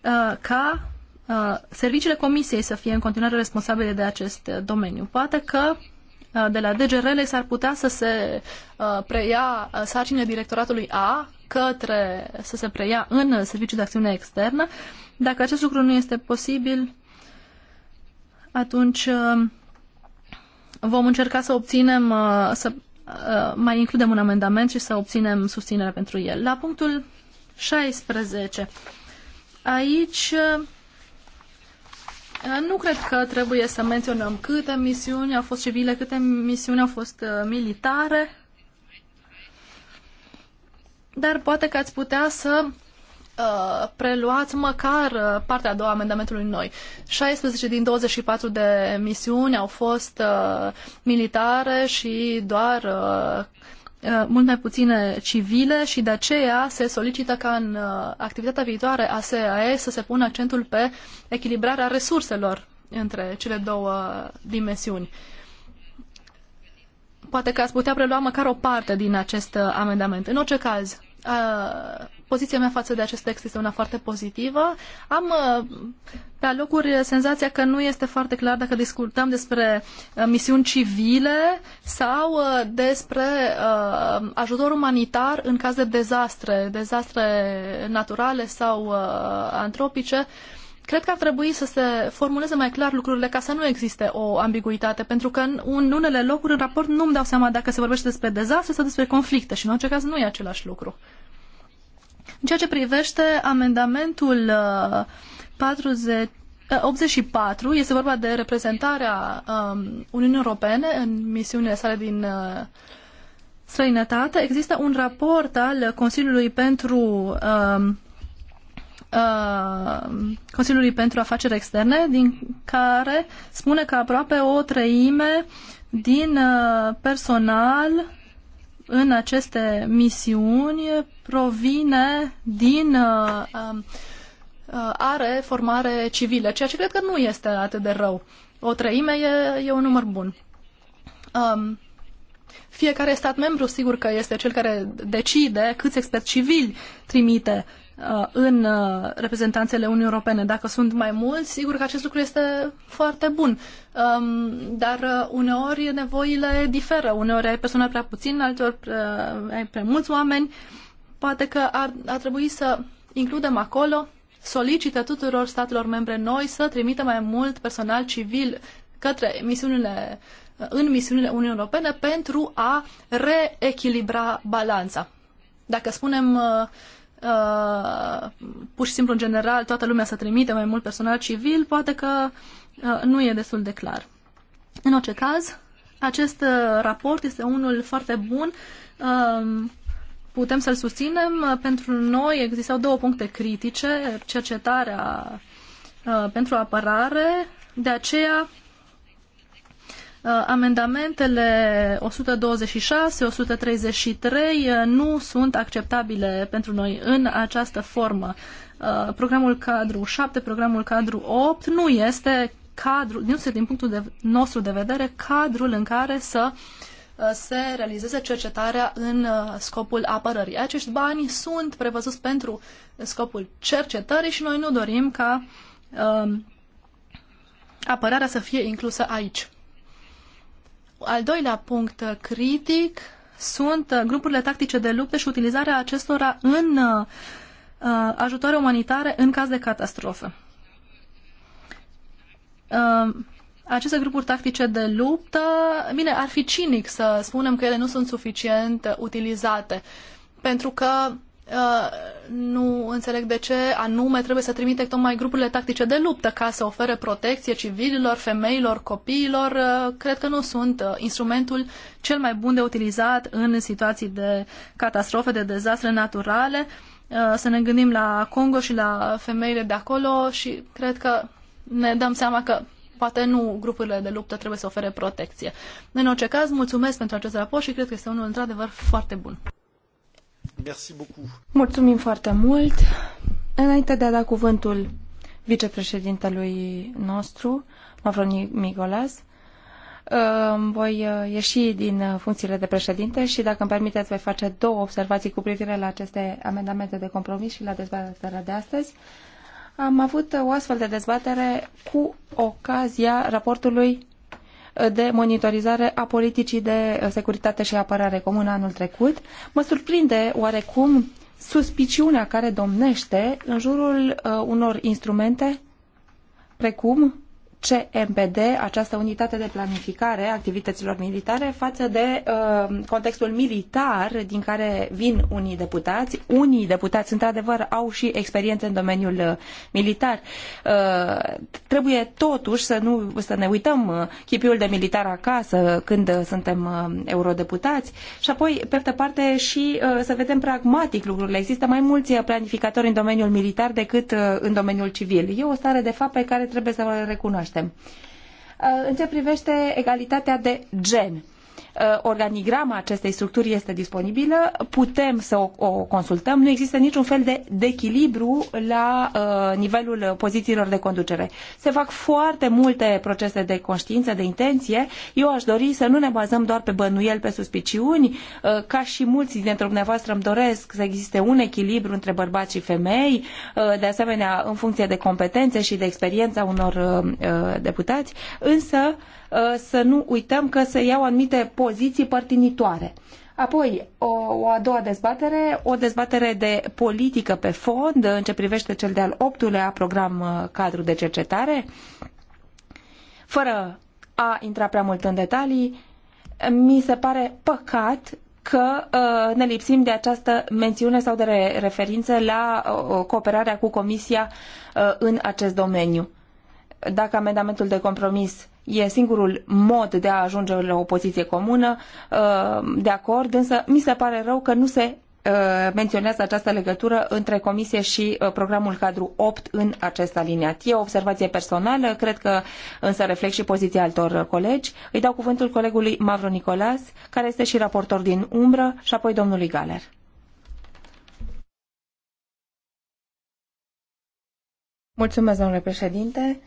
uh, ca uh, serviciile Comisiei să fie în continuare responsabile de acest domeniu. Poate că uh, de la DGRL s-ar putea să se uh, preia uh, sarcinile directoratului A către să se preia în Serviciul de Acțiune Externă. Dacă acest lucru nu este posibil, atunci uh, vom încerca să obținem, uh, să uh, mai includem un amendament și să obținem susținerea pentru el. La punctul 16. Aici nu cred că trebuie să menționăm câte misiuni au fost civile, câte misiuni au fost militare, dar poate că ați putea să uh, preluați măcar uh, partea a doua amendamentului noi. 16 din 24 de misiuni au fost uh, militare și doar uh, uh, mult mai puține civile și de aceea se solicită ca în uh, activitatea viitoare a SAE să se pună accentul pe echilibrarea resurselor între cele două dimensiuni. Poate că ați putea prelua măcar o parte din acest amendament. În orice caz, poziția mea față de acest text este una foarte pozitivă. Am uh, pe locuri senzația că nu este foarte clar dacă discutăm despre uh, misiuni civile sau uh, despre ajutor umanitar în caz de dezastre, dezastre naturale sau antropice. Cred că ar trebui să se formuleze mai clar lucrurile ca să nu existe o ambiguitate, pentru că în unele locuri în raport nu-mi dau seama dacă se vorbește despre dezastre sau despre conflicte și în orice caz nu e același lucru. În ceea ce privește amendamentul 40, uh, 84, uh, este vorba de reprezentarea um, Uniunii Europene în misiunile sale din uh, străinătate. Există un raport al Consiliului pentru uh, uh, Consiliului pentru Afaceri Externe, din care spune că aproape o treime din uh, personal în aceste misiuni provine din uh, um, uh, are formare civilă, ceea ce cred că nu este atât de rău. O treime e, e un număr bun. Um, fiecare stat membru, sigur că este cel care decide câți experți civili trimite Uh, în uh, reprezentanțele Uniunii Europene. Dacă sunt mai mulți, sigur că acest lucru este foarte bun. Um, dar uh, uneori nevoile diferă. Uneori ai persoane prea puțin, alteori ai prea mulți oameni. Poate că ar, ar trebui să includem acolo, solicită tuturor statelor membre noi să trimită mai mult personal civil către misiunile în misiunile Uniunii Europene pentru a reechilibra balanța. Dacă spunem uh, uh, pur și simplu în general toată lumea să trimite mai mult personal civil, poate că uh, nu e destul de clar. În orice caz, acest uh, raport este unul foarte bun. Um, putem să-l susținem. Uh, pentru noi existau două puncte critice, cercetarea uh, pentru apărare, de aceea Uh, amendamentele 126, 133 uh, nu sunt acceptabile pentru noi în această formă. Uh, programul cadru 7, programul cadru 8 nu este cadru, nu este din punctul de, nostru de vedere cadrul în care să se realizeze cercetarea în scopul apărării. Acești bani sunt prevăzuți pentru scopul cercetării și noi nu dorim ca apărarea să fie inclusă aici al doilea punct uh, critic sunt uh, grupurile tactice de luptă și utilizarea acestora în uh, uh ajutoare umanitare în caz de catastrofă. Uh, aceste grupuri tactice de luptă, bine, ar fi cinic să spunem că ele nu sunt suficient utilizate, pentru că Uh, nu înțeleg de ce anume trebuie să trimite tocmai grupurile tactice de luptă ca să ofere protecție civililor, femeilor, copiilor. Uh, cred că nu sunt uh, instrumentul cel mai bun de utilizat în situații de catastrofe, de dezastre naturale. Să ne gândim la Congo și la femeile de acolo și cred că ne dăm seama că poate nu grupurile de luptă trebuie să ofere protecție. În orice caz, mulțumesc pentru acest raport și cred că este unul într-adevăr foarte bun. Mulțumim foarte mult. Înainte de a da cuvântul vicepreședintelui nostru, Mavroni Migolas, uh, voi uh, ieși din uh, funcțiile de președinte și, dacă îmi permiteți, voi face două observații cu privire la aceste amendamente de compromis și la dezbaterea de astăzi. Am avut o astfel de dezbatere cu ocazia raportului de monitorizare a politicii de securitate și apărare comună anul trecut. Mă surprinde oarecum suspiciunea care domnește în jurul uh, unor instrumente precum CMPD, această unitate de planificare a activităților militare, față de uh, contextul militar din care vin unii deputați. Unii deputați, într-adevăr, au și experiențe în domeniul uh, militar. Uh, trebuie totuși să, nu, să ne uităm uh, chipiul de militar acasă când uh, suntem uh, eurodeputați și apoi, pe altă parte, și uh, să vedem pragmatic lucrurile. Există mai mulți uh, planificatori în domeniul militar decât uh, în domeniul civil. E o stare de fapt pe care trebuie să o recunoaștem cunoaștem. În ce privește egalitatea de gen, Uh, organigrama acestei structuri este disponibilă, putem să o, o consultăm, nu există niciun fel de dechilibru la uh, nivelul pozițiilor de conducere. Se fac foarte multe procese de conștiință, de intenție. Eu aș dori să nu ne bazăm doar pe bănuieli, pe suspiciuni, uh, ca și mulți dintre dumneavoastră îmi doresc să existe un echilibru între bărbați și femei, uh, de asemenea în funcție de competențe și de experiența unor uh, uh deputați, însă uh, Uh, să nu uităm că se iau anumite poziții părtinitoare. Apoi, o, o a doua dezbatere, o dezbatere de politică pe fond în ce privește cel de-al optulea program uh, cadru de cercetare. Fără a intra prea mult în detalii, mi se pare păcat că uh, ne lipsim de această mențiune sau de referință la uh, cooperarea cu Comisia uh, în acest domeniu dacă amendamentul de compromis e singurul mod de a ajunge la o poziție comună, uh, de acord, însă mi se pare rău că nu se uh, menționează această legătură între comisie și uh, programul cadru opt în acest aliniat. E o observație personală, cred că însă reflect și poziția altor colegi. Îi dau cuvântul colegului Mavro Nicolas, care este și raportor din umbră, și apoi domnului Galer. Mulțumesc, domnule președinte.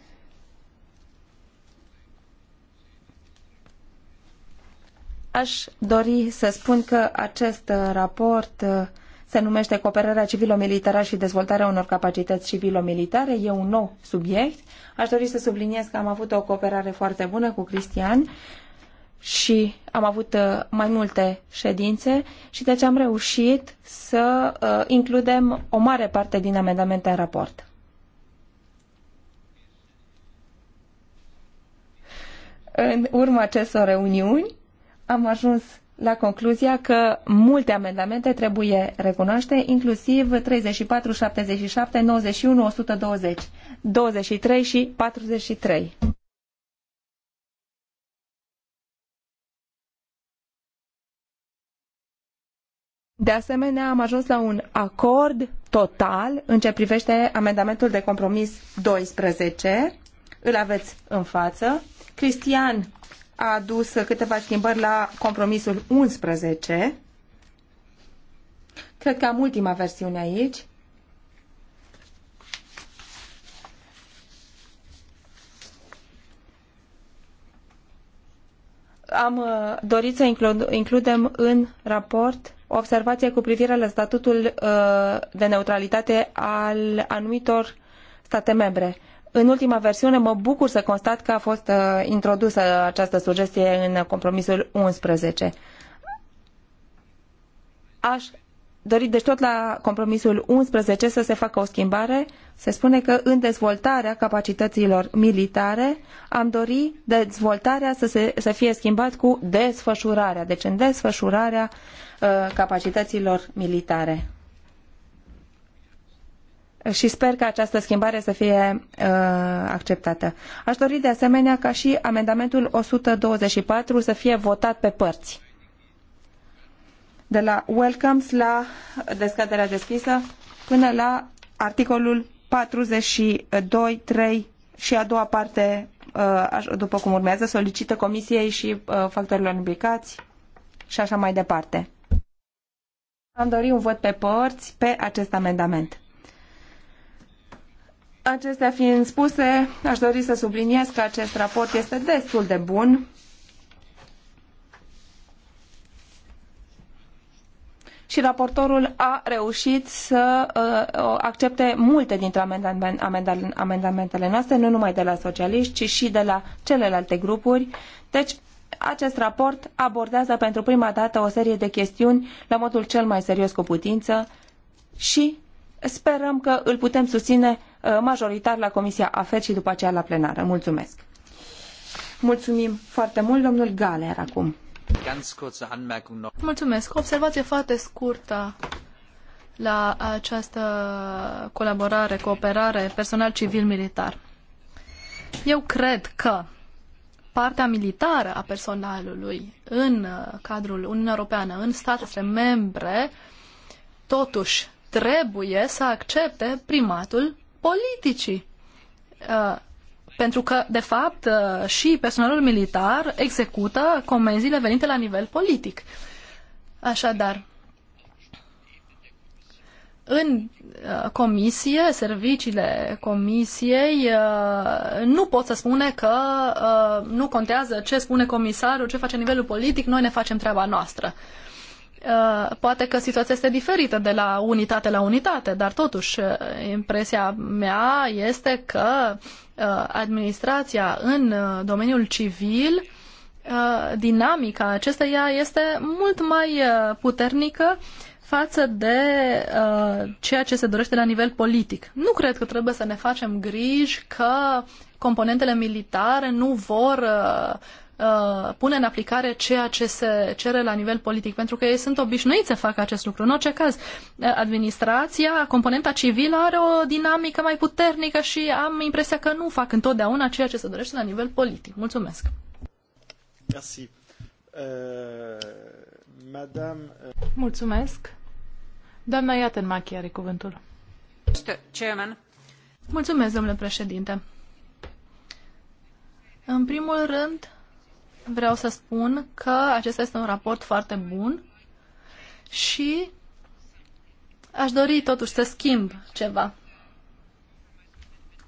Aș dori să spun că acest raport uh, se numește Cooperarea civilo-militară și dezvoltarea unor capacități civilo-militare. E un nou subiect. Aș dori să subliniez că am avut o cooperare foarte bună cu Cristian și am avut uh, mai multe ședințe și deci am reușit să uh, includem o mare parte din amendamente în raport. În urma acestor reuniuni, am ajuns la concluzia că multe amendamente trebuie recunoaște, inclusiv 34, 77, 91, 120, 23 și 43. De asemenea, am ajuns la un acord total în ce privește amendamentul de compromis 12. Îl aveți în față. Cristian a adus câteva schimbări la compromisul 11. Cred că am ultima versiune aici. Am uh, dorit să includem în raport observația observație cu privire la statutul uh, de neutralitate al anumitor state membre în ultima versiune mă bucur să constat că a fost uh, introdusă această sugestie în compromisul 11. Aș dori, deci tot la compromisul 11 să se facă o schimbare, se spune că în dezvoltarea capacităților militare am dori dezvoltarea să, se, să fie schimbat cu desfășurarea, deci în desfășurarea uh, capacităților militare și sper că această schimbare să fie uh, acceptată. Aș dori de asemenea ca și amendamentul 124 să fie votat pe părți. De la welcomes la descăderea deschisă până la articolul 42, 3 și a doua parte, uh, după cum urmează, solicită comisiei și uh, factorilor implicați și așa mai departe. Am dorit un vot pe părți pe acest amendament. Acestea fiind spuse, aș dori să subliniez că acest raport este destul de bun și raportorul a reușit să uh, accepte multe dintre amendamentele noastre, nu numai de la socialiști, ci și de la celelalte grupuri. Deci, acest raport abordează pentru prima dată o serie de chestiuni la modul cel mai serios cu putință și sperăm că îl putem susține Uh, majoritar la Comisia AFET și după aceea la plenară. Mulțumesc! Mulțumim foarte mult, domnul Galer, acum. Mulțumesc. O observație foarte scurtă la această colaborare, cooperare personal civil-militar. Eu cred că partea militară a personalului în uh, cadrul Uniunii Europeană, în statele membre, totuși trebuie să accepte primatul politicii. Uh, pentru că, de fapt, uh, și personalul militar execută comenzile venite la nivel politic. Așadar, în uh, comisie, serviciile comisiei, nu pot să spune că nu contează ce spune comisarul, ce face nivelul politic, noi ne facem treaba noastră. Uh, poate că situația este diferită de la unitate la unitate, dar totuși uh, impresia mea este că uh, administrația în domeniul civil, dinamica acesteia este mult mai puternică față de ceea ce se dorește la nivel politic. Nu cred că trebuie să ne facem griji că componentele militare nu vor Uh, pune în aplicare ceea ce se cere la nivel politic, pentru că ei sunt obișnuiți să facă acest lucru. În orice caz, uh, administrația, componenta civilă are o dinamică mai puternică și am impresia că nu fac întotdeauna ceea ce se dorește la nivel politic. Mulțumesc! Merci. Uh, madame... Uh, Mulțumesc! Doamna Iatenmachi are cuvântul. Chairman. Mulțumesc, domnule președinte. În primul rând, vreau să spun că acesta este un raport foarte bun și aș dori totuși să schimb ceva.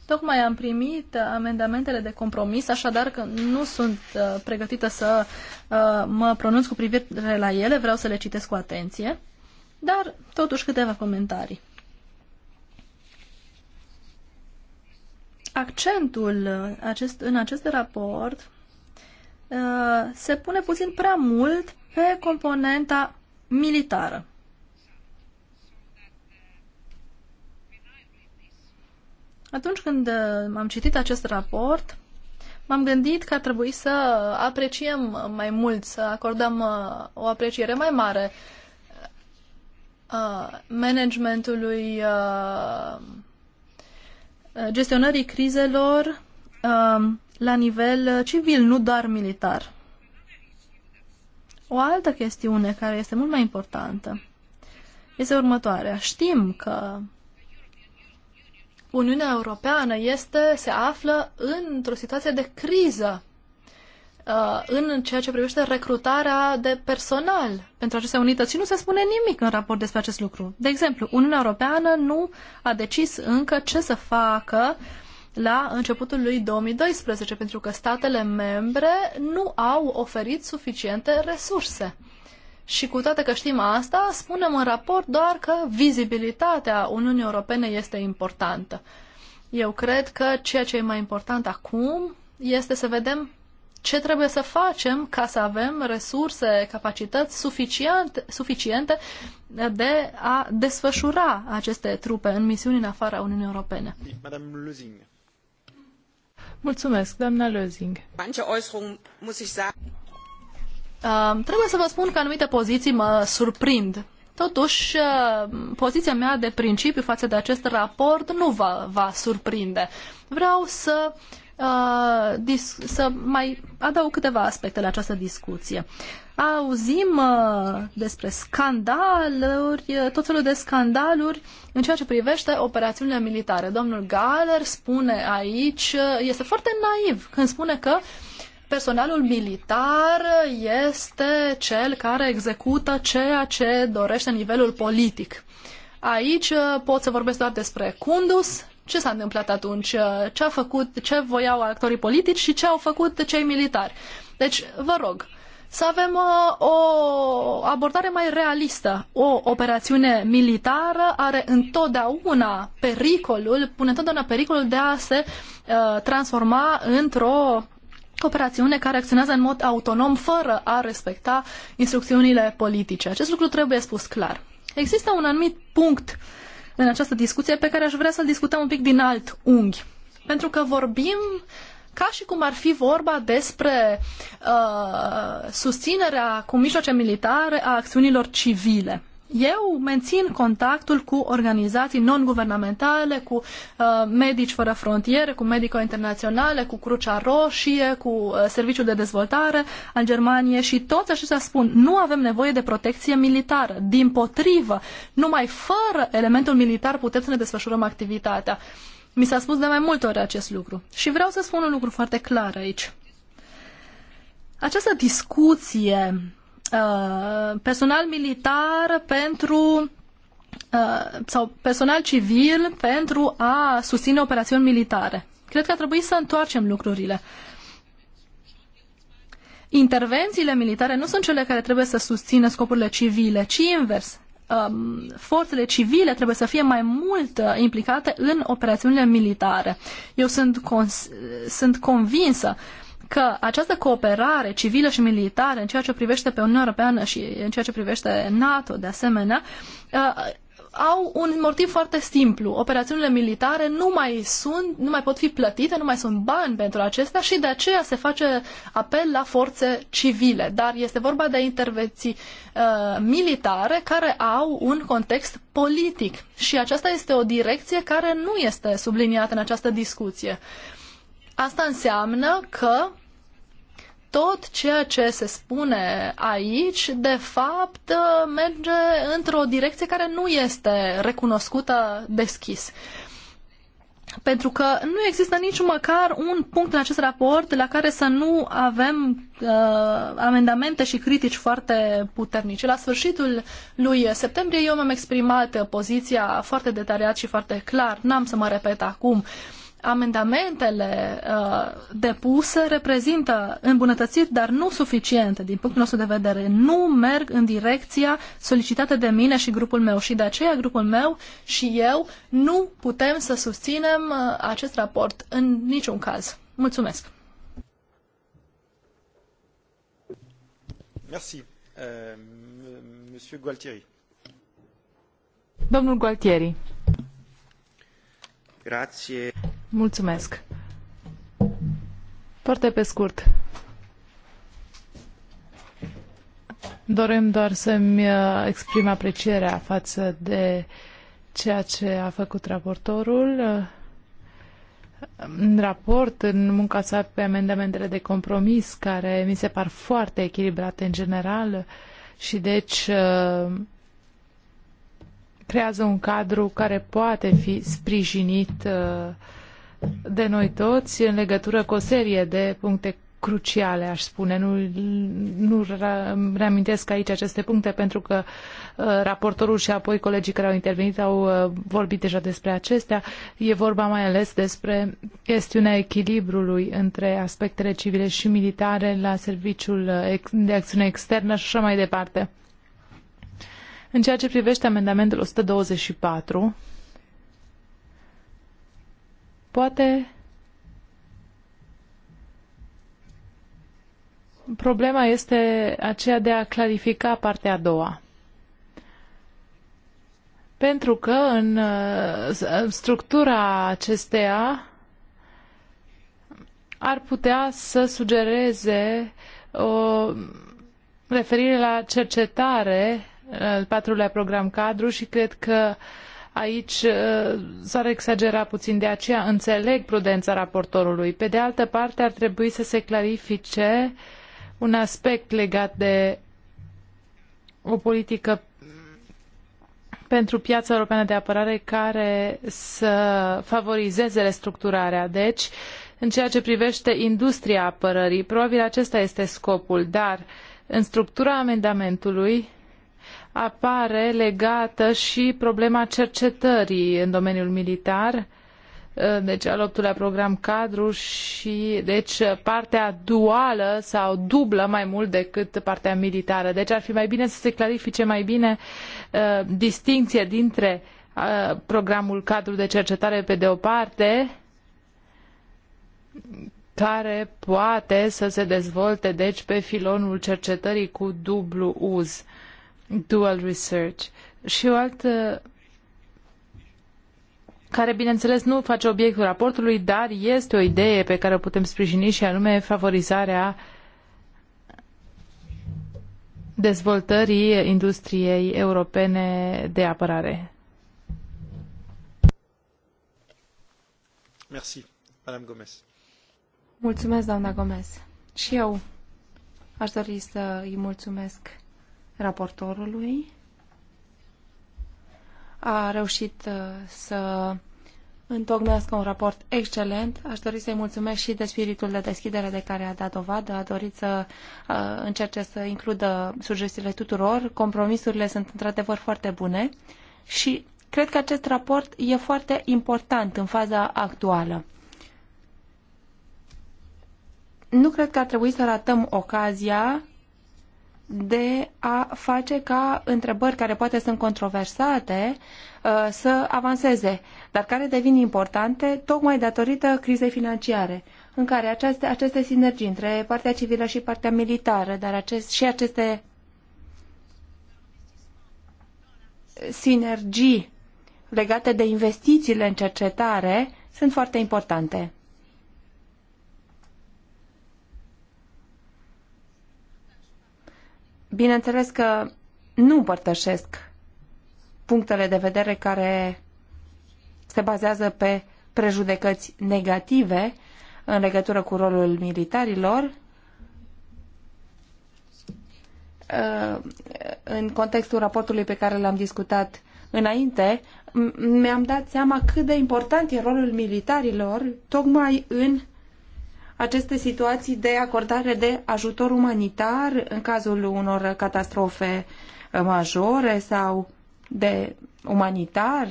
Tocmai am primit amendamentele de compromis, așadar că nu sunt uh, pregătită să uh, mă pronunț cu privire la ele, vreau să le citesc cu atenție, dar totuși câteva comentarii. Accentul uh, acest, în acest raport Uh, se pune puțin prea mult pe componenta militară. Atunci când uh, am citit acest raport, m-am gândit că ar trebui să apreciem mai mult, să acordăm uh, o apreciere mai mare managementului gestionării crizelor, la nivel uh, civil, nu doar militar. O altă chestiune care este mult mai importantă este următoarea. Știm că Uniunea Europeană este, se află într-o situație de criză uh, în ceea ce privește recrutarea de personal pentru aceste unități și nu se spune nimic în raport despre acest lucru. De exemplu, Uniunea Europeană nu a decis încă ce să facă la începutul lui 2012, pentru că statele membre nu au oferit suficiente resurse. Și cu toate că știm asta, spunem în raport doar că vizibilitatea Uniunii Europene este importantă. Eu cred că ceea ce e mai important acum este să vedem ce trebuie să facem ca să avem resurse, capacități suficient, suficiente de a desfășura aceste trupe în misiuni în afara Uniunii Europene. Madame Mulțumesc, doamna Lözing. trebuie să vă spun că anumite poziții mă surprind. Totuși, poziția mea de principiu față de acest raport nu va, va surprinde. Vreau să uh, Uh, să mai adaug câteva aspecte la această discuție. Auzim uh, despre scandaluri, uh, tot felul de scandaluri în ceea ce privește operațiunile militare. Domnul Galer spune aici, uh, este foarte naiv când spune că personalul militar este cel care execută ceea ce dorește nivelul politic. Aici pot să vorbesc doar despre Kundus ce s-a întâmplat atunci, uh, ce a făcut, ce voiau actorii politici și ce au făcut cei militari. Deci, vă rog, să avem uh, o abordare mai realistă. O operațiune militară are întotdeauna pericolul, pune întotdeauna pericolul de a se uh, transforma într-o operațiune care acționează în mod autonom fără a respecta instrucțiunile politice. Acest lucru trebuie spus clar. Există un anumit punct uh, în această discuție pe care aș vrea să-l discutăm un pic din alt unghi. Pentru că vorbim ca și cum ar fi vorba despre uh, susținerea cu mijloace militare a acțiunilor civile eu mențin contactul cu organizații non-guvernamentale, cu uh, Medici Fără Frontiere, cu Medico Internaționale, cu Crucea Roșie, cu uh, Serviciul de Dezvoltare al Germaniei și toți aceștia spun nu avem nevoie de protecție militară. Din potrivă, numai fără elementul militar putem să ne desfășurăm activitatea. Mi s-a spus de mai multe ori acest lucru și vreau să spun un lucru foarte clar aici. Această discuție Uh, personal militar pentru uh, sau personal civil pentru a susține operațiuni militare. Cred că ar trebui să întoarcem lucrurile. Intervențiile militare nu sunt cele care trebuie să susțină scopurile civile, ci invers. Um, forțele civile trebuie să fie mai mult uh, implicate în operațiunile militare. Eu sunt, sunt convinsă uh, că această cooperare civilă și militară în ceea ce privește pe Uniunea Europeană și în ceea ce privește NATO, de asemenea, uh, au un motiv foarte simplu. Operațiunile militare nu mai sunt, nu mai pot fi plătite, nu mai sunt bani pentru acestea și de aceea se face apel la forțe civile. Dar este vorba de intervenții uh, militare care au un context politic și aceasta este o direcție care nu este subliniată în această discuție. Uh, Asta înseamnă că tot ceea ce se spune aici, de fapt, merge într-o direcție care nu este recunoscută deschis. Pentru că nu există nici măcar un punct în acest raport la care să nu avem uh, amendamente și critici foarte puternice. La sfârșitul lui septembrie eu mi-am exprimat poziția foarte detaliat și foarte clar. N-am să mă repet acum. Uh, amendamentele uh, depuse reprezintă îmbunătățiri, dar nu suficiente din punctul nostru de vedere. Nu merg în direcția solicitată de mine și grupul meu și de aceea grupul meu și eu nu putem să susținem uh, acest raport în niciun caz. Mulțumesc! Merci. Uh, Gualtieri. Domnul Gualtieri. Mulțumesc. Foarte pe scurt. Dorim doar să-mi uh, exprim aprecierea față de ceea ce a făcut raportorul uh, în raport, în munca sa pe amendamentele de compromis, care mi se par foarte echilibrate în general și deci uh, creează un cadru care poate fi sprijinit uh, de noi toți în legătură cu o serie de puncte cruciale, aș spune. Nu, nu reamintesc aici aceste puncte pentru că uh, raportorul și apoi colegii care au intervenit au uh, vorbit deja despre acestea. E vorba mai ales despre chestiunea echilibrului între aspectele civile și militare la serviciul de acțiune externă și așa mai departe. În ceea ce privește amendamentul 124, poate problema este aceea de a clarifica partea a doua. Pentru că în uh, structura acesteia ar putea să sugereze o referire la cercetare al patrulea program cadru și cred că aici uh, s-ar exagera puțin, de aceea înțeleg prudența raportorului. Pe de altă parte, ar trebui să se clarifice un aspect legat de o politică pentru piața europeană de apărare care să favorizeze restructurarea. Deci, în ceea ce privește industria apărării, probabil acesta este scopul, dar în structura amendamentului apare legată și problema cercetării în domeniul militar, uh, deci al optulea program cadru și deci partea duală sau dublă mai mult decât partea militară. Deci ar fi mai bine să se clarifice mai bine uh, distinția dintre uh, programul cadru de cercetare pe de o parte care poate să se dezvolte deci pe filonul cercetării cu dublu uz. Uh, dual research. Și o altă care, bineînțeles, nu face obiectul raportului, dar este o idee pe care o putem sprijini și anume favorizarea dezvoltării industriei europene de apărare. Merci, Madame Gomez. Mulțumesc, doamna Gomez. Și eu aș dori să îi mulțumesc raportorului. A reușit uh, să întocmească un raport excelent. Aș dori să-i mulțumesc și de spiritul de deschidere de care a dat dovadă. A dorit să uh, încerce să includă sugestiile tuturor. Compromisurile sunt într-adevăr foarte bune și cred că acest raport e foarte important în faza actuală. Nu cred că ar trebui să ratăm ocazia de a face ca întrebări care poate sunt controversate uh, să avanseze, dar care devin importante tocmai datorită crizei financiare, în care aceste, aceste sinergii între partea civilă și partea militară, dar acest, și aceste sinergii legate de investițiile în cercetare sunt foarte importante. Bineînțeles că nu împărtășesc punctele de vedere care se bazează pe prejudecăți negative în legătură cu rolul militarilor uh, în contextul raportului pe care l-am discutat înainte, mi-am dat seama cât de important e rolul militarilor tocmai în aceste situații de acordare de ajutor umanitar în cazul unor catastrofe uh, majore sau de umanitar,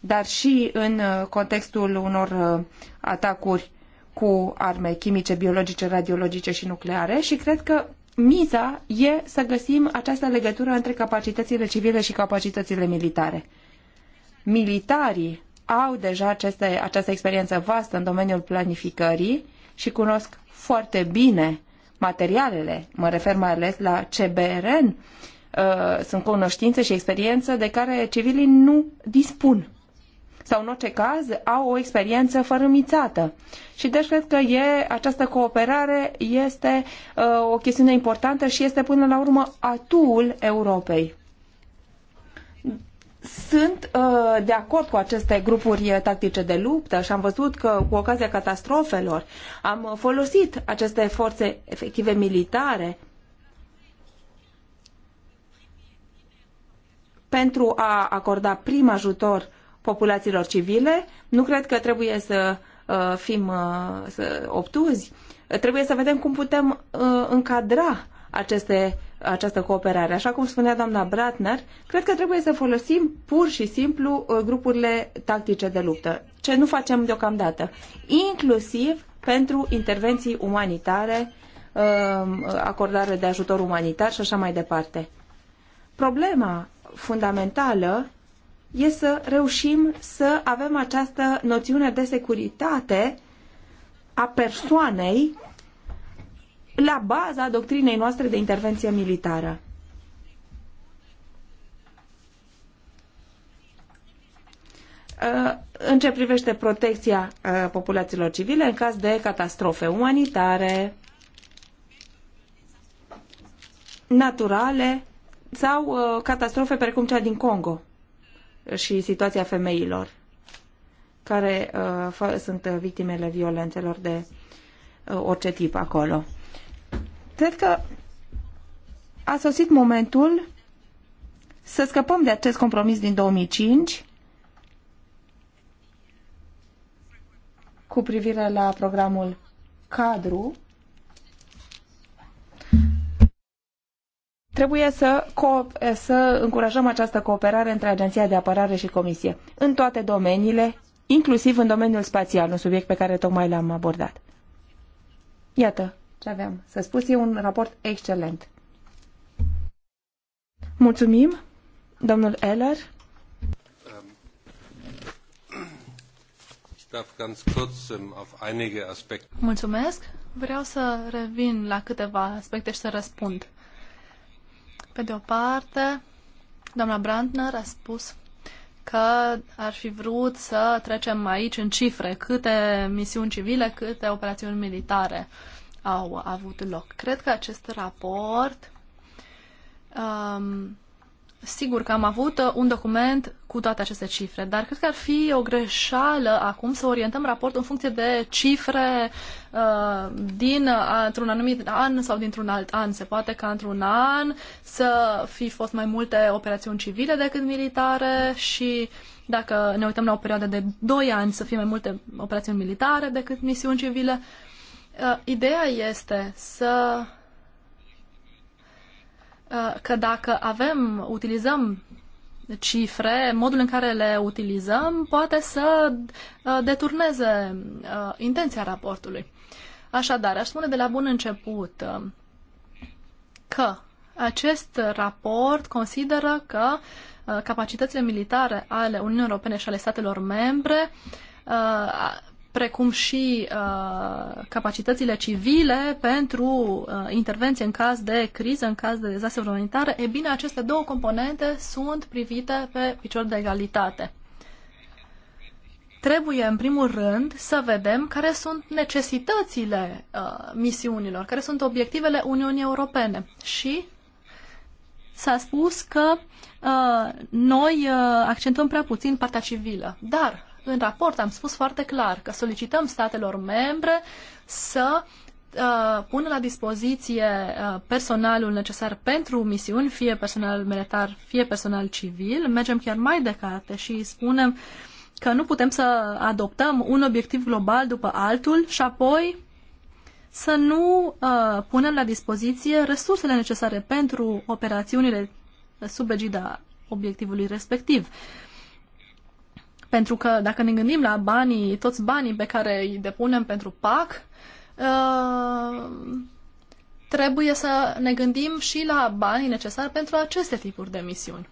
dar și în uh, contextul unor uh, atacuri cu arme chimice, biologice, radiologice și nucleare și cred că miza e să găsim această legătură între capacitățile civile și capacitățile militare. Militarii au deja aceste, această experiență vastă în domeniul planificării și cunosc foarte bine materialele, mă refer mai ales la CBRN, uh, sunt cunoștințe și experiență de care civilii nu dispun sau în orice caz au o experiență fărâmițată. Și deci cred că e, această cooperare este uh, o chestiune importantă și este până la urmă atul Europei sunt uh, de acord cu aceste grupuri uh, tactice de luptă și am văzut că cu ocazia catastrofelor am uh, folosit aceste forțe efective militare pentru a acorda prim ajutor populațiilor civile. Nu cred că trebuie să uh, fim uh, să obtuzi. Trebuie să vedem cum putem uh, încadra aceste, această cooperare. Așa cum spunea doamna Bratner, cred că trebuie să folosim pur și simplu uh, grupurile tactice de luptă, ce nu facem deocamdată, inclusiv pentru intervenții umanitare, um, acordare de ajutor umanitar și așa mai departe. Problema fundamentală e să reușim să avem această noțiune de securitate a persoanei la baza doctrinei noastre de intervenție militară. Uh, în ce privește protecția uh, populațiilor civile în caz de catastrofe umanitare, naturale sau uh, catastrofe precum cea din Congo și situația femeilor care sunt victimele violențelor de orice tip acolo. Cred că a sosit momentul să scăpăm de acest compromis din 2005 cu privire la programul cadru trebuie să, să încurajăm această cooperare între Agenția de Apărare și Comisie, în toate domeniile, inclusiv în domeniul spațial, un subiect pe care tocmai l-am abordat. Iată, ce aveam să spus. E un raport excelent. Mulțumim, domnul Eller. Ähm, Mulțumesc. Vreau să revin la câteva aspecte și să răspund. Pe de o parte, doamna Brandner a spus că ar fi vrut să trecem aici în cifre câte misiuni civile, câte operațiuni militare. Uh, au avut loc. Cred că acest raport, um, sigur că am avut uh, un document cu toate aceste cifre, dar cred că ar fi o greșeală acum să orientăm raportul în funcție de cifre uh, din, uh, într-un anumit an sau dintr-un alt an. Se poate ca într-un an să fi fost mai multe operațiuni civile decât militare și dacă ne uităm la o perioadă de 2 ani să fie mai multe operațiuni militare decât misiuni civile. Uh, Uh, ideea este să uh, că dacă avem, utilizăm cifre, modul în care le utilizăm poate să uh, deturneze intenția raportului. Așadar, aș spune de la bun început că acest raport consideră că capacitățile militare ale Uniunii Europene și ale statelor membre precum și uh, capacitățile civile pentru uh, intervenție în caz de criză, în caz de dezastre umanitare, e bine, aceste două componente sunt privite pe picior de egalitate. Trebuie, în primul rând, să vedem care sunt necesitățile uh, misiunilor, care sunt obiectivele Uniunii Europene și s-a spus că uh, noi uh, accentuăm prea puțin partea civilă, dar în raport am spus foarte clar că solicităm statelor membre să uh, pună la dispoziție uh, personalul necesar pentru misiuni, fie personal militar, fie personal civil. Mergem chiar mai departe și spunem că nu putem să adoptăm un obiectiv global după altul și apoi să nu uh, punem la dispoziție resursele necesare pentru operațiunile sub egida obiectivului respectiv. Uh, pentru că dacă ne gândim la banii, toți banii pe care îi depunem pentru PAC, uh, trebuie să ne gândim și la banii necesari pentru aceste tipuri de misiuni.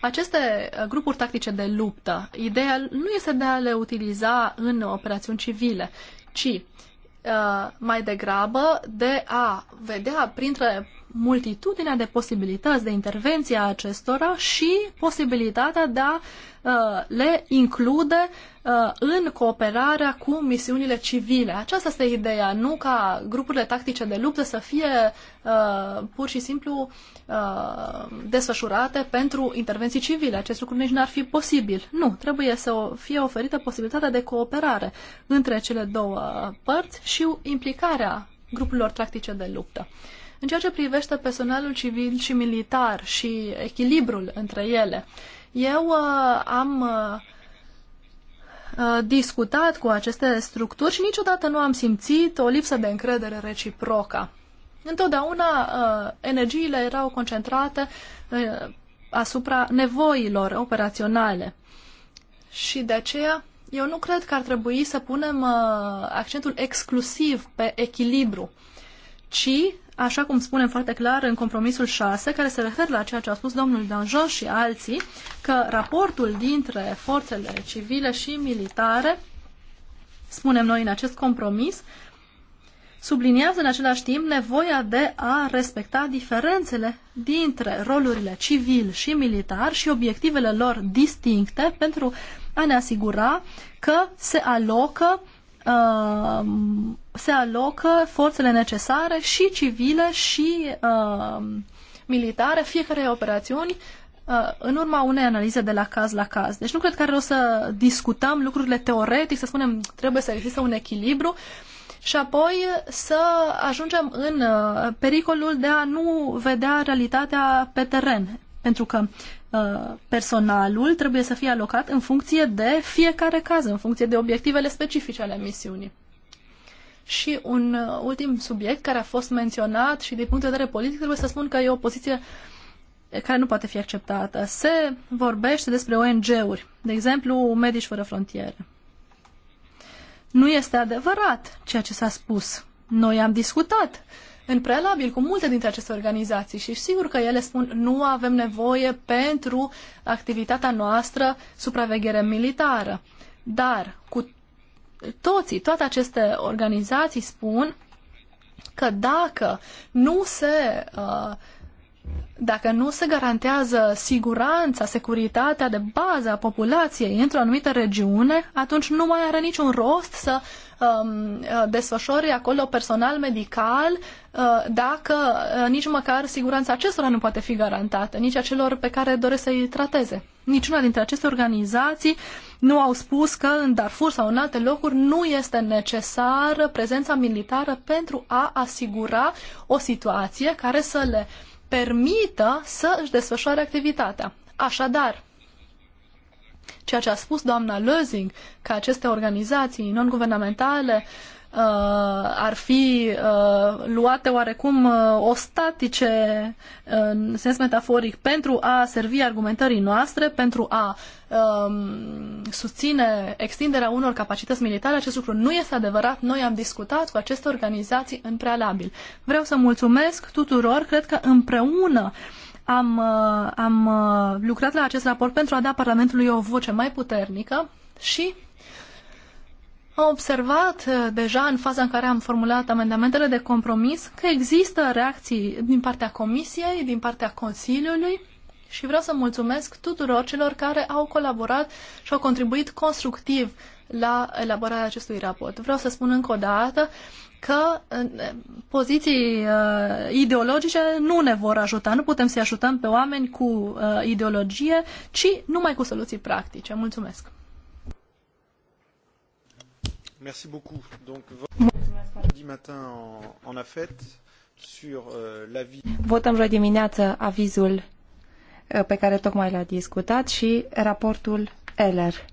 Aceste uh, grupuri tactice de luptă, ideea nu este de a le utiliza în operațiuni civile, ci uh, mai degrabă de a vedea printre multitudinea de posibilități de intervenție a acestora și posibilitatea de a uh, le include uh, în cooperarea cu misiunile civile. Aceasta este ideea, nu ca grupurile tactice de luptă să fie uh, pur și simplu desfășurate pentru intervenții civile. Acest lucru nici n-ar fi posibil. Nu, trebuie să fie oferită posibilitatea de cooperare între cele două părți și implicarea grupurilor tactice de luptă. În ceea ce privește personalul civil și militar și echilibrul între ele, eu uh, am uh, uh, discutat cu aceste structuri și niciodată nu am simțit o lipsă de încredere reciprocă. Întotdeauna uh, energiile erau concentrate uh, asupra nevoilor operaționale. Și de aceea eu nu cred că ar trebui să punem uh, accentul exclusiv pe echilibru, ci așa cum spunem foarte clar în compromisul 6, care se referă la ceea ce a spus domnul Danjon și alții, că raportul dintre forțele civile și militare, spunem noi în acest compromis, subliniază în același timp nevoia de a respecta diferențele dintre rolurile civil și militar și obiectivele lor distincte pentru a ne asigura că se alocă Um, se alocă forțele necesare și civile și uh, militare fiecare operațiuni uh, în urma unei analize de la caz la caz. Deci nu cred că ar rost să discutăm lucrurile teoretic, să spunem trebuie să existe un echilibru și apoi să ajungem în uh, pericolul de a nu vedea realitatea pe teren. Pentru că Uh, personalul trebuie să fie alocat în funcție de fiecare caz, în funcție de obiectivele specifice ale misiunii. Și un uh, ultim subiect care a fost menționat și din punct de vedere politic trebuie să spun că e o poziție care nu poate fi acceptată. Se vorbește despre ONG-uri, de exemplu Medici Fără Frontiere. Nu este adevărat ceea ce s-a spus. Noi am discutat uh, în prealabil cu multe dintre aceste organizații și sigur că ele spun nu avem nevoie pentru activitatea noastră supraveghere militară. Dar cu toții, toate aceste organizații spun că dacă nu se uh, dacă nu se garantează siguranța, securitatea de bază a populației într-o anumită regiune, atunci nu mai are niciun rost să Um, uh, desfășori acolo personal medical uh, dacă uh, nici măcar siguranța acestora nu poate fi garantată, nici a celor pe care doresc să-i trateze. Niciuna dintre aceste organizații nu au spus că în Darfur sau în alte locuri nu este necesară prezența militară pentru a asigura o situație care să le permită să își desfășoare activitatea. Așadar, ceea ce a spus doamna Lözing, că aceste organizații non-guvernamentale uh, ar fi uh, luate oarecum uh, ostatice, uh, în sens metaforic, pentru a servi argumentării noastre, pentru a uh, susține extinderea unor capacități militare, acest lucru nu este adevărat. Noi am discutat cu aceste organizații în prealabil. Vreau să mulțumesc tuturor, cred că împreună uh, am, uh, am uh, lucrat la acest raport pentru a da Parlamentului o voce mai puternică și am observat uh, deja în faza în care am formulat amendamentele de compromis că există reacții din partea Comisiei, din partea Consiliului și vreau să mulțumesc tuturor celor care au colaborat și au contribuit constructiv la elaborarea acestui raport. Vreau să spun încă o dată că poziții uh, ideologice nu ne vor ajuta. Nu putem să-i ajutăm pe oameni cu uh, ideologie, ci numai cu soluții practice. Mulțumesc! Merci beaucoup. Donc, Mulțumesc. matin en, en sur euh, Votăm joi dimineață avizul uh, pe care tocmai l-a discutat și raportul Eller.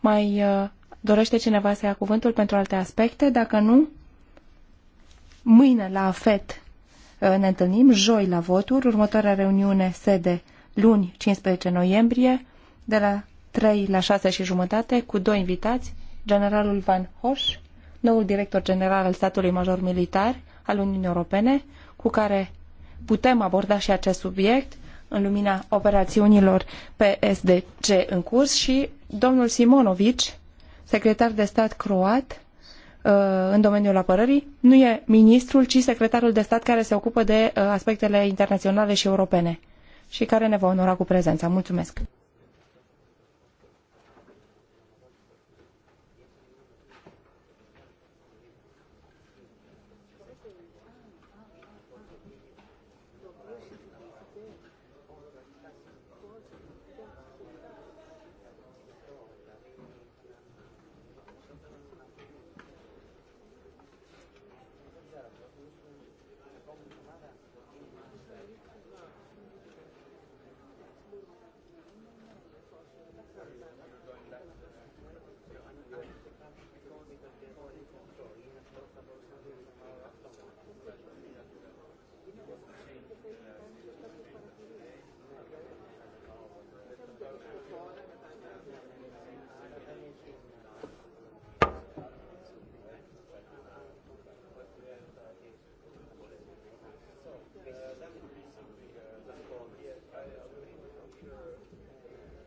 Mai uh, Dorește cineva să ia cuvântul pentru alte aspecte? Dacă nu, mâine la FET uh, ne întâlnim, joi la voturi, următoarea reuniune sede luni 15 noiembrie de la 3 la 6 și jumătate cu doi invitați, generalul Van Hoș, noul director general al statului major militar al Uniunii Europene, cu care putem aborda și acest subiect în lumina operațiunilor PSDC în curs și domnul Simonovici, secretar de stat croat uh, în domeniul apărării, nu e ministrul, ci secretarul de stat care se ocupă de uh, aspectele internaționale și europene și care ne va onora cu prezența. Mulțumesc!